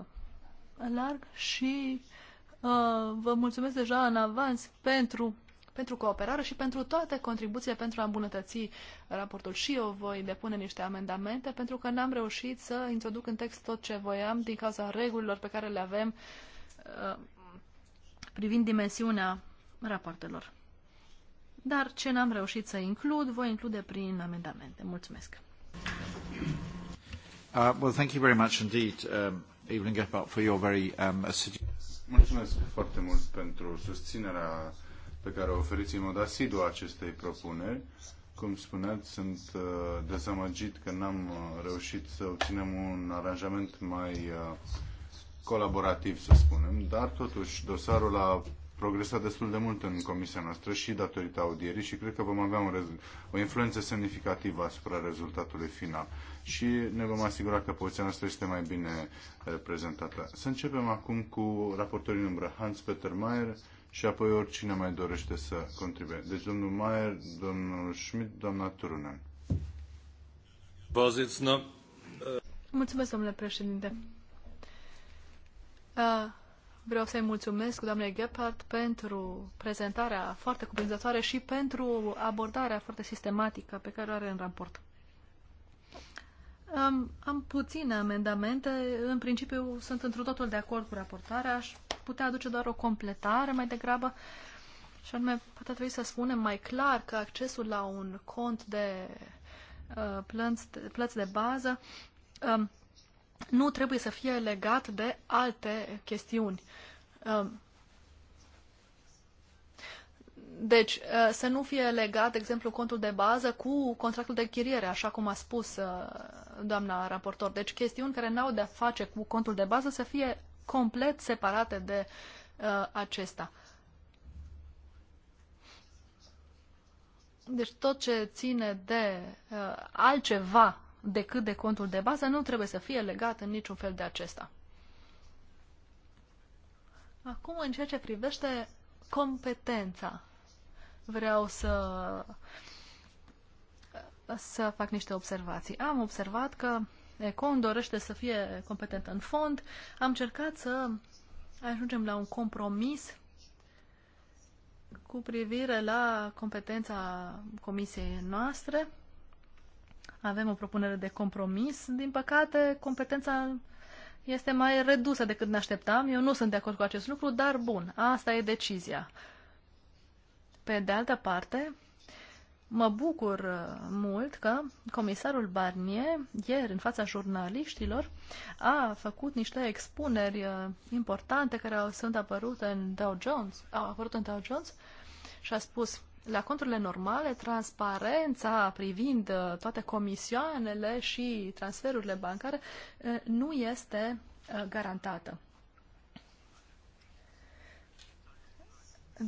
larg și vă mulțumesc deja în avans pentru pentru cooperare și pentru toate contribuțiile pentru a îmbunătăți raportul. Și eu voi depune niște amendamente pentru că n-am reușit să introduc în text tot ce voiam din cauza regulilor pe care le avem uh, privind dimensiunea rapoartelor. Dar ce n-am reușit să includ, voi include prin amendamente. Mulțumesc! Uh, well, thank you very much indeed, um, Evelyn Gephardt, for your very um, Mulțumesc foarte mult pentru susținerea pe care o oferiți în mod asidu acestei propuneri. Cum spuneați, sunt uh, dezamăgit că n-am uh, reușit să obținem un aranjament mai uh, colaborativ, să spunem, dar totuși dosarul a progresat destul de mult în comisia noastră și datorită audierii și cred că vom avea un o influență semnificativă asupra rezultatului final și ne vom asigura că poziția noastră este mai bine reprezentată. Să începem acum cu raportorii numără Hans Peter Mayer și apoi oricine mai dorește să contribuie. Deci domnul Maier, domnul Schmidt, doamna Turunen. Mulțumesc, domnule președinte. Vreau să-i mulțumesc doamnei Gephardt pentru prezentarea foarte cuprinzătoare și pentru abordarea foarte sistematică pe care o are în raport. Am, am puține amendamente. În principiu sunt într totul de acord cu raportarea. Aș putea aduce doar o completare mai degrabă. Și anume, poate trebui să spunem mai clar că accesul la un cont de uh, plăți, plăți de bază um, nu trebuie să fie legat de alte chestiuni. Um, deci, uh, să nu fie legat, de exemplu, contul de bază cu contractul de chiriere, așa cum a spus uh, doamna raportor. Deci, chestiuni care n-au de-a face cu contul de bază să fie complet separate de uh, acesta. Deci, tot ce ține de uh, altceva decât de contul de bază nu trebuie să fie legat în niciun fel de acesta. Acum, în ceea ce privește competența vreau să, să fac niște observații. Am observat că Econ dorește să fie competent în fond. Am încercat să ajungem la un compromis cu privire la competența comisiei noastre. Avem o propunere de compromis. Din păcate, competența este mai redusă decât ne așteptam. Eu nu sunt de acord cu acest lucru, dar bun, asta e decizia. Pe de altă parte, mă bucur uh, mult că comisarul Barnier, ieri, în fața jurnaliștilor, a făcut niște expuneri uh, importante care au, sunt apărute în Dow Jones, au apărut în Dow Jones și a spus la conturile normale, transparența privind uh, toate comisioanele și transferurile bancare nu este garantată.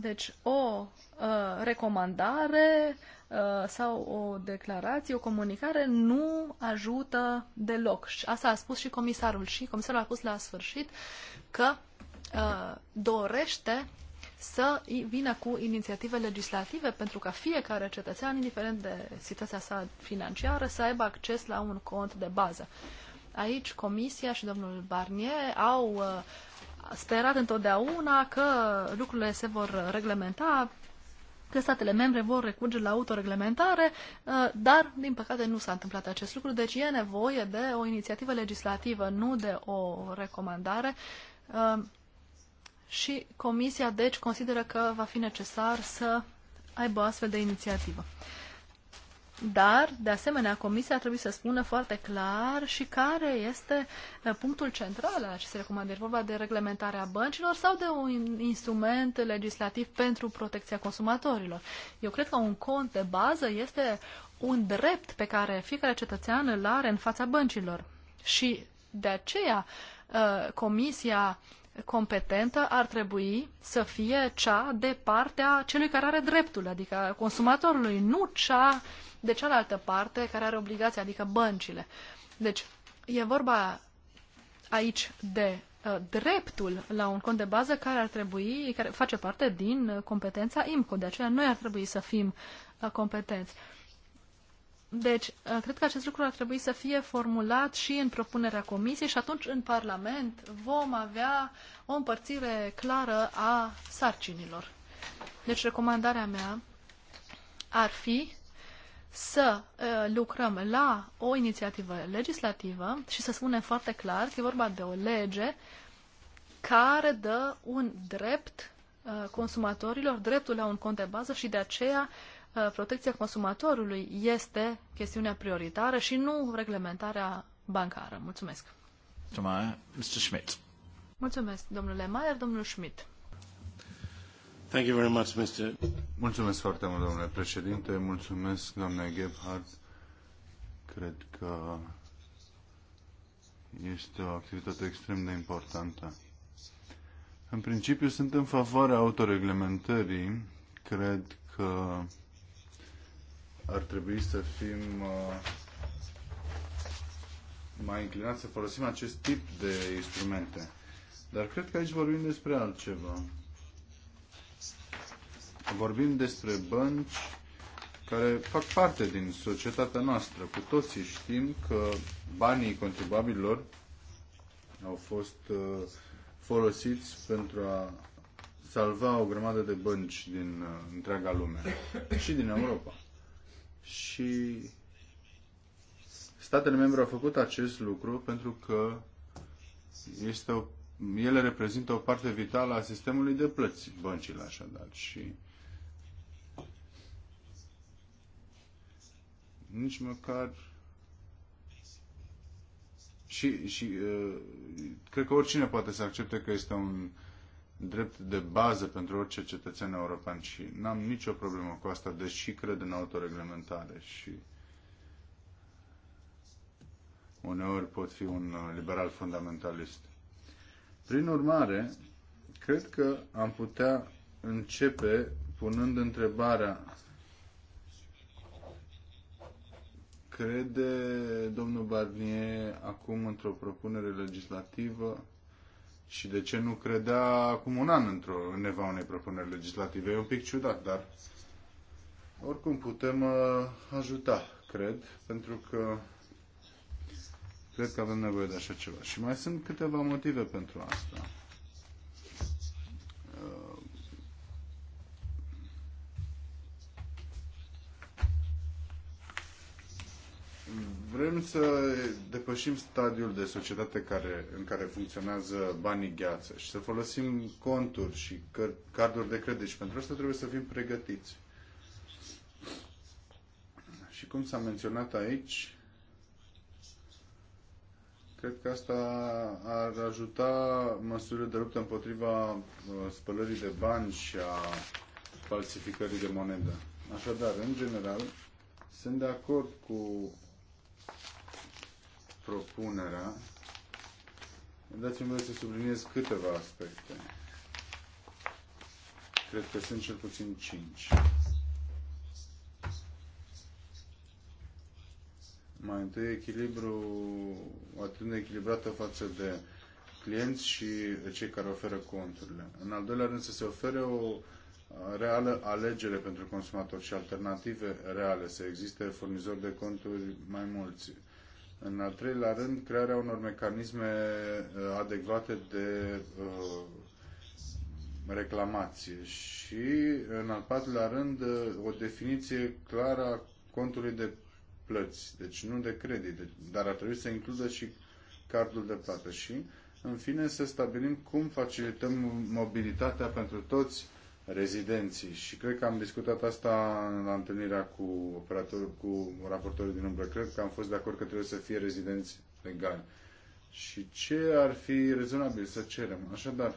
Deci, o uh, recomandare uh, sau o declarație, o comunicare nu ajută deloc. Și asta a spus și comisarul. Și comisarul a spus la sfârșit că uh, dorește să vină cu inițiative legislative pentru ca fiecare cetățean, indiferent de situația sa financiară, să aibă acces la un cont de bază. Aici Comisia și domnul Barnier au uh, sperat întotdeauna că lucrurile se vor reglementa, că statele membre vor recurge la autoreglementare, uh, dar, din păcate, nu s-a întâmplat acest lucru, deci e nevoie de o inițiativă legislativă, nu de o recomandare. Uh, și Comisia, deci, consideră că va fi necesar să aibă astfel de inițiativă. Dar, de asemenea, Comisia trebuie să spună foarte clar și care este eh, punctul central al acestei recomandări. Vorba de reglementarea băncilor sau de un instrument legislativ pentru protecția consumatorilor. Eu cred că un cont de bază este un drept pe care fiecare cetățean îl are în fața băncilor. Și de aceea eh, Comisia competentă ar trebui să fie cea de partea celui care are dreptul, adică consumatorului, nu cea de cealaltă parte care are obligația, adică băncile. Deci, e vorba aici de uh, dreptul la un cont de bază care ar trebui, care face parte din uh, competența IMCO, de aceea noi ar trebui să fim uh, competenți. Uh, deci, uh, cred că acest lucru ar trebui să fie formulat și în propunerea comisiei și atunci în Parlament vom avea o împărțire clară a sarcinilor. Deci, recomandarea mea ar fi să uh, lucrăm la o inițiativă legislativă și să spunem foarte clar că e vorba de o lege care dă un drept uh, consumatorilor, dreptul la un cont de bază și de aceea uh, Uh, protecția consumatorului este chestiunea prioritară și nu reglementarea bancară. Mulțumesc. Mr. Schmidt. Mulțumesc, domnule Maier, domnul Schmidt. Thank you very much, Mr. Mulțumesc foarte mult, domnule președinte. Mulțumesc, doamne Gebhardt. Cred că este o activitate extrem de importantă. În principiu sunt în favoarea autoreglementării. Cred că ar trebui să fim uh, mai inclinați să folosim acest tip de instrumente. Dar cred că aici vorbim despre altceva. Vorbim despre bănci care fac parte din societatea noastră. Cu toții știm că banii contribuabililor au fost uh, folosiți pentru a salva o grămadă de bănci din uh, întreaga lume și din Europa și statele membre au făcut acest lucru pentru că este o, ele reprezintă o parte vitală a sistemului de plăți, băncile așadar. Și nici măcar și, și uh, cred că oricine poate să accepte că este un drept de bază pentru orice cetățean european și n-am nicio problemă cu asta, deși cred în autoreglementare și uneori pot fi un liberal fundamentalist. Prin urmare, cred că am putea începe punând întrebarea crede domnul Barnier acum într-o propunere legislativă și de ce nu credea acum un an într-o neva unei propuneri legislative. E un pic ciudat, dar oricum putem uh, ajuta, cred, pentru că cred că avem nevoie de așa ceva. Și mai sunt câteva motive pentru asta. vrem să depășim stadiul de societate care, în care funcționează banii gheață și să folosim conturi și carduri de credit și pentru asta trebuie să fim pregătiți. Și cum s-a menționat aici, cred că asta ar ajuta măsurile de luptă împotriva uh, spălării de bani și a falsificării de monedă. Așadar, în general, sunt de acord cu propunerea. Dați-mi voie să subliniez câteva aspecte. Cred că sunt cel puțin cinci. Mai întâi echilibru, atitudine echilibrată față de clienți și cei care oferă conturile. În al doilea rând să se ofere o reală alegere pentru consumator și alternative reale, să existe furnizori de conturi mai mulți în al treilea rând, crearea unor mecanisme uh, adecvate de uh, reclamație și, în al patrulea rând, uh, o definiție clară a contului de plăți, deci nu de credit, deci, dar ar trebui să includă și cardul de plată și, în fine, să stabilim cum facilităm mobilitatea pentru toți rezidenții și cred că am discutat asta la întâlnirea cu, operator, cu raportorul din umbră. Cred că am fost de acord că trebuie să fie rezidenți legali. Și ce ar fi rezonabil să cerem? Așadar,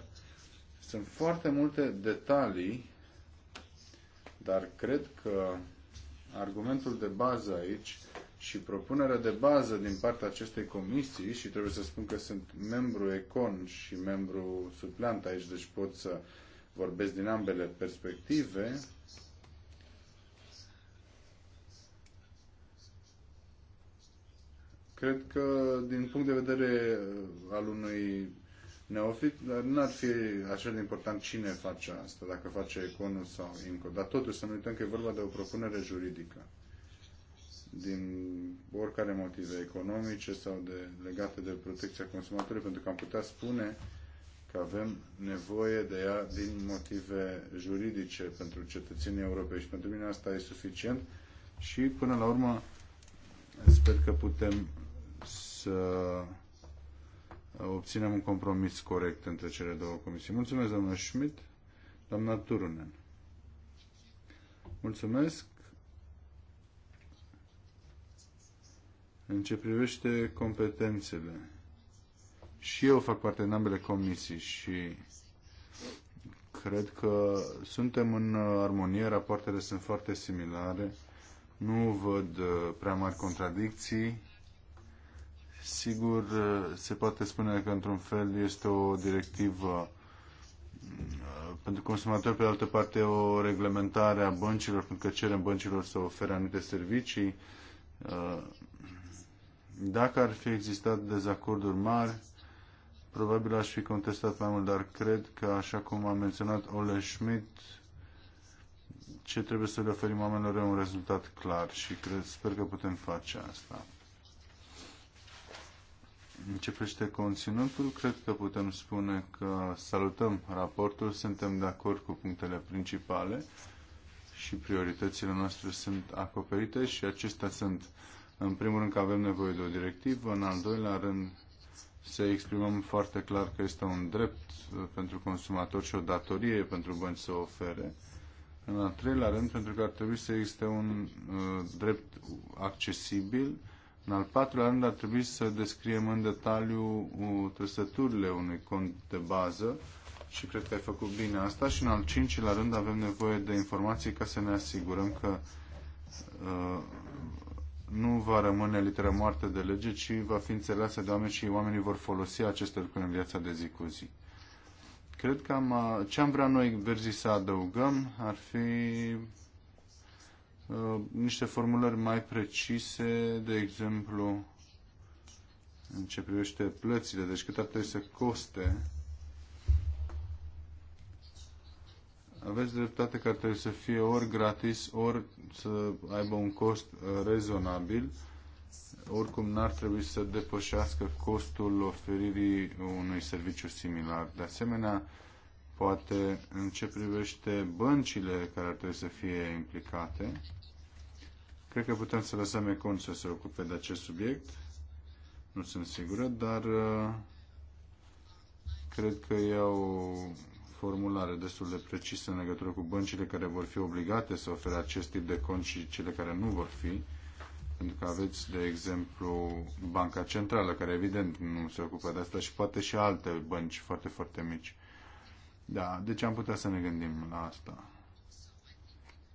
sunt foarte multe detalii, dar cred că argumentul de bază aici și propunerea de bază din partea acestei comisii, și trebuie să spun că sunt membru econ și membru suplant aici, deci pot să uh, vorbesc din ambele perspective, cred că din punct de vedere uh, al unui neofit, n-ar fi așa de important cine face asta, dacă face Econul sau INCO. Dar totuși să nu uităm că e vorba de o propunere juridică din oricare motive economice sau de, legate de protecția consumatorului, pentru că am putea spune că avem nevoie de ea din motive juridice pentru cetățenii europei și pentru mine asta e suficient și până la urmă sper că putem să obținem un compromis corect între cele două comisii. Mulțumesc, doamna Schmidt, doamna Turunen. Mulțumesc. În ce privește competențele, și eu fac parte din ambele comisii și cred că suntem în armonie, rapoartele sunt foarte similare, nu văd uh, prea mari contradicții. Sigur, uh, se poate spune că într-un fel este o directivă uh, pentru consumator, pe de altă parte o reglementare a băncilor, pentru că cerem băncilor să ofere anumite servicii. Dacă ar fi existat dezacorduri mari, probabil aș fi contestat mai mult, dar cred că, așa cum a menționat Ole Schmidt, ce trebuie să le oferim oamenilor e un rezultat clar și cred, sper că putem face asta. Începește conținutul, cred că putem spune că salutăm raportul, suntem de acord cu punctele principale și prioritățile noastre sunt acoperite și acestea sunt, în primul rând, că avem nevoie de o directivă, în al doilea rând, să exprimăm foarte clar că este un drept pentru consumator și o datorie pentru bănci să ofere. În al treilea rând, pentru că ar trebui să existe un uh, drept accesibil. În al patrulea rând, ar trebui să descriem în detaliu uh, trăsăturile unui cont de bază și cred că ai făcut bine asta. Și în al cincilea rând, avem nevoie de informații ca să ne asigurăm că uh, nu va rămâne literă moarte de lege, ci va fi înțeleasă de oameni și oamenii vor folosi aceste lucruri în viața de zi cu zi. Cred că am, ce am vrea noi verzii să adăugăm ar fi uh, niște formulări mai precise, de exemplu, în ce privește plățile, deci cât ar trebui să coste Aveți dreptate că trebuie să fie ori gratis, ori să aibă un cost uh, rezonabil. Oricum n-ar trebui să depășească costul oferirii unui serviciu similar. De asemenea, poate în ce privește băncile care ar trebui să fie implicate, cred că putem să lăsăm Econ să se ocupe de acest subiect. Nu sunt sigură, dar uh, cred că iau formulare destul de precisă în legătură cu băncile care vor fi obligate să ofere acest tip de cont și cele care nu vor fi, pentru că aveți, de exemplu, Banca Centrală, care evident nu se ocupă de asta și poate și alte bănci foarte, foarte mici. Da, deci am putea să ne gândim la asta.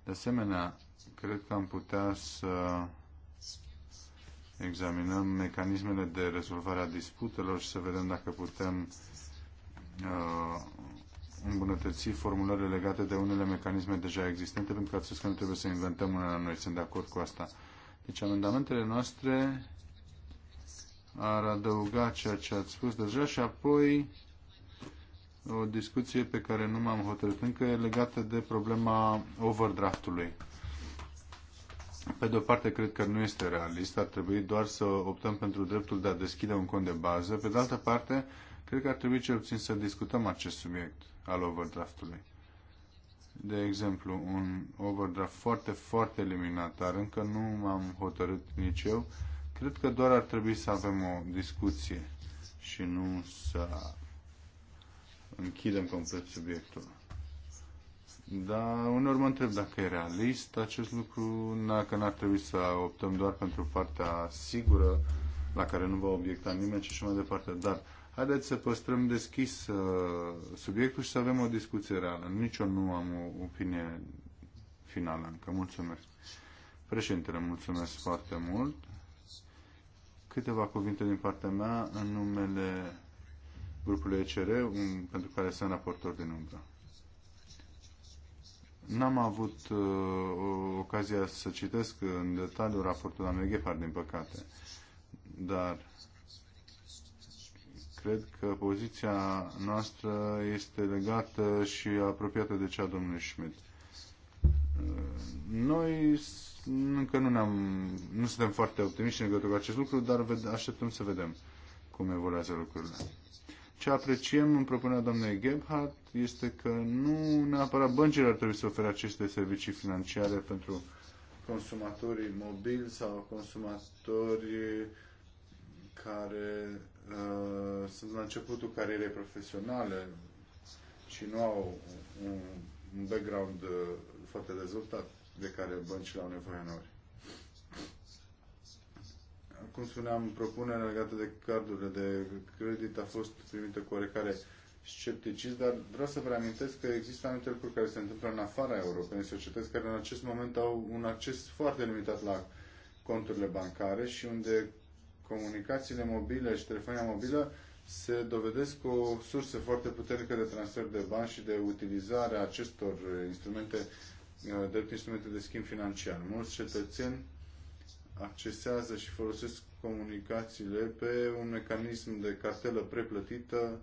De asemenea, cred că am putea să examinăm mecanismele de rezolvare a disputelor și să vedem dacă putem uh, îmbunătăți formulările legate de unele mecanisme deja existente, pentru că ați spus că nu trebuie să inventăm una noi. Sunt de acord cu asta. Deci amendamentele noastre ar adăuga ceea ce ați spus deja și apoi o discuție pe care nu m-am hotărât încă e legată de problema overdraftului. Pe de o parte, cred că nu este realist, ar trebui doar să optăm pentru dreptul de a deschide un cont de bază. Pe de altă parte, cred că ar trebui cel puțin să discutăm acest subiect al overdraftului. De exemplu, un overdraft foarte, foarte eliminat, dar încă nu m-am hotărât nici eu, cred că doar ar trebui să avem o discuție și nu să închidem complet subiectul. Dar uneori mă întreb dacă e realist acest lucru, dacă n-ar trebui să optăm doar pentru partea sigură, la care nu va obiecta nimeni și așa mai departe. Dar haideți să păstrăm deschis uh, subiectul și să avem o discuție reală. Nici eu nu am o opinie finală încă. Mulțumesc. Președintele, mulțumesc foarte mult. Câteva cuvinte din partea mea în numele grupului ECR, un, pentru care sunt raportor din umbră. N-am avut uh, ocazia să citesc în detaliu raportul doamnei Ghefar, din păcate, dar cred că poziția noastră este legată și apropiată de cea a domnului Schmidt. Noi încă nu, ne-am, nu suntem foarte optimiști în legătură cu acest lucru, dar așteptăm să vedem cum evoluează lucrurile. Ce apreciem în propunerea doamnei Gebhardt este că nu neapărat băncile ar trebui să ofere aceste servicii financiare pentru consumatorii mobili sau consumatori care uh, sunt la începutul carierei profesionale și nu au un, un background uh, foarte dezvoltat de care băncile au nevoie în ori. Cum spuneam, propunerea legată de cardurile de credit a fost primită cu oarecare scepticism, dar vreau să vă reamintesc că există anumite lucruri care se întâmplă în afara Europei, în societăți care în acest moment au un acces foarte limitat la conturile bancare și unde comunicațiile mobile și telefonia mobilă se dovedesc o sursă foarte puternică de transfer de bani și de utilizare a acestor instrumente, uh, drept instrumente de schimb financiar. Mulți cetățeni accesează și folosesc comunicațiile pe un mecanism de cartelă preplătită.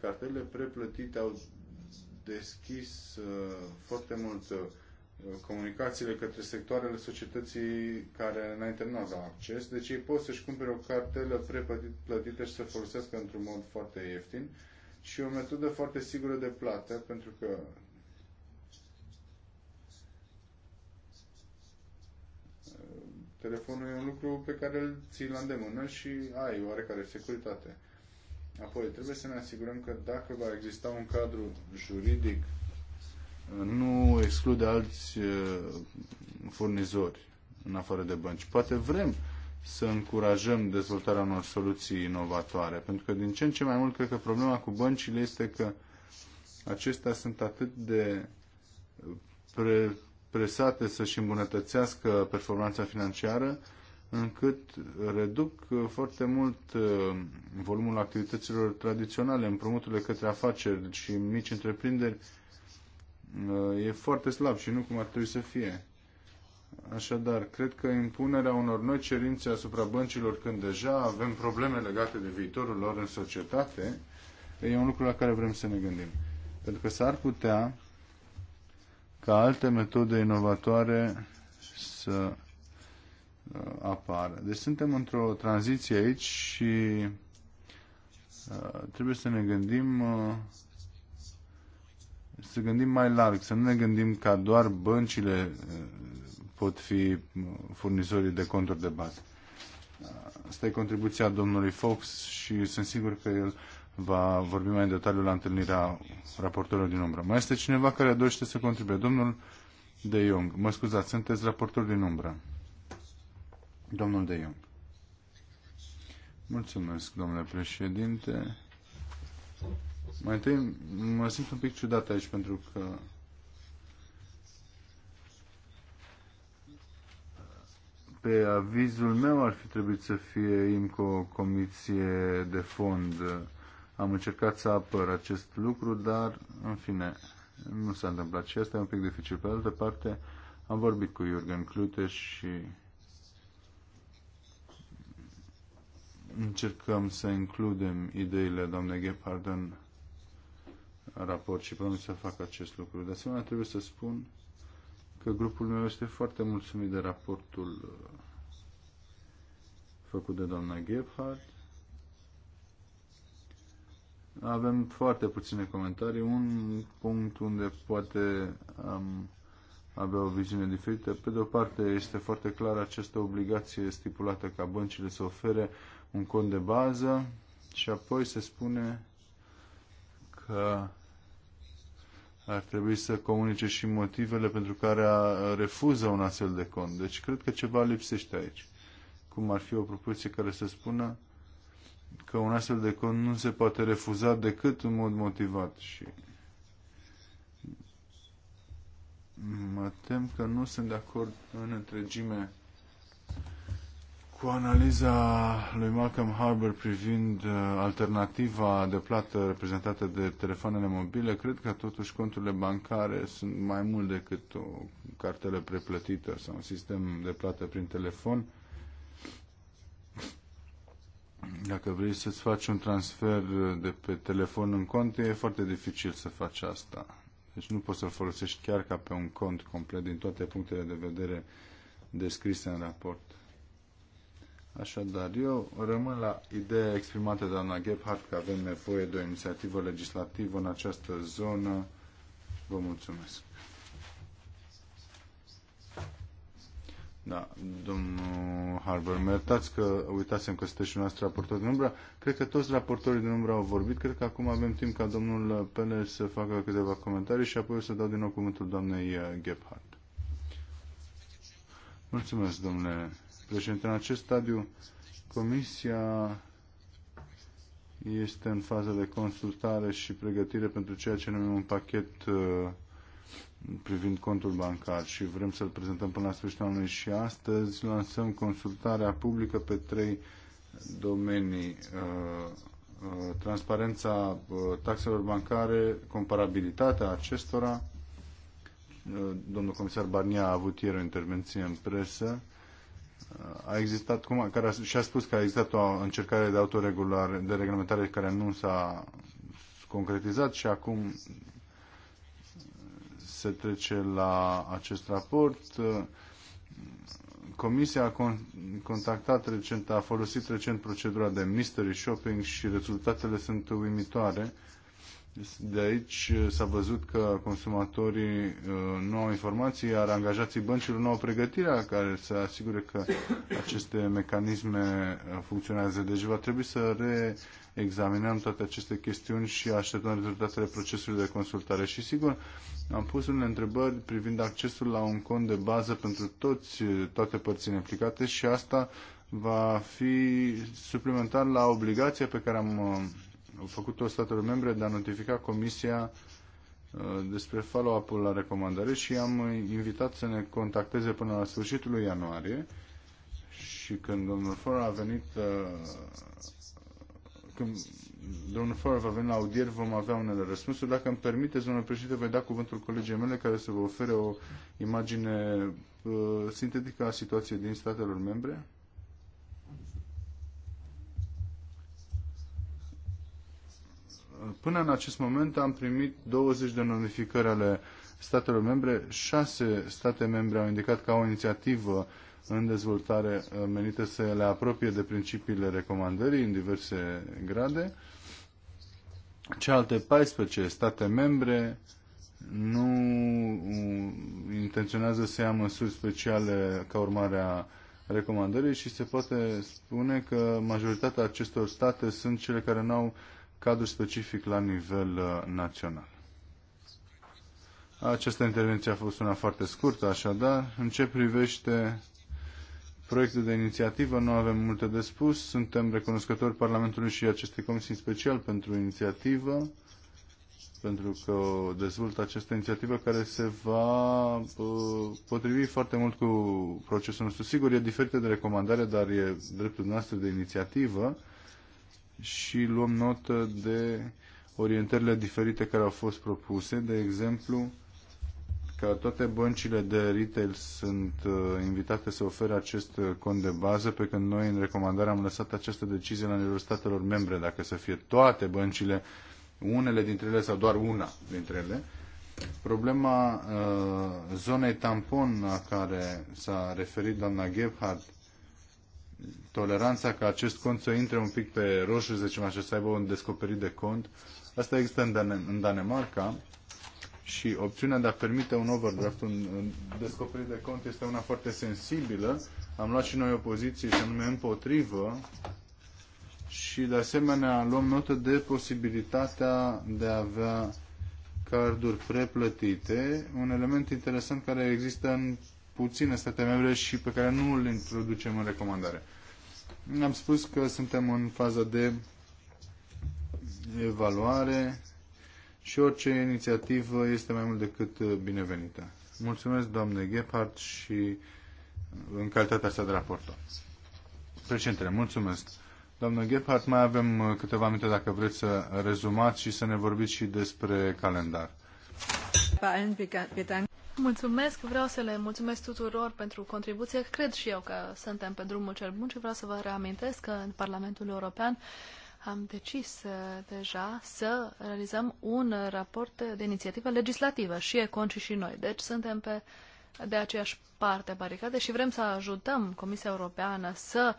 Cartele preplătite au deschis uh, foarte mult uh, Uh, comunicațiile către sectoarele societății care înainte nu aveau acces, deci ei pot să-și cumpere o cartelă preplătită și să folosească într-un mod foarte ieftin și o metodă foarte sigură de plată, pentru că telefonul e un lucru pe care îl ții la îndemână și ai oarecare securitate. Apoi, trebuie să ne asigurăm că dacă va exista un cadru juridic nu exclude alți uh, furnizori în afară de bănci. Poate vrem să încurajăm dezvoltarea unor soluții inovatoare, pentru că din ce în ce mai mult cred că problema cu băncile este că acestea sunt atât de uh, pre presate să-și îmbunătățească performanța financiară, încât reduc uh, foarte mult volumul activităților tradiționale, împrumuturile către afaceri și mici întreprinderi e foarte slab și nu cum ar trebui să fie. Așadar, cred că impunerea unor noi cerințe asupra băncilor când deja avem probleme legate de viitorul lor în societate, e un lucru la care vrem să ne gândim. Pentru că s-ar putea ca alte metode inovatoare să uh, apară. Deci suntem într-o tranziție aici și uh, trebuie să ne gândim uh, să gândim mai larg, să nu ne gândim ca doar băncile uh, pot fi uh, furnizorii de conturi de bază. Uh, asta e contribuția domnului Fox și sunt sigur că el va vorbi mai în detaliu la întâlnirea raportorilor din umbră. Mai este cineva care dorește să contribuie? Domnul De Jong. Mă scuzați, sunteți raportor din umbră. Domnul De Jong. Mulțumesc, domnule președinte. Mai întâi, mă simt un pic ciudat aici pentru că pe avizul meu ar fi trebuit să fie IMCO comisie de fond. Am încercat să apăr acest lucru, dar, în fine, nu s-a întâmplat și asta e un pic dificil. Pe altă parte, am vorbit cu Jurgen Clute și încercăm să includem ideile doamnei Gephardt în raport și promit să fac acest lucru. De asemenea, trebuie să spun că grupul meu este foarte mulțumit de raportul uh, făcut de doamna Gebhardt. Avem foarte puține comentarii. Un punct unde poate am avea o viziune diferită. Pe de o parte, este foarte clar această obligație stipulată ca băncile să ofere un cont de bază și apoi se spune că ar trebui să comunice și motivele pentru care refuză un astfel de cont. Deci cred că ceva lipsește aici. Cum ar fi o propoziție care să spună că un astfel de cont nu se poate refuza decât în mod motivat și mă tem că nu sunt de acord în întregime cu analiza lui Malcolm Harbour privind uh, alternativa de plată reprezentată de telefoanele mobile, cred că totuși conturile bancare sunt mai mult decât o cartelă preplătită sau un sistem de plată prin telefon. Dacă vrei să-ți faci un transfer de pe telefon în cont, e foarte dificil să faci asta. Deci nu poți să-l folosești chiar ca pe un cont complet din toate punctele de vedere descrise în raport. Așadar, eu rămân la ideea exprimată de doamna Gebhardt că avem nevoie de o inițiativă legislativă în această zonă. Vă mulțumesc. Da, domnul Harbour, mă iertați că uitasem că sunteți și noastră raportor din umbră. Cred că toți raportorii din umbră au vorbit. Cred că acum avem timp ca domnul Pene să facă câteva comentarii și apoi o să dau din nou cuvântul doamnei Gebhardt. Mulțumesc, domnule președinte. În acest stadiu, Comisia este în fază de consultare și pregătire pentru ceea ce numim un pachet uh, privind contul bancar și vrem să-l prezentăm până la sfârșitul anului și astăzi lansăm consultarea publică pe trei domenii uh, uh, transparența taxelor bancare, comparabilitatea acestora. Domnul comisar Barnia a avut ieri o intervenție în presă a existat, cum, care a, și-a spus că a existat o încercare de autoregulare, de reglementare care nu s-a concretizat și acum se trece la acest raport. Comisia a contactat recent, a folosit recent procedura de mystery shopping și rezultatele sunt uimitoare. Uh, de aici s-a văzut că consumatorii uh, nu au informații, iar angajații băncilor nu au pregătirea care să asigure că aceste mecanisme uh, funcționează. Deci va trebui să reexaminăm toate aceste chestiuni și așteptăm rezultatele procesului de consultare. Și sigur, am pus unele întrebări privind accesul la un cont de bază pentru toți, uh, toate părțile implicate și asta va fi suplimentar la obligația pe care am făcut-o statelor membre de a notifica Comisia uh, despre follow-up-ul la recomandare și am invitat să ne contacteze până la sfârșitul lui ianuarie și când domnul Ford a venit uh, când domnul Ford va veni la audier vom avea unele răspunsuri. Dacă îmi permiteți, domnul președinte, voi da cuvântul colegii mele care să vă ofere o imagine uh, sintetică a situației din statelor membre. Până în acest moment am primit 20 de notificări ale statelor membre. Șase state membre au indicat ca o inițiativă în dezvoltare uh, menită să le apropie de principiile recomandării în diverse grade. Cealaltă 14 state membre nu uh, intenționează să ia măsuri speciale ca urmare a recomandării și se poate spune că majoritatea acestor state sunt cele care n-au cadru specific la nivel uh, național. Această intervenție a fost una foarte scurtă, așadar, în ce privește proiectul de inițiativă, nu avem multe de spus. Suntem recunoscători Parlamentului și acestei comisii special pentru inițiativă, pentru că dezvoltă această inițiativă care se va uh, potrivi foarte mult cu procesul nostru. Sigur, e diferită de recomandare, dar e dreptul noastră de inițiativă și luăm notă de orientările diferite care au fost propuse. De exemplu, că toate băncile de retail sunt uh, invitate să ofere acest uh, cont de bază, pe când noi în recomandare am lăsat această decizie la nivelul statelor membre, dacă să fie toate băncile, unele dintre ele sau doar una dintre ele. Problema uh, zonei tampon la care s-a referit doamna Gebhardt toleranța ca acest cont să intre un pic pe roșu, să zicem așa, să aibă un descoperit de cont. Asta există în, Dan- în Danemarca și opțiunea de a permite un overdraft, un, un descoperit de cont, este una foarte sensibilă. Am luat și noi o poziție și anume împotrivă și de asemenea luăm notă de posibilitatea de a avea carduri preplătite, un element interesant care există în puține state membre și pe care nu le introducem în recomandare. Am spus că suntem în faza de evaluare și orice inițiativă este mai mult decât binevenită. Mulțumesc, doamne Gephardt, și în calitatea sa de raportor. Președintele, mulțumesc. Doamne Gephardt, mai avem câteva minute dacă vreți să rezumați și să ne vorbiți și despre calendar. Mulțumesc, vreau să le mulțumesc tuturor pentru contribuție. Cred și eu că suntem pe drumul cel bun și vreau să vă reamintesc că în Parlamentul European am decis uh, deja să realizăm un raport de inițiativă legislativă, și Econ și, și noi. Deci suntem pe de aceeași parte a baricade și vrem să ajutăm Comisia Europeană să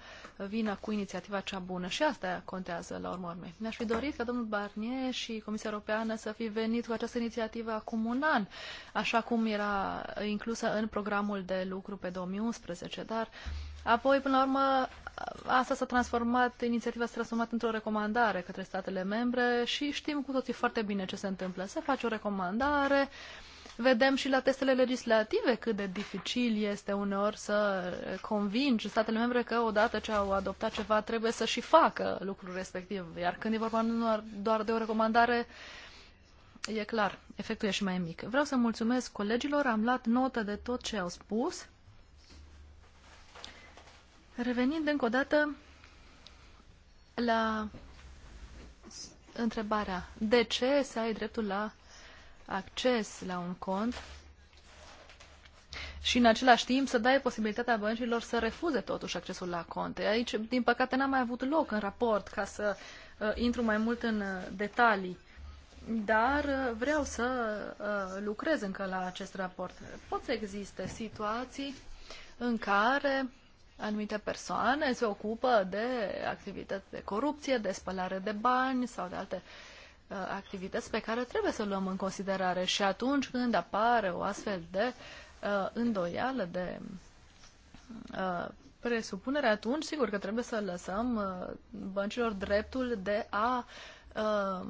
vină cu inițiativa cea bună și asta contează la urmă urmei. Mi-aș fi dorit ca domnul Barnier și Comisia Europeană să fi venit cu această inițiativă acum un an, așa cum era inclusă în programul de lucru pe 2011, dar apoi, până la urmă, asta s-a transformat, inițiativa s-a transformat într-o recomandare către statele membre și știm cu toții foarte bine ce se întâmplă. Se face o recomandare, Vedem și la testele legislative cât de dificil este uneori să convingi statele membre că odată ce au adoptat ceva trebuie să și facă lucrul respectiv. Iar când e vorba nu doar de o recomandare, e clar, efectul e și mai mic. Vreau să mulțumesc colegilor, am luat notă de tot ce au spus. Revenind încă o dată la întrebarea de ce să ai dreptul la acces la un cont și în același timp să dai posibilitatea băncilor să refuze totuși accesul la conte. Aici, din păcate, n-am mai avut loc în raport ca să uh, intru mai mult în uh, detalii, dar uh, vreau să uh, lucrez încă la acest raport. Pot să existe situații în care anumite persoane se ocupă de activități de corupție, de spălare de bani sau de alte uh, Uh, activități pe care trebuie să o luăm în considerare și atunci când apare o astfel de uh, îndoială, de uh, presupunere, atunci sigur că trebuie să lăsăm uh, băncilor dreptul de a, uh,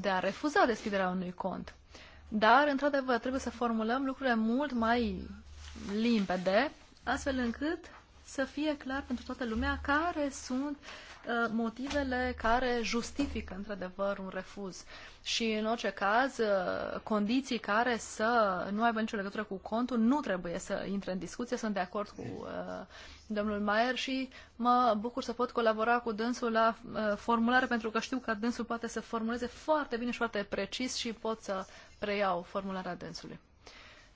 de a refuza deschiderea unui cont. Dar, într-adevăr, trebuie să formulăm lucrurile mult mai limpede, astfel încât să fie clar pentru toată lumea care sunt Uh, motivele care justifică într-adevăr un refuz și în orice caz uh, condiții care să nu aibă nicio legătură cu contul nu trebuie să intre în discuție. Sunt de acord cu uh, domnul Maier și mă bucur să pot colabora cu dânsul la formulare pentru că știu că dânsul poate să formuleze foarte bine și foarte precis și pot să preiau formularea dânsului.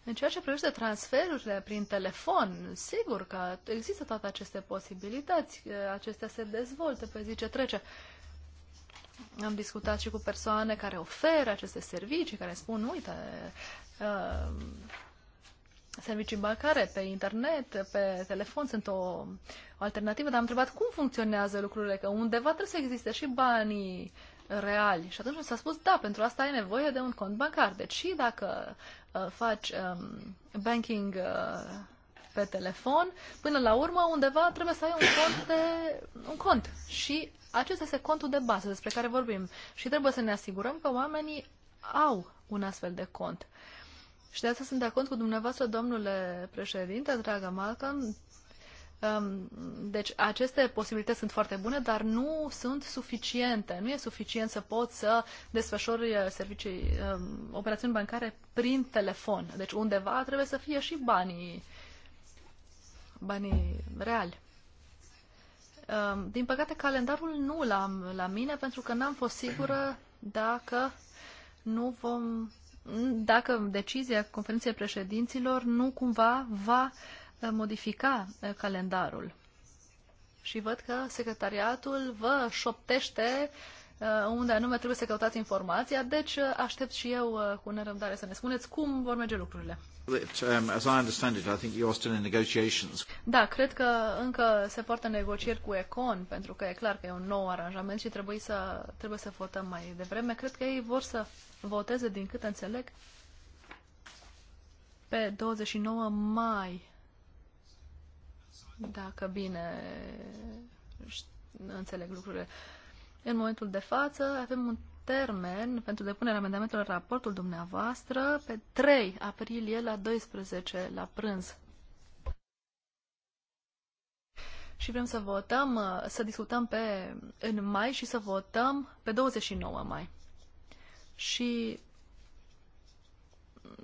În ceea ce privește transferurile prin telefon, sigur că există toate aceste posibilități, acestea se dezvoltă pe zi ce trece. Am discutat și cu persoane care oferă aceste servicii, care spun, uite, uh, servicii bancare pe internet, pe telefon sunt o, o alternativă, dar am întrebat cum funcționează lucrurile, că undeva trebuie să existe și banii reali. Și atunci s-a spus, da, pentru asta ai nevoie de un cont bancar. Deci și dacă uh, faci um, banking uh, pe telefon, până la urmă undeva trebuie să ai un cont, de, un cont. Și acesta este contul de bază despre care vorbim. Și trebuie să ne asigurăm că oamenii au un astfel de cont. Și de asta sunt de acord cu dumneavoastră, domnule președinte, dragă Malcolm, deci aceste posibilități sunt foarte bune, dar nu sunt suficiente. Nu e suficient să poți să desfășori uh, servicii, um, operațiuni bancare prin telefon. Deci undeva trebuie să fie și banii, banii reali. Um, din păcate, calendarul nu l-am la mine pentru că n-am fost sigură dacă nu vom dacă decizia conferinței președinților nu cumva va uh, modifica eh, calendarul. Și văd că secretariatul vă șoptește eh, unde anume trebuie să căutați informația, deci eh, aștept și eu cu nerăbdare să ne spuneți cum vor merge lucrurile. Da, cred că încă se poartă negocieri cu Econ, pentru că e clar că e un nou aranjament și trebuie să, trebuie să votăm mai devreme. Cred că ei vor să voteze, din cât înțeleg, pe 29 mai dacă bine înțeleg lucrurile. În momentul de față avem un termen pentru depunerea amendamentelor la raportul dumneavoastră pe 3 aprilie la 12 la prânz. Și vrem să votăm, să discutăm pe, în mai și să votăm pe 29 mai. Și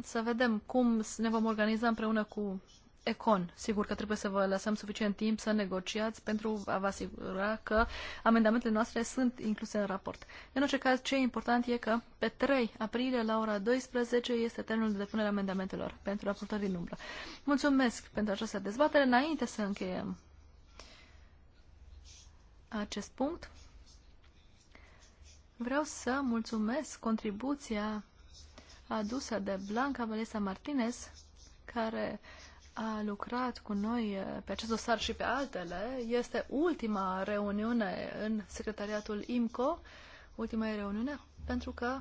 să vedem cum ne vom organiza împreună cu Econ. Sigur că trebuie să vă lăsăm suficient timp să negociați pentru a vă asigura că amendamentele noastre sunt incluse în raport. În orice caz, ce e important e că pe 3 aprilie la ora 12 este termenul de depunere a amendamentelor pentru raportări din umbră. Mulțumesc pentru această dezbatere. Înainte să încheiem acest punct, vreau să mulțumesc contribuția adusă de Blanca Valesa Martinez, care a lucrat cu noi eh, pe acest dosar și pe altele. Este ultima reuniune în secretariatul IMCO, ultima reuniune, pentru că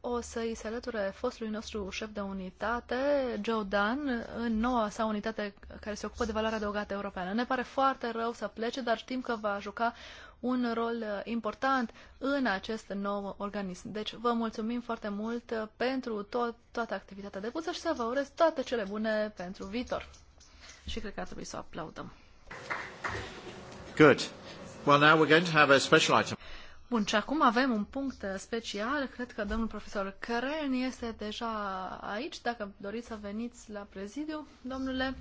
o să-i se alăture fostului nostru șef de unitate, Joe Dan, în noua sa unitate care se ocupă de valoarea adăugată europeană. Ne pare foarte rău să plece, dar știm că va juca un rol uh, important în acest nou organism. Deci vă mulțumim foarte mult uh, pentru tot, toată activitatea depusă și să vă urez toate cele bune pentru viitor. Și cred că ar trebui să o aplaudăm. Good. Well, now we're going to have a special item. Bun, și acum avem un punct uh, special. Cred că domnul profesor Căren este deja aici. Dacă doriți să veniți la prezidiu, domnule,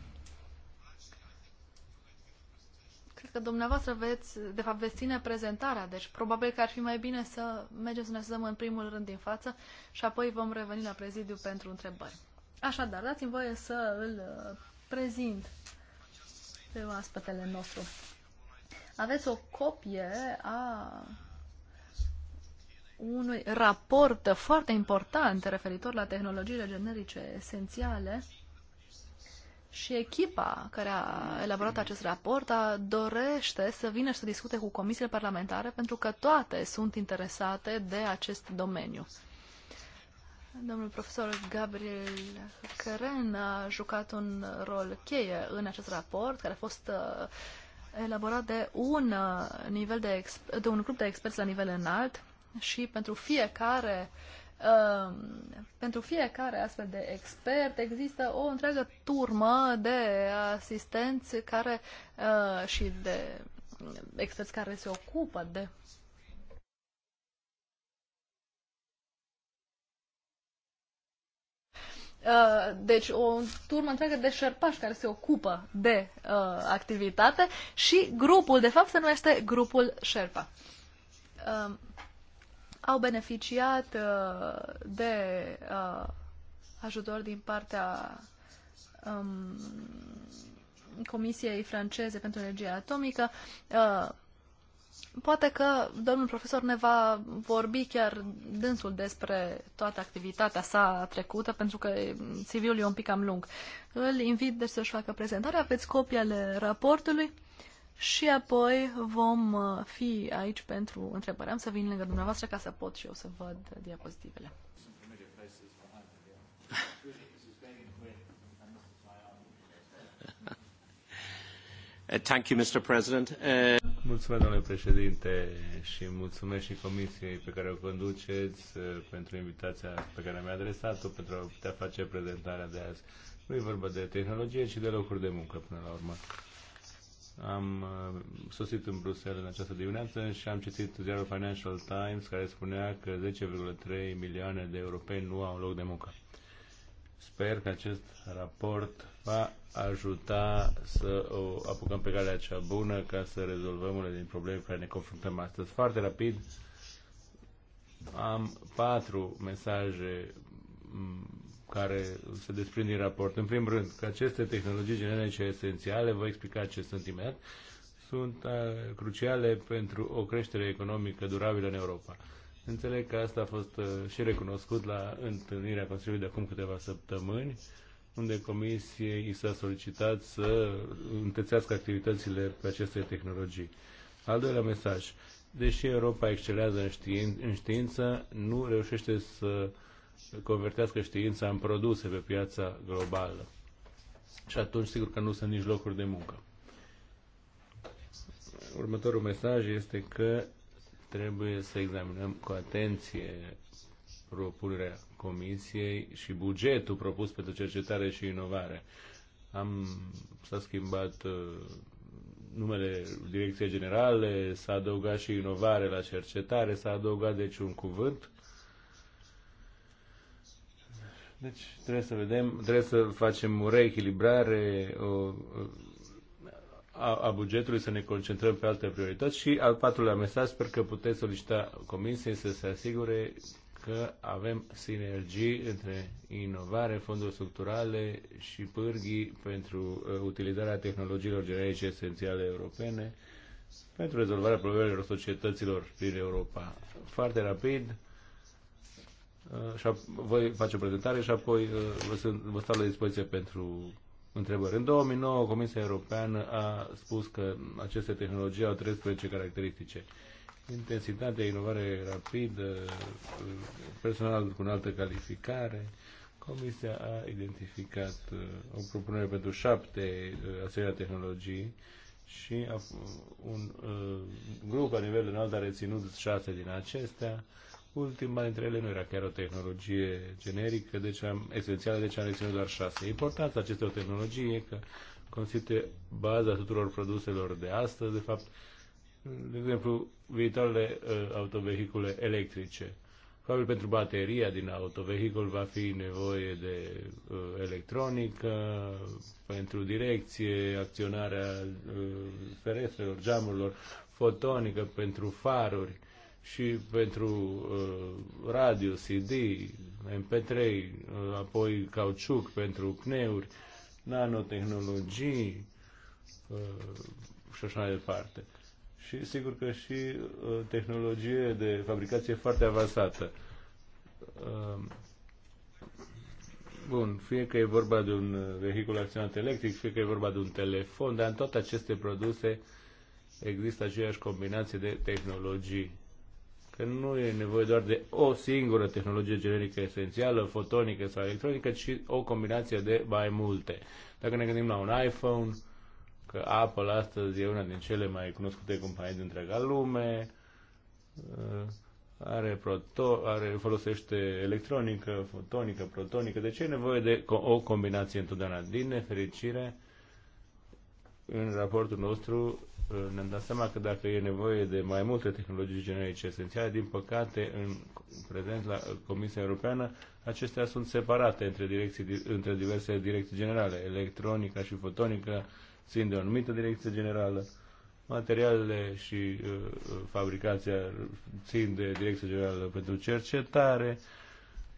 că dumneavoastră veți, de fapt, veți ține prezentarea, deci probabil că ar fi mai bine să mergem să ne așezăm în primul rând din față și apoi vom reveni la prezidiu pentru întrebări. Așadar, dați-mi voie să îl uh, prezint pe oaspetele nostru. Aveți o copie a unui raport foarte important referitor la tehnologiile generice esențiale și echipa care a elaborat acest raport a, dorește să vină și să discute cu comisiile parlamentare pentru că toate sunt interesate de acest domeniu. Domnul profesor Gabriel Căren a jucat un rol cheie în acest raport care a fost uh, elaborat de un, uh, nivel de, de un grup de experți la nivel înalt și pentru fiecare uh, Ehm, pentru fiecare astfel de expert există o întreagă turmă de asistenți care uh, și de experți care se ocupă de eh, deci o turmă întreagă de șerpași care se ocupă de uh, activitate și grupul, de fapt, se numește grupul șerpa. Uh, au beneficiat uh, de uh, ajutor din partea um, Comisiei franceze pentru energie atomică. Uh, poate că domnul profesor ne va vorbi chiar dânsul despre toată activitatea sa trecută, pentru că CV-ul e un pic cam lung. Îl invit deci să-și facă prezentarea, aveți copii ale raportului și apoi vom uh, fi aici pentru întrebări. Am să vin lângă dumneavoastră ca să pot și eu să văd diapozitivele. Uh, thank you, Mr. President. Uh, mulțumesc, domnule președinte, și mulțumesc și comisiei pe care o conduceți pentru invitația pe care mi-a adresat-o pentru a putea face prezentarea de azi. Nu e vorba de tehnologie, ci de locuri de muncă, până la urmă. Am uh, sosit în Bruxelles în această dimineață și am citit ziarul Financial Times care spunea că 10,3 milioane de europeni nu au loc de muncă. Sper că acest raport va ajuta să o apucăm pe calea cea bună ca să rezolvăm unele din probleme cu care ne confruntăm astăzi. Foarte rapid, am patru mesaje care se desprind din raport. În primul rând, că aceste tehnologii generice esențiale, vă explica ce sunt imediat, uh, sunt cruciale pentru o creștere economică durabilă în Europa. Înțeleg că asta a fost uh, și recunoscut la întâlnirea Consiliului de acum câteva săptămâni, unde Comisiei i s-a solicitat să întățească activitățile pe aceste tehnologii. Al doilea mesaj. Deși Europa excelează în, știin- în știință, nu reușește să uh, să convertească știința în produse pe piața globală. Și atunci, sigur că nu sunt nici locuri de muncă. Următorul mesaj este că trebuie să examinăm cu atenție propunerea Comisiei și bugetul propus pentru cercetare și inovare. Am, s-a schimbat uh, numele Direcției Generale, s-a adăugat și inovare la cercetare, s-a adăugat deci un cuvânt deci trebuie să vedem, trebuie să facem o reechilibrare o, a, a bugetului, să ne concentrăm pe alte priorități și al patrulea mesaj, sper că puteți solicita Comisiei să se asigure că avem sinergii între inovare, fonduri structurale și pârghii pentru uh, utilizarea tehnologiilor generice esențiale europene pentru rezolvarea problemelor societăților din Europa. Foarte rapid, Uh, și voi face o prezentare și apoi uh, vă, sunt, vă stau la dispoziție pentru întrebări. În 2009, Comisia Europeană a spus că aceste tehnologii au 13 caracteristice. Intensitate, inovare rapidă, uh, personal cu înaltă calificare. Comisia a identificat o propunere pentru șapte asemenea tehnologii și un grup la nivel înalt a reținut șase din acestea Ultima dintre ele nu era chiar o tehnologie generică, deci am, esențială, deci am reținut doar șase. Importanța acestei tehnologii e că constituie baza tuturor produselor de astăzi, de fapt, de exemplu, viitoarele uh, autovehicule electrice. Probabil pentru bateria din autovehicul va fi nevoie de uh, electronică, pentru direcție, acționarea uh, ferestrelor, geamurilor, fotonică pentru faruri și pentru uh, radio, CD, MP3, uh, apoi cauciuc pentru pneuri, nanotehnologii uh, și așa mai departe. Și sigur că și uh, tehnologie de fabricație foarte avansată. Uh, Bun, fie că e vorba de un uh, vehicul acționat electric, fie că e vorba de un telefon, dar în toate aceste produse există aceeași combinație de tehnologii că nu e nevoie doar de o singură tehnologie generică esențială, fotonică sau electronică, ci o combinație de mai multe. Dacă ne gândim la un iPhone, că Apple astăzi e una din cele mai cunoscute companii din întreaga lume, uh, are, proto, are folosește electronică, fotonică, protonică, deci e nevoie de o combinație întotdeauna. Din nefericire, în raportul nostru uh, ne-am dat seama că dacă e nevoie de mai multe tehnologii generice esențiale, din păcate, în prezent la Comisia Europeană, acestea sunt separate între, direcții, între diverse direcții generale. Electronica și fotonica țin de o anumită direcție generală, materialele și uh, fabricația țin de direcția generală pentru cercetare, uh,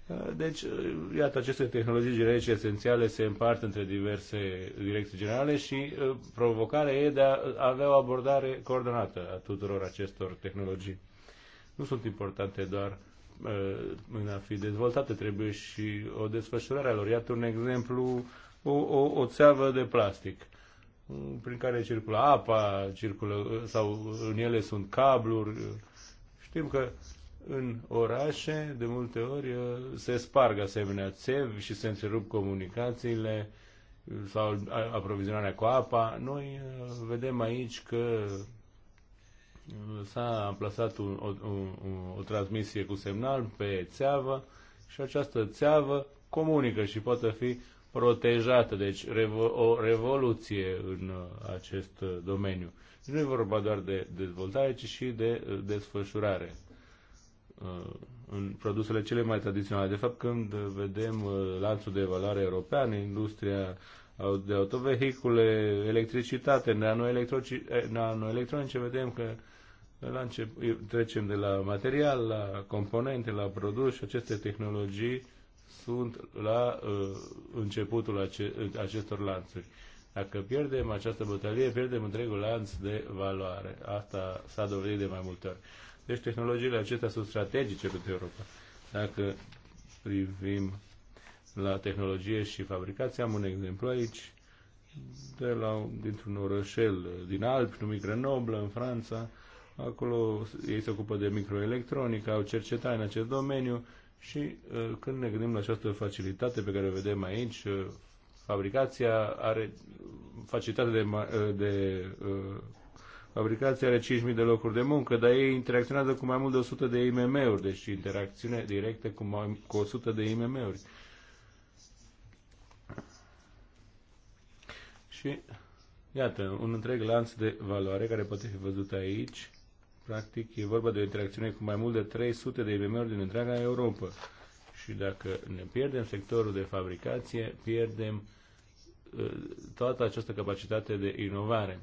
Uh, deci, uh, iată, aceste tehnologii generice esențiale se împart între diverse direcții generale și uh, provocarea e de a avea o abordare coordonată a tuturor acestor tehnologii. Nu sunt importante doar în a fi dezvoltate, trebuie și o desfășurare a lor. Iată un exemplu, o, o, o țeavă de plastic prin care circulă apa, circulă, sau în ele sunt cabluri. Știm că în orașe, de multe ori, uh, se sparg asemenea țevi și se întrerup comunicațiile sau aprovizionarea cu apa. Noi uh, vedem aici că uh, s-a amplasat un, o, o, o transmisie cu semnal pe țeavă și această țeavă comunică și poate fi protejată. Deci revo- o revoluție în acest domeniu. Nu e vorba doar de dezvoltare, ci și de desfășurare. Uh, în produsele cele mai tradiționale. De fapt, când vedem uh, lanțul de valoare european, industria de autovehicule, electricitate, eh, nanoelectronice, vedem că la început, eh, trecem de la material, la componente, la produs și aceste tehnologii sunt la uh, începutul ace- acestor lanțuri. Dacă pierdem această bătălie, pierdem întregul lanț de valoare. Asta s-a dovedit de mai multe ori. Deci tehnologiile acestea sunt strategice pentru Europa. Dacă privim la tehnologie și fabricație, am un exemplu aici, de la, dintr-un orășel din Alpi, numit Grenoble, în Franța. Acolo ei se ocupă de microelectronică, au cercetat în acest domeniu și uh, când ne gândim la această facilitate pe care o vedem aici, uh, fabricația are facilitate de, uh, de Fabricația are 5.000 de locuri de muncă, dar ei interacționează cu mai mult de 100 de IMM-uri, deci interacțiune directă cu, mai, cu 100 de IMM-uri. Și iată, un întreg lanț de valoare care poate fi văzut aici. Practic, e vorba de o interacțiune cu mai mult de 300 de IMM-uri din întreaga Europa. Și dacă ne pierdem sectorul de fabricație, pierdem uh, toată această capacitate de inovare.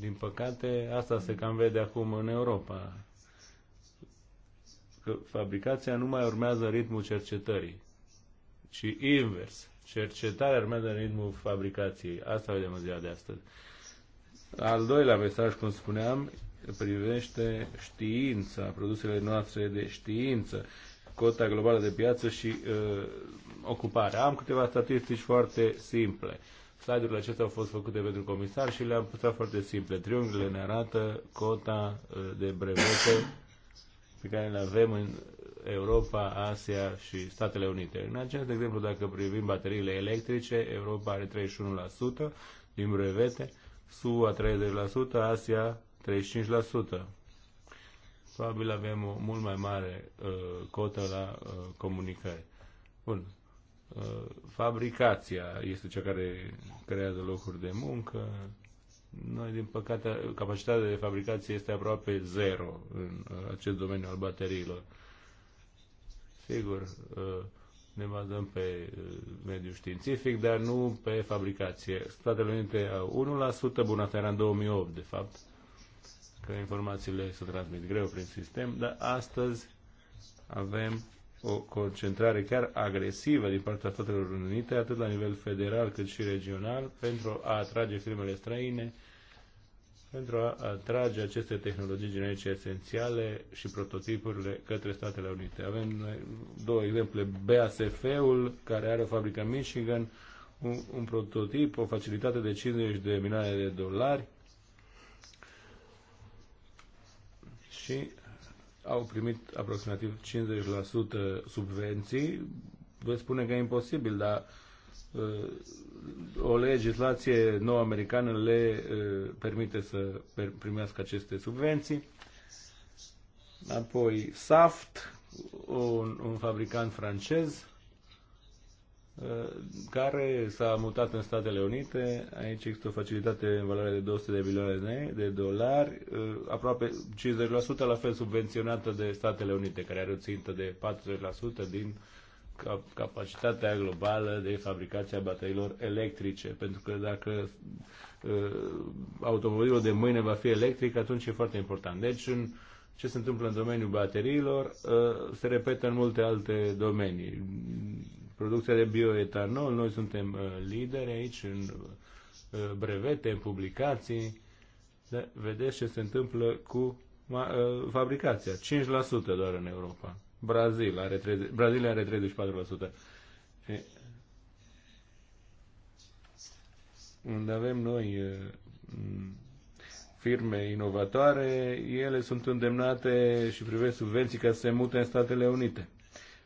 Din păcate, asta se cam vede acum în Europa. Că fabricația nu mai urmează ritmul cercetării, ci invers. Cercetarea urmează ritmul fabricației. Asta vedem în ziua de astăzi. Al doilea mesaj, cum spuneam, privește știința, produsele noastre de știință, cota globală de piață și uh, ocupare. Am câteva statistici foarte simple. Uh, Slide-urile acestea au fost făcute pentru comisar și le-am pus da foarte simple. Triunghiile ne arată cota uh, de brevete pe care le avem în Europa, Asia și Statele Unite. În acest exemplu, dacă privim bateriile electrice, Europa are 31% din brevete, SUA 30%, Asia 35%. Probabil avem o mult mai mare uh, cotă la uh, comunicare. Bun. Uh, fabricația este cea care creează locuri de muncă. Noi, din păcate, capacitatea de fabricație este aproape zero în uh, acest domeniu al bateriilor. Sigur, uh, ne bazăm pe mediul științific, dar nu pe fabricație. Statele Unite au 1%, Bunatera în 2008, de fapt, că informațiile se transmit greu prin sistem, dar astăzi avem o concentrare chiar agresivă din partea Statelor Unite, atât la nivel federal cât și regional, pentru a atrage firmele străine, pentru a atrage aceste tehnologii generice esențiale și prototipurile către Statele Unite. Avem două exemple, BASF-ul, care are o fabrică în Michigan, un, un prototip, o facilitate de 50 de milioane de dolari și au primit aproximativ 50% subvenții. Vă spune că e imposibil, dar uh, o legislație nouă americană le uh, permite să primească aceste subvenții. Apoi SAFT, un, un fabricant francez, Eh, care s-a mutat în Statele Unite. Aici există o facilitate în valoare de 200 de milioane de dolari, eh, aproape 50% la fel subvenționată de Statele Unite, care are o țintă de 40% din capacitatea globală de fabricație a bateriilor electrice. Pentru că dacă eh, automobilul de mâine va fi electric, atunci e foarte important. Deci, în ce se întâmplă în domeniul bateriilor se repetă în multe alte domenii producția de bioetanol. Noi suntem uh, lideri aici în uh, brevete, în publicații. Dar vedeți ce se întâmplă cu uh, fabricația. 5% doar în Europa. Brazil are 30, Brazilia are 34%. Și unde avem noi firme inovatoare, ele sunt îndemnate și privesc subvenții ca să se mute în Statele Unite.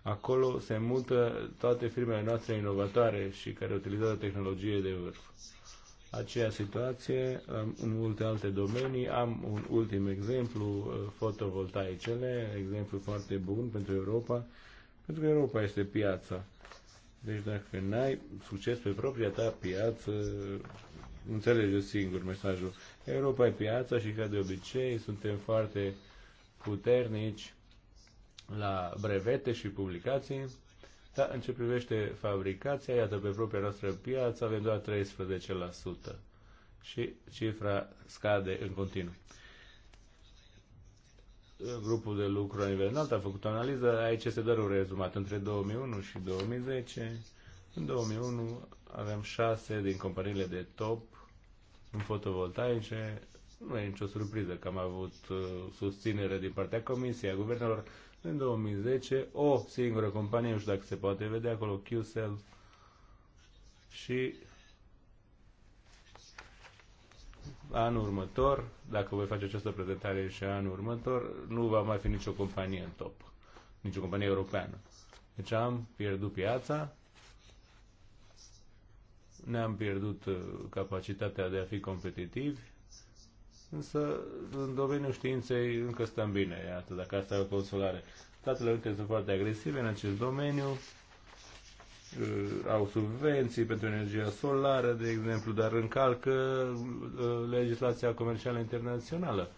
Acolo se mută toate firmele noastre inovatoare și care utilizează tehnologie de vârf. Aceea situație în multe alte domenii. Am un ultim exemplu, uh, fotovoltaicele, exemplu foarte bun pentru Europa, pentru că Europa este piața. Deci dacă n-ai succes pe propria ta piață, înțelege singur mesajul. Europa e piața și ca de obicei suntem foarte puternici la brevete și publicații. Dar în ce privește fabricația, iată, pe propria noastră piață avem doar 13% și cifra scade în continuu. Grupul de lucru la nivel înalt a făcut o analiză, aici este doar un rezumat, între 2001 și 2010. În 2001 avem 6 din companiile de top în fotovoltaice, nu e nicio surpriză că am avut uh, susținere din partea Comisiei, a guvernelor, în 2010, o singură companie, nu știu dacă se poate vedea acolo, QCell, și anul următor, dacă voi face această prezentare și anul următor, nu va mai fi nicio companie în top, nicio companie europeană. Deci am pierdut piața, ne-am pierdut uh, capacitatea de a fi competitivi Însă, în domeniul științei, încă stăm bine, iată, dacă asta e o consolare. Statele Unite sunt foarte agresive în acest domeniu, au subvenții pentru energia solară, de exemplu, dar încalcă uh, legislația comercială internațională.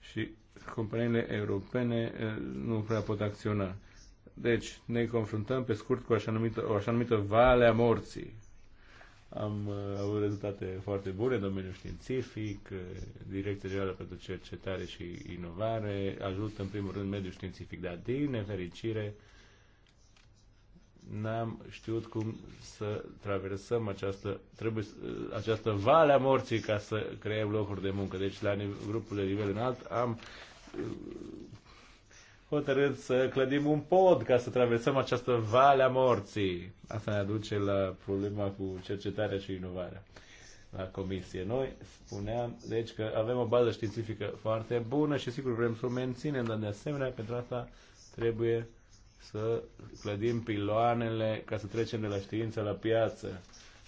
Și companiile europene uh, nu prea pot acționa. Deci, ne confruntăm pe scurt cu așa numită, o așa numită vale a morții am uh, avut rezultate foarte bune în domeniul științific, uh, Direcția Generală pentru Cercetare și Inovare ajută în primul rând mediul științific, dar din nefericire n-am știut cum să traversăm această, trebuie, uh, această vale a morții ca să creăm locuri de muncă. Deci la grupul de nivel înalt am hotărât să clădim un pod ca să traversăm această vale a morții. Asta ne aduce la problema cu cercetarea și inovarea la comisie. Noi spuneam, deci, că avem o bază științifică foarte bună și sigur vrem să o menținem, dar de asemenea, pentru asta trebuie să clădim piloanele ca să trecem de la știință la piață.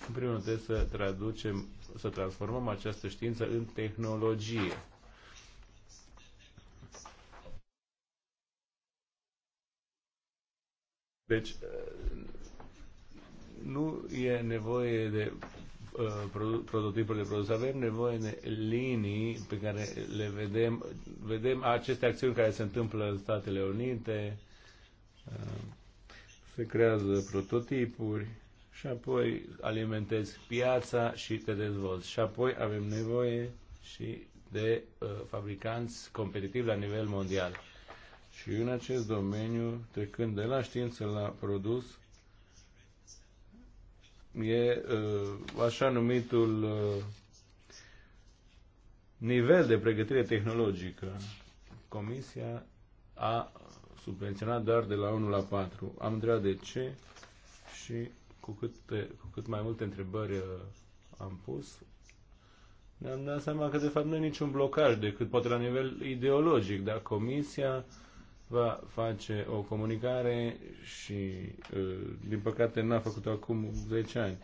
În primul rând trebuie să traducem, să transformăm această știință în tehnologie. Deci, uh, nu e nevoie de uh, prototipuri de produs. Avem nevoie de linii pe care le vedem. Vedem aceste acțiuni care se întâmplă în Statele Unite. Uh, se creează prototipuri și apoi alimentezi piața și te dezvolți. Și apoi avem nevoie și de fabricanți competitivi la nivel mondial. Și în acest domeniu, trecând de la știință la produs, e uh, așa numitul uh, nivel de pregătire tehnologică. Comisia a subvenționat doar de la 1 la 4. Am întrebat de ce și cu cât, cu cât mai multe întrebări uh, am pus, ne-am dat seama că de fapt nu e niciun blocaj decât poate la nivel ideologic, dar Comisia va face o comunicare și, uh, din păcate, n-a făcut-o acum 10 ani.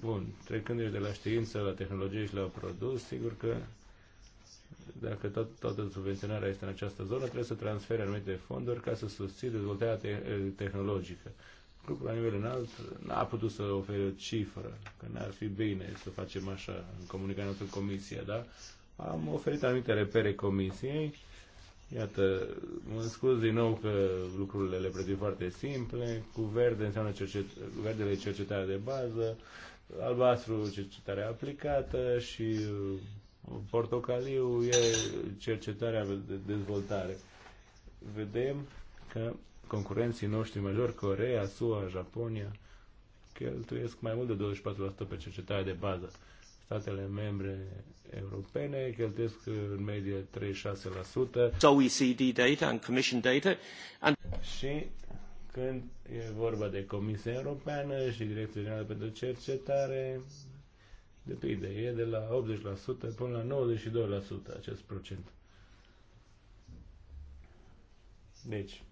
Bun, trecând de la știință, la tehnologie și la produs, sigur că dacă tot, toată subvenționarea este în această zonă, trebuie să transfere anumite fonduri ca să susții dezvoltarea te- uh, tehnologică. Grupul la nivel înalt n-a putut să ofere o cifră, că n-ar fi bine să facem așa în comunicarea noastră comisia, da? Am oferit anumite repere comisiei Iată, mă scuz din nou că lucrurile le prezint foarte simple. Cu verde înseamnă cercet, verdele cercetarea de bază, albastru cercetarea aplicată și uh, portocaliu e cercetarea de dezvoltare. Vedem că concurenții noștri majori, Corea, SUA, Japonia, cheltuiesc mai mult de 24% pe cercetarea de bază statele membre europene cheltuiesc în medie 36%. OECD data and Commission data. And... Și când e vorba de Comisia Europeană și Direcția Generală pentru Cercetare, depinde, e de la 80% până la 92% acest procent. Deci,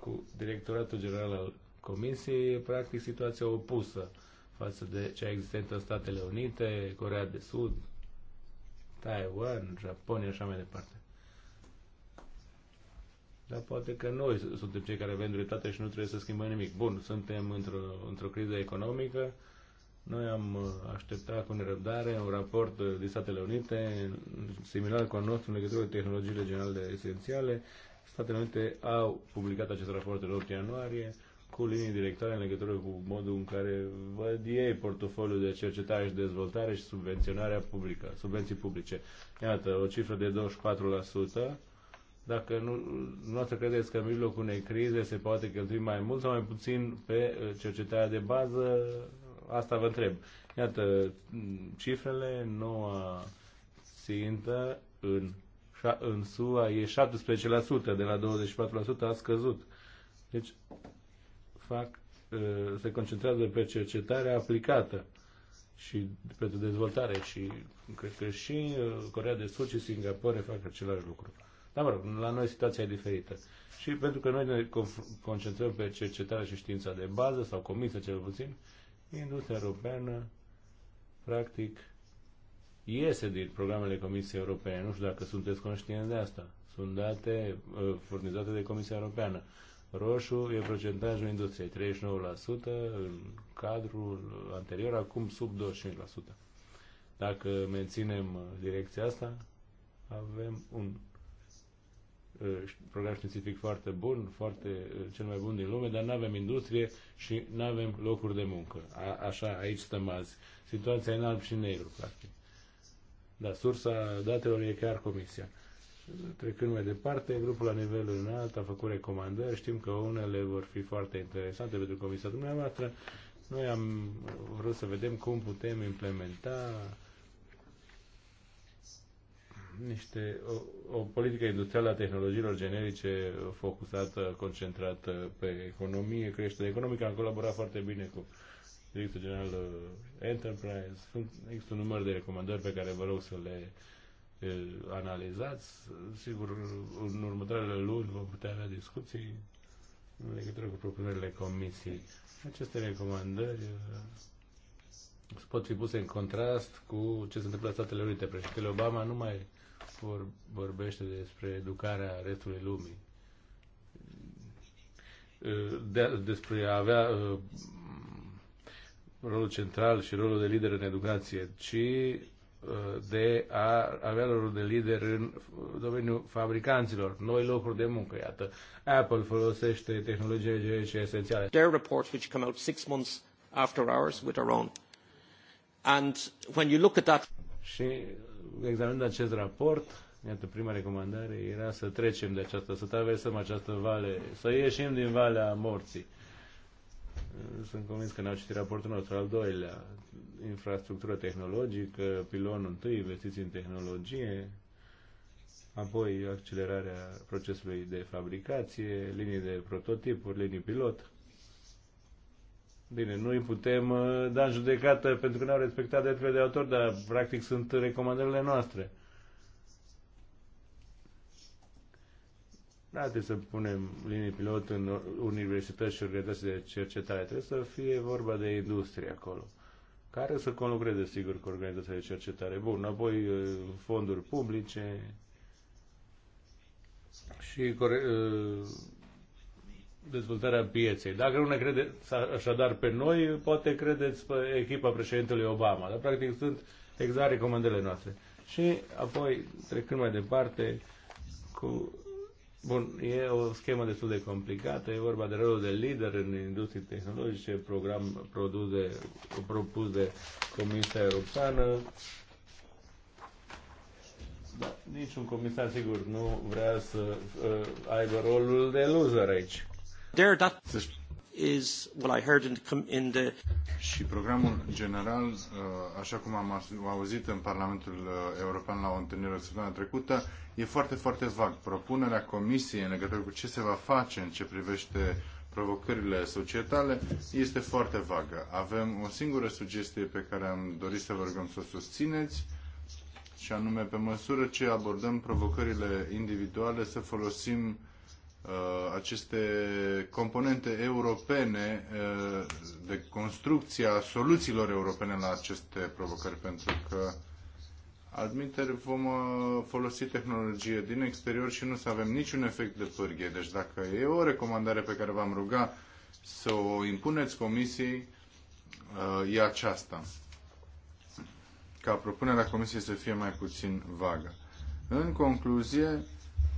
cu Directoratul General al Comisiei e practic situația opusă față de cea existentă în Statele Unite, Corea de Sud, Taiwan, Japonia și așa mai departe. Dar poate că noi suntem cei care avem dreptate și nu trebuie să schimbăm nimic. Bun, suntem într-o, într-o criză economică. Noi am uh, așteptat cu nerăbdare un raport uh, din Statele Unite, similar cu al nostru în legătură cu tehnologiile generale esențiale. Statele Unite au publicat acest raport în 8 ianuarie cu linii directoare în legătură cu modul în care văd ei portofoliul de cercetare și dezvoltare și subvenționarea publică, subvenții publice. Iată, o cifră de 24%. Dacă nu, noastră credeți că în mijlocul unei crize se poate cheltui mai mult sau mai puțin pe uh, cercetarea de bază, asta vă întreb. Iată, cifrele, noua țintă în, în SUA e 17%, de la 24% a scăzut. Deci fac, uh, se concentrează pe cercetarea aplicată și pentru dezvoltare și cred că și uh, Corea de Sud și Singapore fac același lucru. Dar mă rog, la noi situația e diferită. Și pentru că noi ne concentrăm pe cercetarea și știința de bază sau comisă cel puțin, industria europeană practic iese din programele Comisiei Europene. Nu știu dacă sunteți conștienți de asta. Sunt date uh, furnizate de Comisia Europeană. Roșu e procentajul industriei, 39% în cadrul anterior, acum sub 25%. Dacă menținem direcția asta, avem un uh, program științific foarte bun, foarte uh, cel mai bun din lume, dar nu avem industrie și nu avem locuri de muncă. A, așa, aici stăm azi. Situația e în alb și negru, practic. Dar sursa datelor e chiar comisia. Trecând mai departe, grupul la nivel înalt a făcut recomandări. Știm că unele vor fi foarte interesante pentru comisia dumneavoastră. Noi am vrut să vedem cum putem implementa niște, o, o politică industrială a tehnologiilor generice focusată, concentrată pe economie, creștere economică. Am colaborat foarte bine cu Directorul General Enterprise. Sunt, există un număr de recomandări pe care vă rog să le uh, analizați. Sigur, în următoarele luni vom putea avea discuții în legătură cu propunerile comisiei. Aceste recomandări pot fi puse în contrast cu ce se întâmplă în Statele Unite. Președintele Obama nu mai vor, vorbește despre educarea restului lumii. De, despre a avea rolul central și rolul de lider în educație, ci de a avea rolul de lider în domeniul fabricanților, noi locuri de muncă, iată. Apple folosește tehnologie genetice esențiale. Their reports which come out six months after ours with our own. And when you look at that... Și examinând acest raport, iată, prima recomandare era să trecem de această, să traversăm această vale, să ieșim din valea morții sunt convins că ne-au citit raportul nostru al doilea, infrastructură tehnologică, pilonul întâi, investiții în tehnologie, apoi accelerarea procesului de fabricație, linii de prototipuri, linii pilot. Bine, nu îi putem uh, da în judecată pentru că n-au respectat drepturile de autor, dar practic sunt recomandările noastre. Da, trebuie să punem linii pilot în universități și organizații de cercetare. Trebuie să fie vorba de industrie acolo, care să conlucreze, sigur, cu organizația de cercetare. Bun, apoi uh, fonduri publice și uh, dezvoltarea pieței. Dacă nu ne credeți așadar pe noi, poate credeți pe echipa președintelui Obama, dar practic sunt exact recomandările noastre. Și apoi, trecând mai departe, cu Bun, e o schemă destul de complicată, e vorba de rolul de lider în industrie tehnologice, program produs de, propus de Comisia Europeană. Da, niciun comisar, sigur, nu vrea să uh, aibă rolul de loser aici. There, that... Da. Să și programul general, uh, așa cum am auzit în Parlamentul uh, European la o întâlnire săptămâna trecută, e foarte, foarte vag. Propunerea Comisiei în legătură cu ce se va face în ce privește provocările societale este foarte vagă. Avem o singură sugestie pe care am dorit să vă rugăm să o susțineți și anume pe măsură ce abordăm provocările individuale să folosim Uh, aceste componente europene uh, de construcția soluțiilor europene la aceste provocări, pentru că Admiter, vom uh, folosi tehnologie din exterior și nu să avem niciun efect de pârghie. Deci dacă e o recomandare pe care v-am ruga să o impuneți comisiei, e aceasta. Ca propunerea comisiei să fie mai puțin vagă. În concluzie,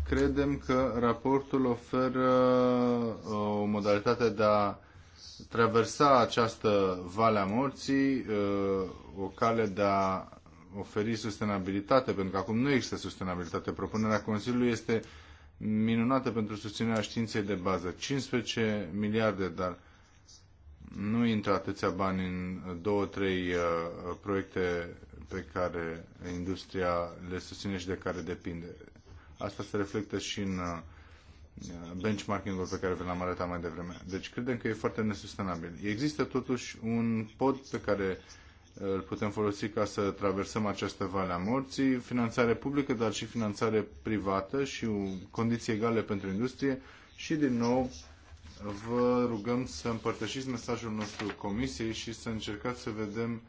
credem că raportul oferă uh, o modalitate de a traversa această vale a morții, uh, o cale de a oferi sustenabilitate, pentru că acum nu există sustenabilitate. Propunerea Consiliului este minunată pentru susținerea științei de bază. 15 miliarde, dar nu intră atâția bani în două, trei uh, proiecte pe care industria le susține și de care depinde. Asta se reflectă și în uh, benchmarking-ul pe care vi l-am arătat mai devreme. Deci credem că e foarte nesustenabil. Există totuși un pod pe care uh, îl putem folosi ca să traversăm această vale a morții, finanțare publică, dar și finanțare privată și condiții egale pentru industrie și, din nou, vă rugăm să împărtășiți mesajul nostru comisiei și să încercați să vedem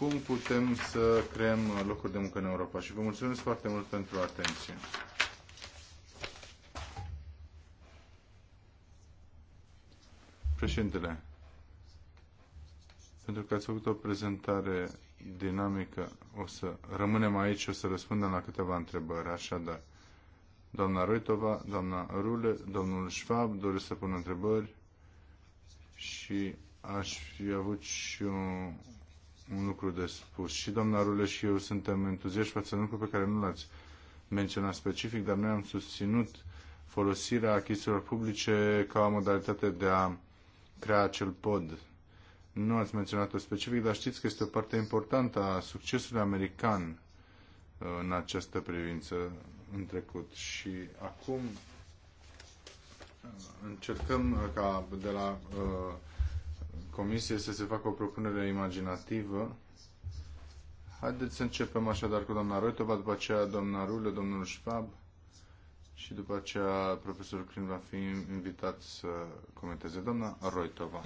cum putem să creăm locuri de muncă în Europa. Și vă mulțumesc foarte mult pentru atenție. Președintele, pentru că ați făcut o prezentare dinamică, o să rămânem aici și o să răspundem la câteva întrebări. Așadar, doamna Roitova, doamna Rule, domnul Schwab doresc să pună întrebări și aș fi avut și un, un lucru de spus. Și doamna Rule și eu suntem entuziaști față de lucru pe care nu l-ați menționat specific, dar noi am susținut folosirea achizițiilor publice ca o modalitate de a crea acel pod. Nu ați menționat-o specific, dar știți că este o parte importantă a succesului american uh, în această privință în trecut. Și acum uh, încercăm uh, ca de la uh, Comisie să se facă o propunere imaginativă. Haideți să începem așadar cu doamna Roitova, după aceea doamna Rulă, domnul Schwab și după aceea profesorul Crin va fi invitat să comenteze. Doamna Roitova,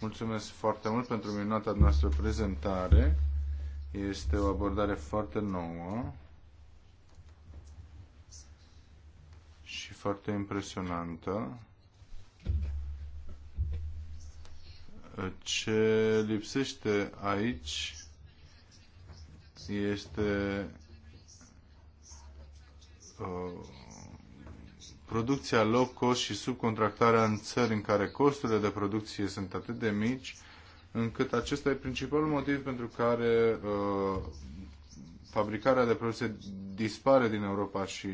mulțumesc foarte mult pentru minunata noastră prezentare. Este o abordare foarte nouă și foarte impresionantă. Ce lipsește aici este uh, producția low cost și subcontractarea în țări în care costurile de producție sunt atât de mici, încât acesta e principalul motiv pentru care uh, fabricarea de produse dispare din Europa și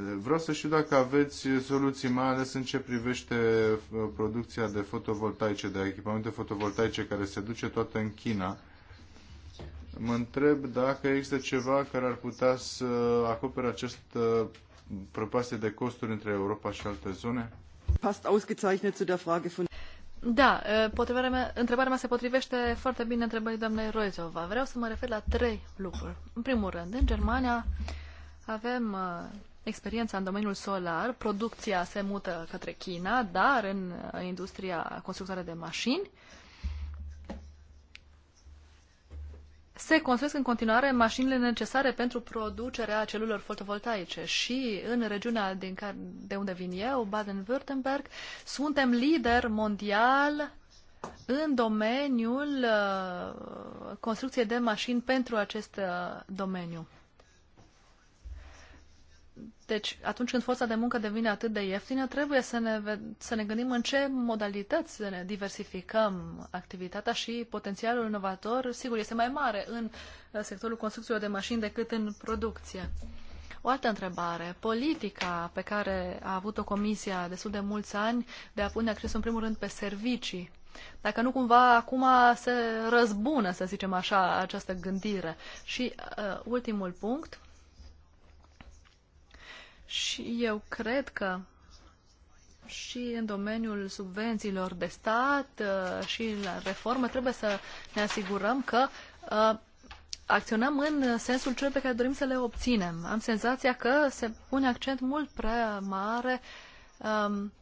Vreau să știu dacă aveți soluții, mai ales în ce privește uh, producția de fotovoltaice, de echipamente fotovoltaice care se duce toată în China. Mă întreb dacă există ceva care ar putea să acopere această prăpastie de costuri între Europa și alte zone? ausgezeichnet zu der Frage von da, uh, mea, întrebarea mea se potrivește foarte bine întrebării doamnei Roizova. Vreau să mă refer la trei lucruri. În primul rând, în Germania avem uh, experiența în domeniul solar, producția se mută către China, dar în industria constructoare de mașini se construiesc în continuare mașinile necesare pentru producerea celulelor fotovoltaice și în regiunea din care, de unde vin eu, Baden-Württemberg, suntem lider mondial în domeniul uh, construcției de mașini pentru acest uh, domeniu. Deci, atunci când forța de muncă devine atât de ieftină, trebuie să ne, să ne gândim în ce modalități să ne diversificăm activitatea și potențialul inovator, sigur, este mai mare în uh, sectorul construcțiilor de mașini decât în producție. O altă întrebare. Politica pe care a avut-o Comisia destul de mulți ani de a pune acces în primul rând pe servicii dacă nu cumva acum se răzbună, să zicem așa, această gândire. Și uh, ultimul punct, și eu cred că și în domeniul subvențiilor de stat uh, și la reformă trebuie să ne asigurăm că uh, acționăm în sensul celor pe care dorim să le obținem. Am senzația că se pune accent mult prea mare um,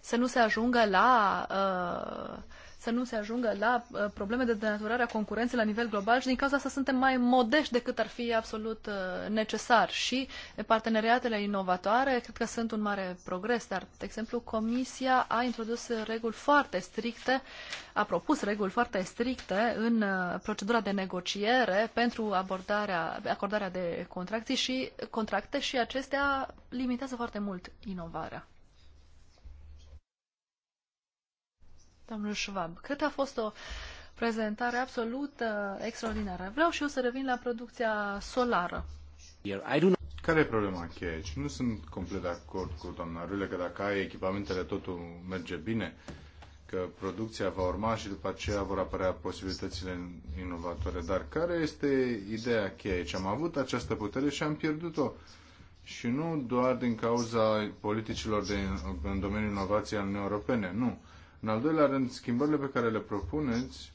să nu se ajungă la uh, să nu se ajungă la uh, probleme de denaturare a concurenței la nivel global și din cauza asta suntem mai modești decât ar fi absolut uh, necesar. Și parteneriatele inovatoare cred că sunt un mare progres, dar, de exemplu, Comisia a introdus reguli foarte stricte, a propus reguli foarte stricte în uh, procedura de negociere pentru abordarea, acordarea de contracții și contracte și acestea limitează foarte mult inovarea. domnul Schwab. Cred că a fost o prezentare absolut uh, extraordinară. Vreau și eu să revin la producția solară. Care e problema cheie aici? Nu sunt complet de acord cu doamna Rule că dacă ai echipamentele totul merge bine, că producția va urma și după aceea vor apărea posibilitățile inovatoare. Dar care este ideea cheie aici? Am avut această putere și am pierdut-o. Și nu doar din cauza politicilor de, în domeniul inovației al Uniunii Europene, nu în al doilea rând, schimbările pe care le propuneți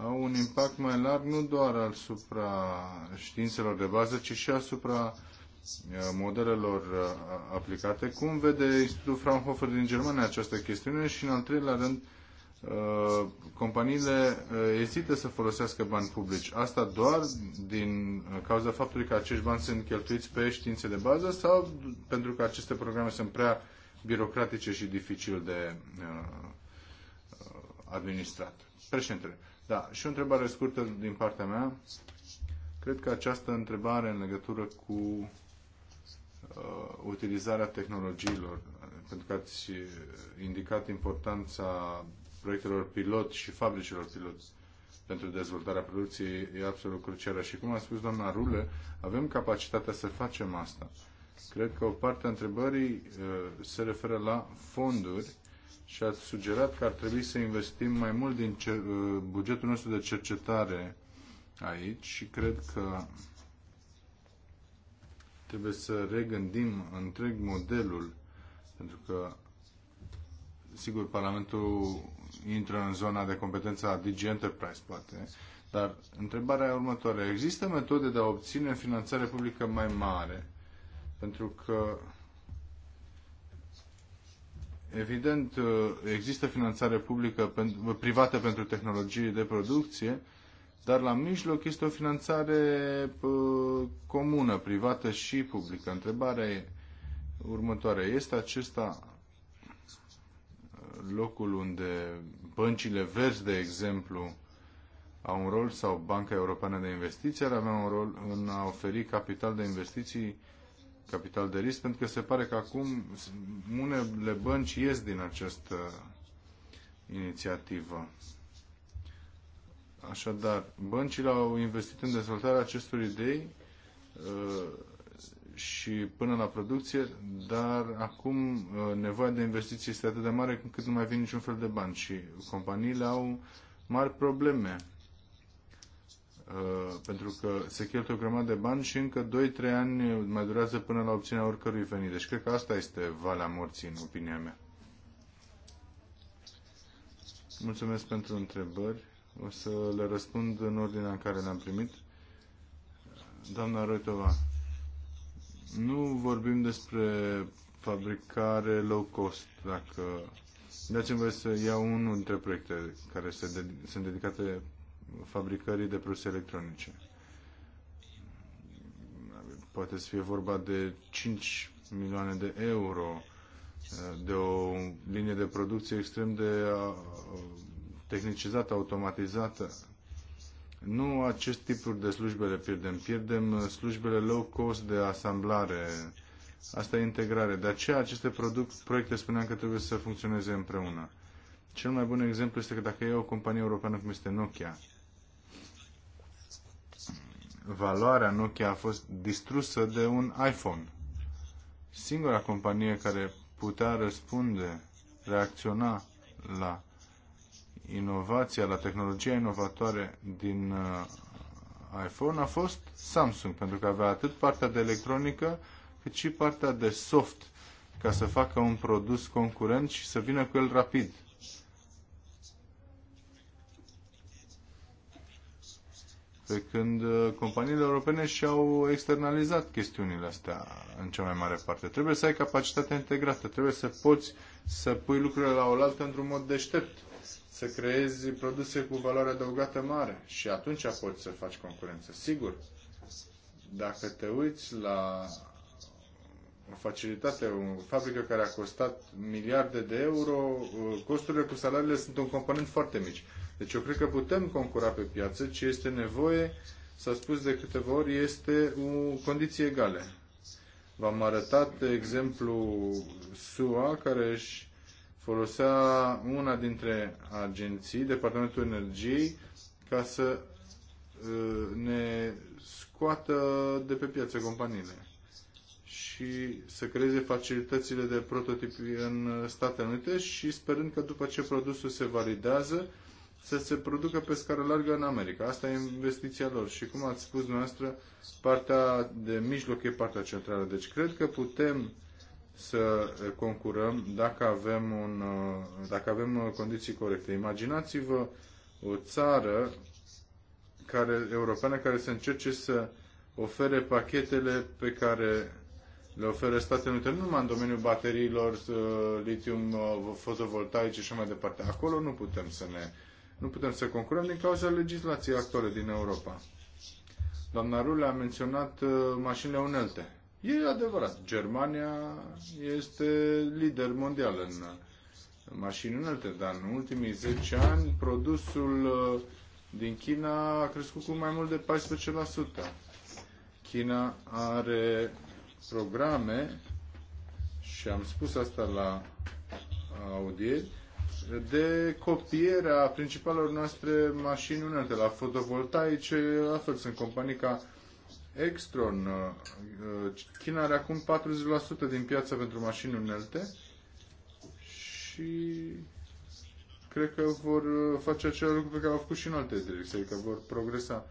au un impact mai larg nu doar asupra științelor de bază, ci și asupra uh, modelelor uh, aplicate. Cum vede Institutul Fraunhofer din Germania această chestiune și, în al treilea rând, uh, companiile ezită să folosească bani publici. Asta doar din cauza faptului că acești bani sunt cheltuiți pe științe de bază sau pentru că aceste programe sunt prea birocratice și dificil de uh, administrat. Președintele, da, și o întrebare scurtă din partea mea. Cred că această întrebare în legătură cu uh, utilizarea tehnologiilor, pentru că ați indicat importanța proiectelor pilot și fabricilor pilot pentru dezvoltarea producției e absolut crucială. Și cum a spus doamna Rule, avem capacitatea să facem asta. Cred că o parte a întrebării uh, se referă la fonduri și ați sugerat că ar trebui să investim mai mult din uh, bugetul nostru de cercetare aici și cred că trebuie să regândim întreg modelul, pentru că, sigur, Parlamentul intră în zona de competență a DG Enterprise, poate, dar întrebarea e următoare. Există metode de a obține finanțare publică mai mare? Pentru că Evident, uh, există finanțare publică, privată pentru tehnologie de producție, dar la mijloc este o finanțare uh, comună, privată și publică. Întrebarea e următoare. Este acesta uh, locul unde băncile verzi, de exemplu, au un rol sau Banca Europeană de Investiții ar avea un rol în a oferi capital de investiții capital de risc, pentru că se pare că acum unele bănci ies din această inițiativă. Așadar, băncile au investit în dezvoltarea acestor idei uh, și până la producție, dar acum uh, nevoia de investiții este atât de mare încât nu mai vin niciun fel de bani și companiile au mari probleme Uh, pentru că se cheltuie o grămadă de bani și încă 2-3 ani mai durează până la obținerea oricărui venit. Deci cred că asta este valea morții, în opinia mea. Mulțumesc pentru întrebări. O să le răspund în ordinea în care le-am primit. Doamna Roitova, nu vorbim despre fabricare low cost, dacă... Dați-mi voie să iau unul dintre proiecte care se sunt dedicate fabricării de produse electronice. Poate să fie vorba de 5 milioane de euro, de o linie de producție extrem de tehnicizată, automatizată. Nu acest tipuri de slujbe le pierdem, pierdem slujbele low cost de asamblare. Asta e integrare. De aceea aceste product, proiecte spuneam că trebuie să funcționeze împreună. Cel mai bun exemplu este că dacă e o companie europeană cum este Nokia, valoarea Nokia a fost distrusă de un iPhone. Singura companie care putea răspunde, reacționa la inovația, la tehnologia inovatoare din uh, iPhone a fost Samsung, pentru că avea atât partea de electronică, cât și partea de soft, ca să facă un produs concurent și să vină cu el rapid. pe când uh, companiile europene și-au externalizat chestiunile astea în cea mai mare parte. Trebuie să ai capacitatea integrată, trebuie să poți să pui lucrurile la oaltă într-un mod deștept, să creezi produse cu valoare adăugată mare și atunci poți să faci concurență. Sigur, dacă te uiți la o facilitate, o fabrică care a costat miliarde de euro, uh, costurile cu salariile sunt un component foarte mic. Deci eu cred că putem concura pe piață. Ce este nevoie, s-a spus de câteva ori, este o condiție egale. V-am arătat exemplu SUA, care își folosea una dintre agenții, Departamentul Energiei, ca să ă, ne scoată de pe piață companiile și să creeze facilitățile de prototip în Statele Unite și sperând că după ce produsul se validează, să se producă pe scară largă în America. Asta e investiția lor. Și cum ați spus noastră, partea de mijloc e partea centrală. Deci cred că putem să concurăm dacă avem, un, uh, dacă avem uh, condiții corecte. Imaginați-vă o țară care, europeană care să încerce să ofere pachetele pe care le oferă Statele Unite, nu numai în domeniul bateriilor, uh, litium, fotovoltaice și mai departe. Acolo nu putem să ne nu putem să concurăm din cauza legislației actuale din Europa. Doamna Rule a menționat uh, mașinile unelte. E adevărat, Germania este lider mondial în uh, mașini unelte, dar în ultimii 10 ani produsul uh, din China a crescut cu mai mult de 14%. China are programe și am spus asta la audieri, de copierea principalelor noastre mașini unelte, la fotovoltaice, la fel sunt companii ca Extron. Uh, uh, China are acum 40% din piața pentru mașini unelte și cred că vor uh, face același lucru pe care au făcut și în alte direcții, adică vor progresa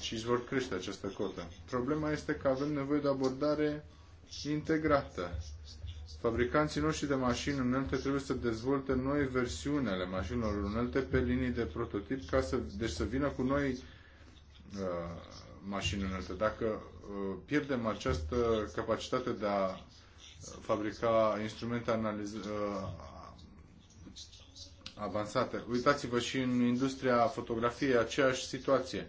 și își vor crește această cotă. Problema este că avem nevoie de abordare integrată Fabricanții noștri de mașini unelte trebuie să dezvolte noi versiuni ale mașinilor unelte pe linii de prototip, ca să, deci să vină cu noi uh, mașini unelte. Dacă uh, pierdem această capacitate de a uh, fabrica instrumente analiz, uh, avansate, uitați-vă și în industria fotografiei aceeași situație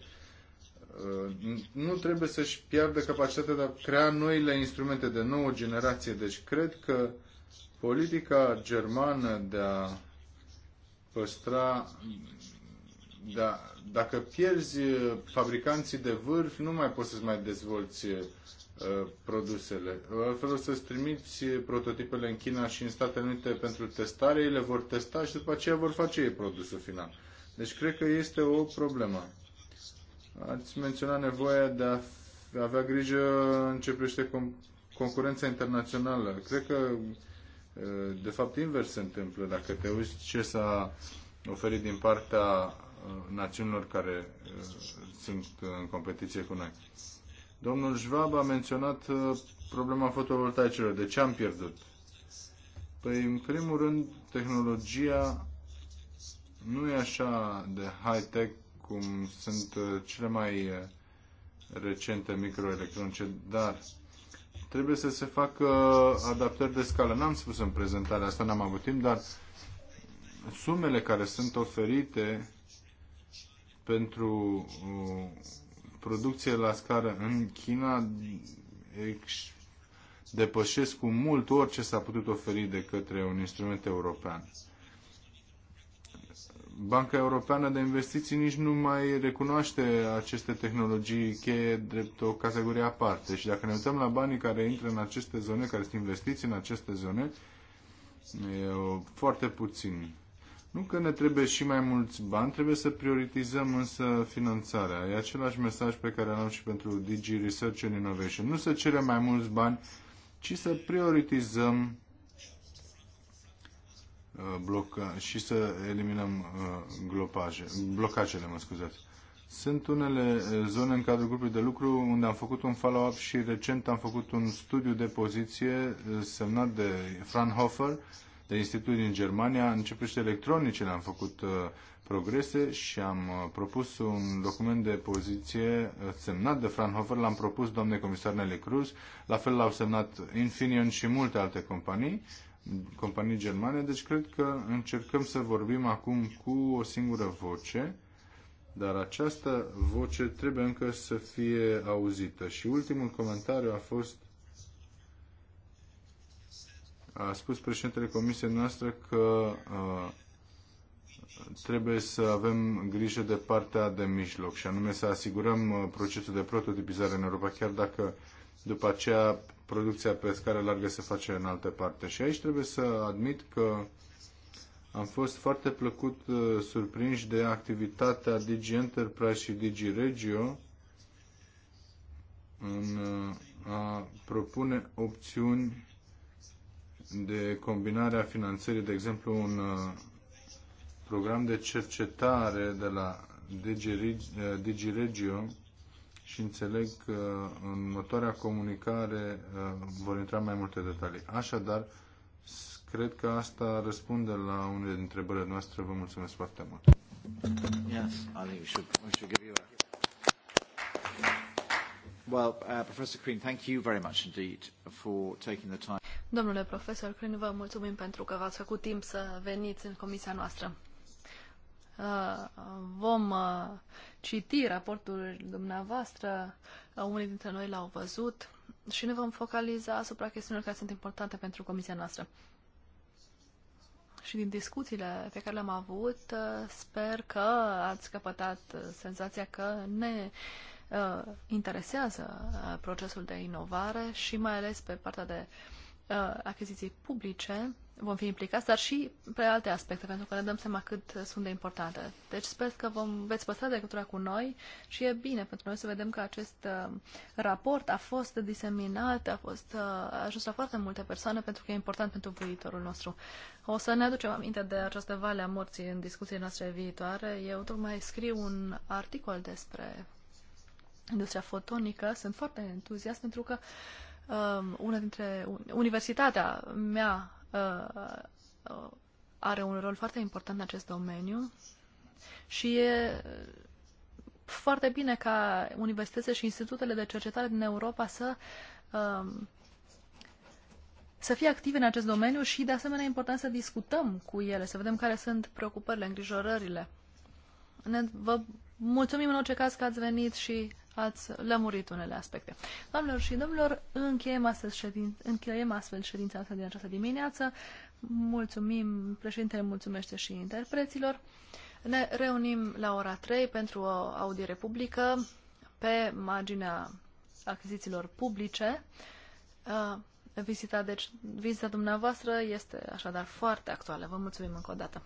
Uh, nu trebuie să-și piardă capacitatea de a crea noile instrumente de nouă generație. Deci cred că politica germană de a păstra, de a, dacă pierzi fabricanții de vârf, nu mai poți să-ți mai dezvolți uh, produsele. Altfel o să-ți trimiți prototipele în China și în Statele Unite pentru testare, ei le vor testa și după aceea vor face ei produsul final. Deci cred că este o problemă. Ați menționat nevoia de a avea grijă în ce privește concurența internațională. Cred că, de fapt, invers se întâmplă. Dacă te uiți ce s-a oferit din partea națiunilor care sunt în competiție cu noi. Domnul Schwab a menționat problema fotovoltaicilor. De ce am pierdut? Păi, în primul rând, tehnologia nu e așa de high-tech cum sunt uh, cele mai uh, recente microelectronice, dar trebuie să se facă adaptări de scală. N-am spus în prezentarea asta, n-am avut timp, dar sumele care sunt oferite pentru uh, producție la scară în China depășesc cu mult orice s-a putut oferi de către un instrument european. Banca Europeană de Investiții nici nu mai recunoaște aceste tehnologii cheie drept o categorie aparte. Și dacă ne uităm la banii care intră în aceste zone, care sunt investiți în aceste zone, e foarte puțini. Nu că ne trebuie și mai mulți bani, trebuie să prioritizăm însă finanțarea. E același mesaj pe care l-am și pentru Digi Research and Innovation. Nu să cerem mai mulți bani, ci să prioritizăm Uh, bloca, uh, și să eliminăm uh, glopaje, blocajele. Mă scuzați. Sunt unele zone în cadrul grupului de lucru unde am făcut un follow-up și recent am făcut un studiu de poziție semnat de Fraunhofer, de institut din Germania. În ce privește electronicele am făcut progrese și am propus un document de poziție semnat de Fraunhofer, l-am propus doamnei comisar Nelly Cruz, la fel l-au semnat Infineon și multe alte companii companii germane, deci cred că încercăm să vorbim acum cu o singură voce, dar această voce trebuie încă să fie auzită. Și ultimul comentariu a fost a spus președintele comisiei noastre că uh, trebuie să avem grijă de partea de mijloc și anume să asigurăm uh, procesul de prototipizare în Europa, chiar dacă după aceea producția pe scară largă se face în altă parte. Și aici trebuie să admit că am fost foarte plăcut uh, surprinși de activitatea Digi Enterprise și Digi Regio în uh, a propune opțiuni de combinare a finanțării, de exemplu, un uh, program de cercetare de la Digi Regio și înțeleg că în următoarea comunicare uh, vor intra mai multe detalii. Așadar, cred că asta răspunde la unele dintre întrebările noastre. Vă mulțumesc foarte mult. Yes, I think we should, we should give you a... Well, uh, Professor Crean, thank you very much indeed for taking the time. Domnule profesor Crin, vă mulțumim pentru că v-ați făcut timp să veniți în comisia noastră. Uh, vom uh, citi raportul dumneavoastră, uh, unii dintre noi l-au văzut și ne vom focaliza asupra chestiunilor care sunt importante pentru comisia noastră. Și din discuțiile pe care le-am avut, sper că ați căpătat senzația că ne interesează procesul de inovare și mai ales pe partea de uh, Uh, achiziții publice vom fi implicați, dar și pe alte aspecte, pentru că ne dăm seama cât sunt de importante. Deci sper că vom, veți păstra legătura cu noi și e bine pentru noi să vedem că acest uh, raport a fost diseminat, a fost uh, ajuns la foarte multe persoane, pentru că e important pentru viitorul nostru. O să ne aducem aminte de această vale a morții în discuțiile noastre viitoare. Eu tocmai scriu un articol despre industria fotonică. Sunt foarte entuziast pentru că uh, Um, una dintre universitatea mea uh, uh, are un rol foarte important în acest domeniu și e uh, foarte bine ca universitățile și institutele de cercetare din Europa să um, să fie active în acest domeniu și, de asemenea, e important să discutăm cu ele, să vedem care sunt preocupările, îngrijorările. Ne, vă mulțumim în orice caz că ați venit și ați lămurit unele aspecte. Doamnelor și domnilor, încheiem, astăzi ședin... încheiem astfel ședința asta din această dimineață. Mulțumim, președintele mulțumește și interpreților. Ne reunim la ora 3 pentru o audiere publică pe marginea achizițiilor publice. Uh, vizita, deci, vizita dumneavoastră este așadar foarte actuală. Vă mulțumim încă o dată.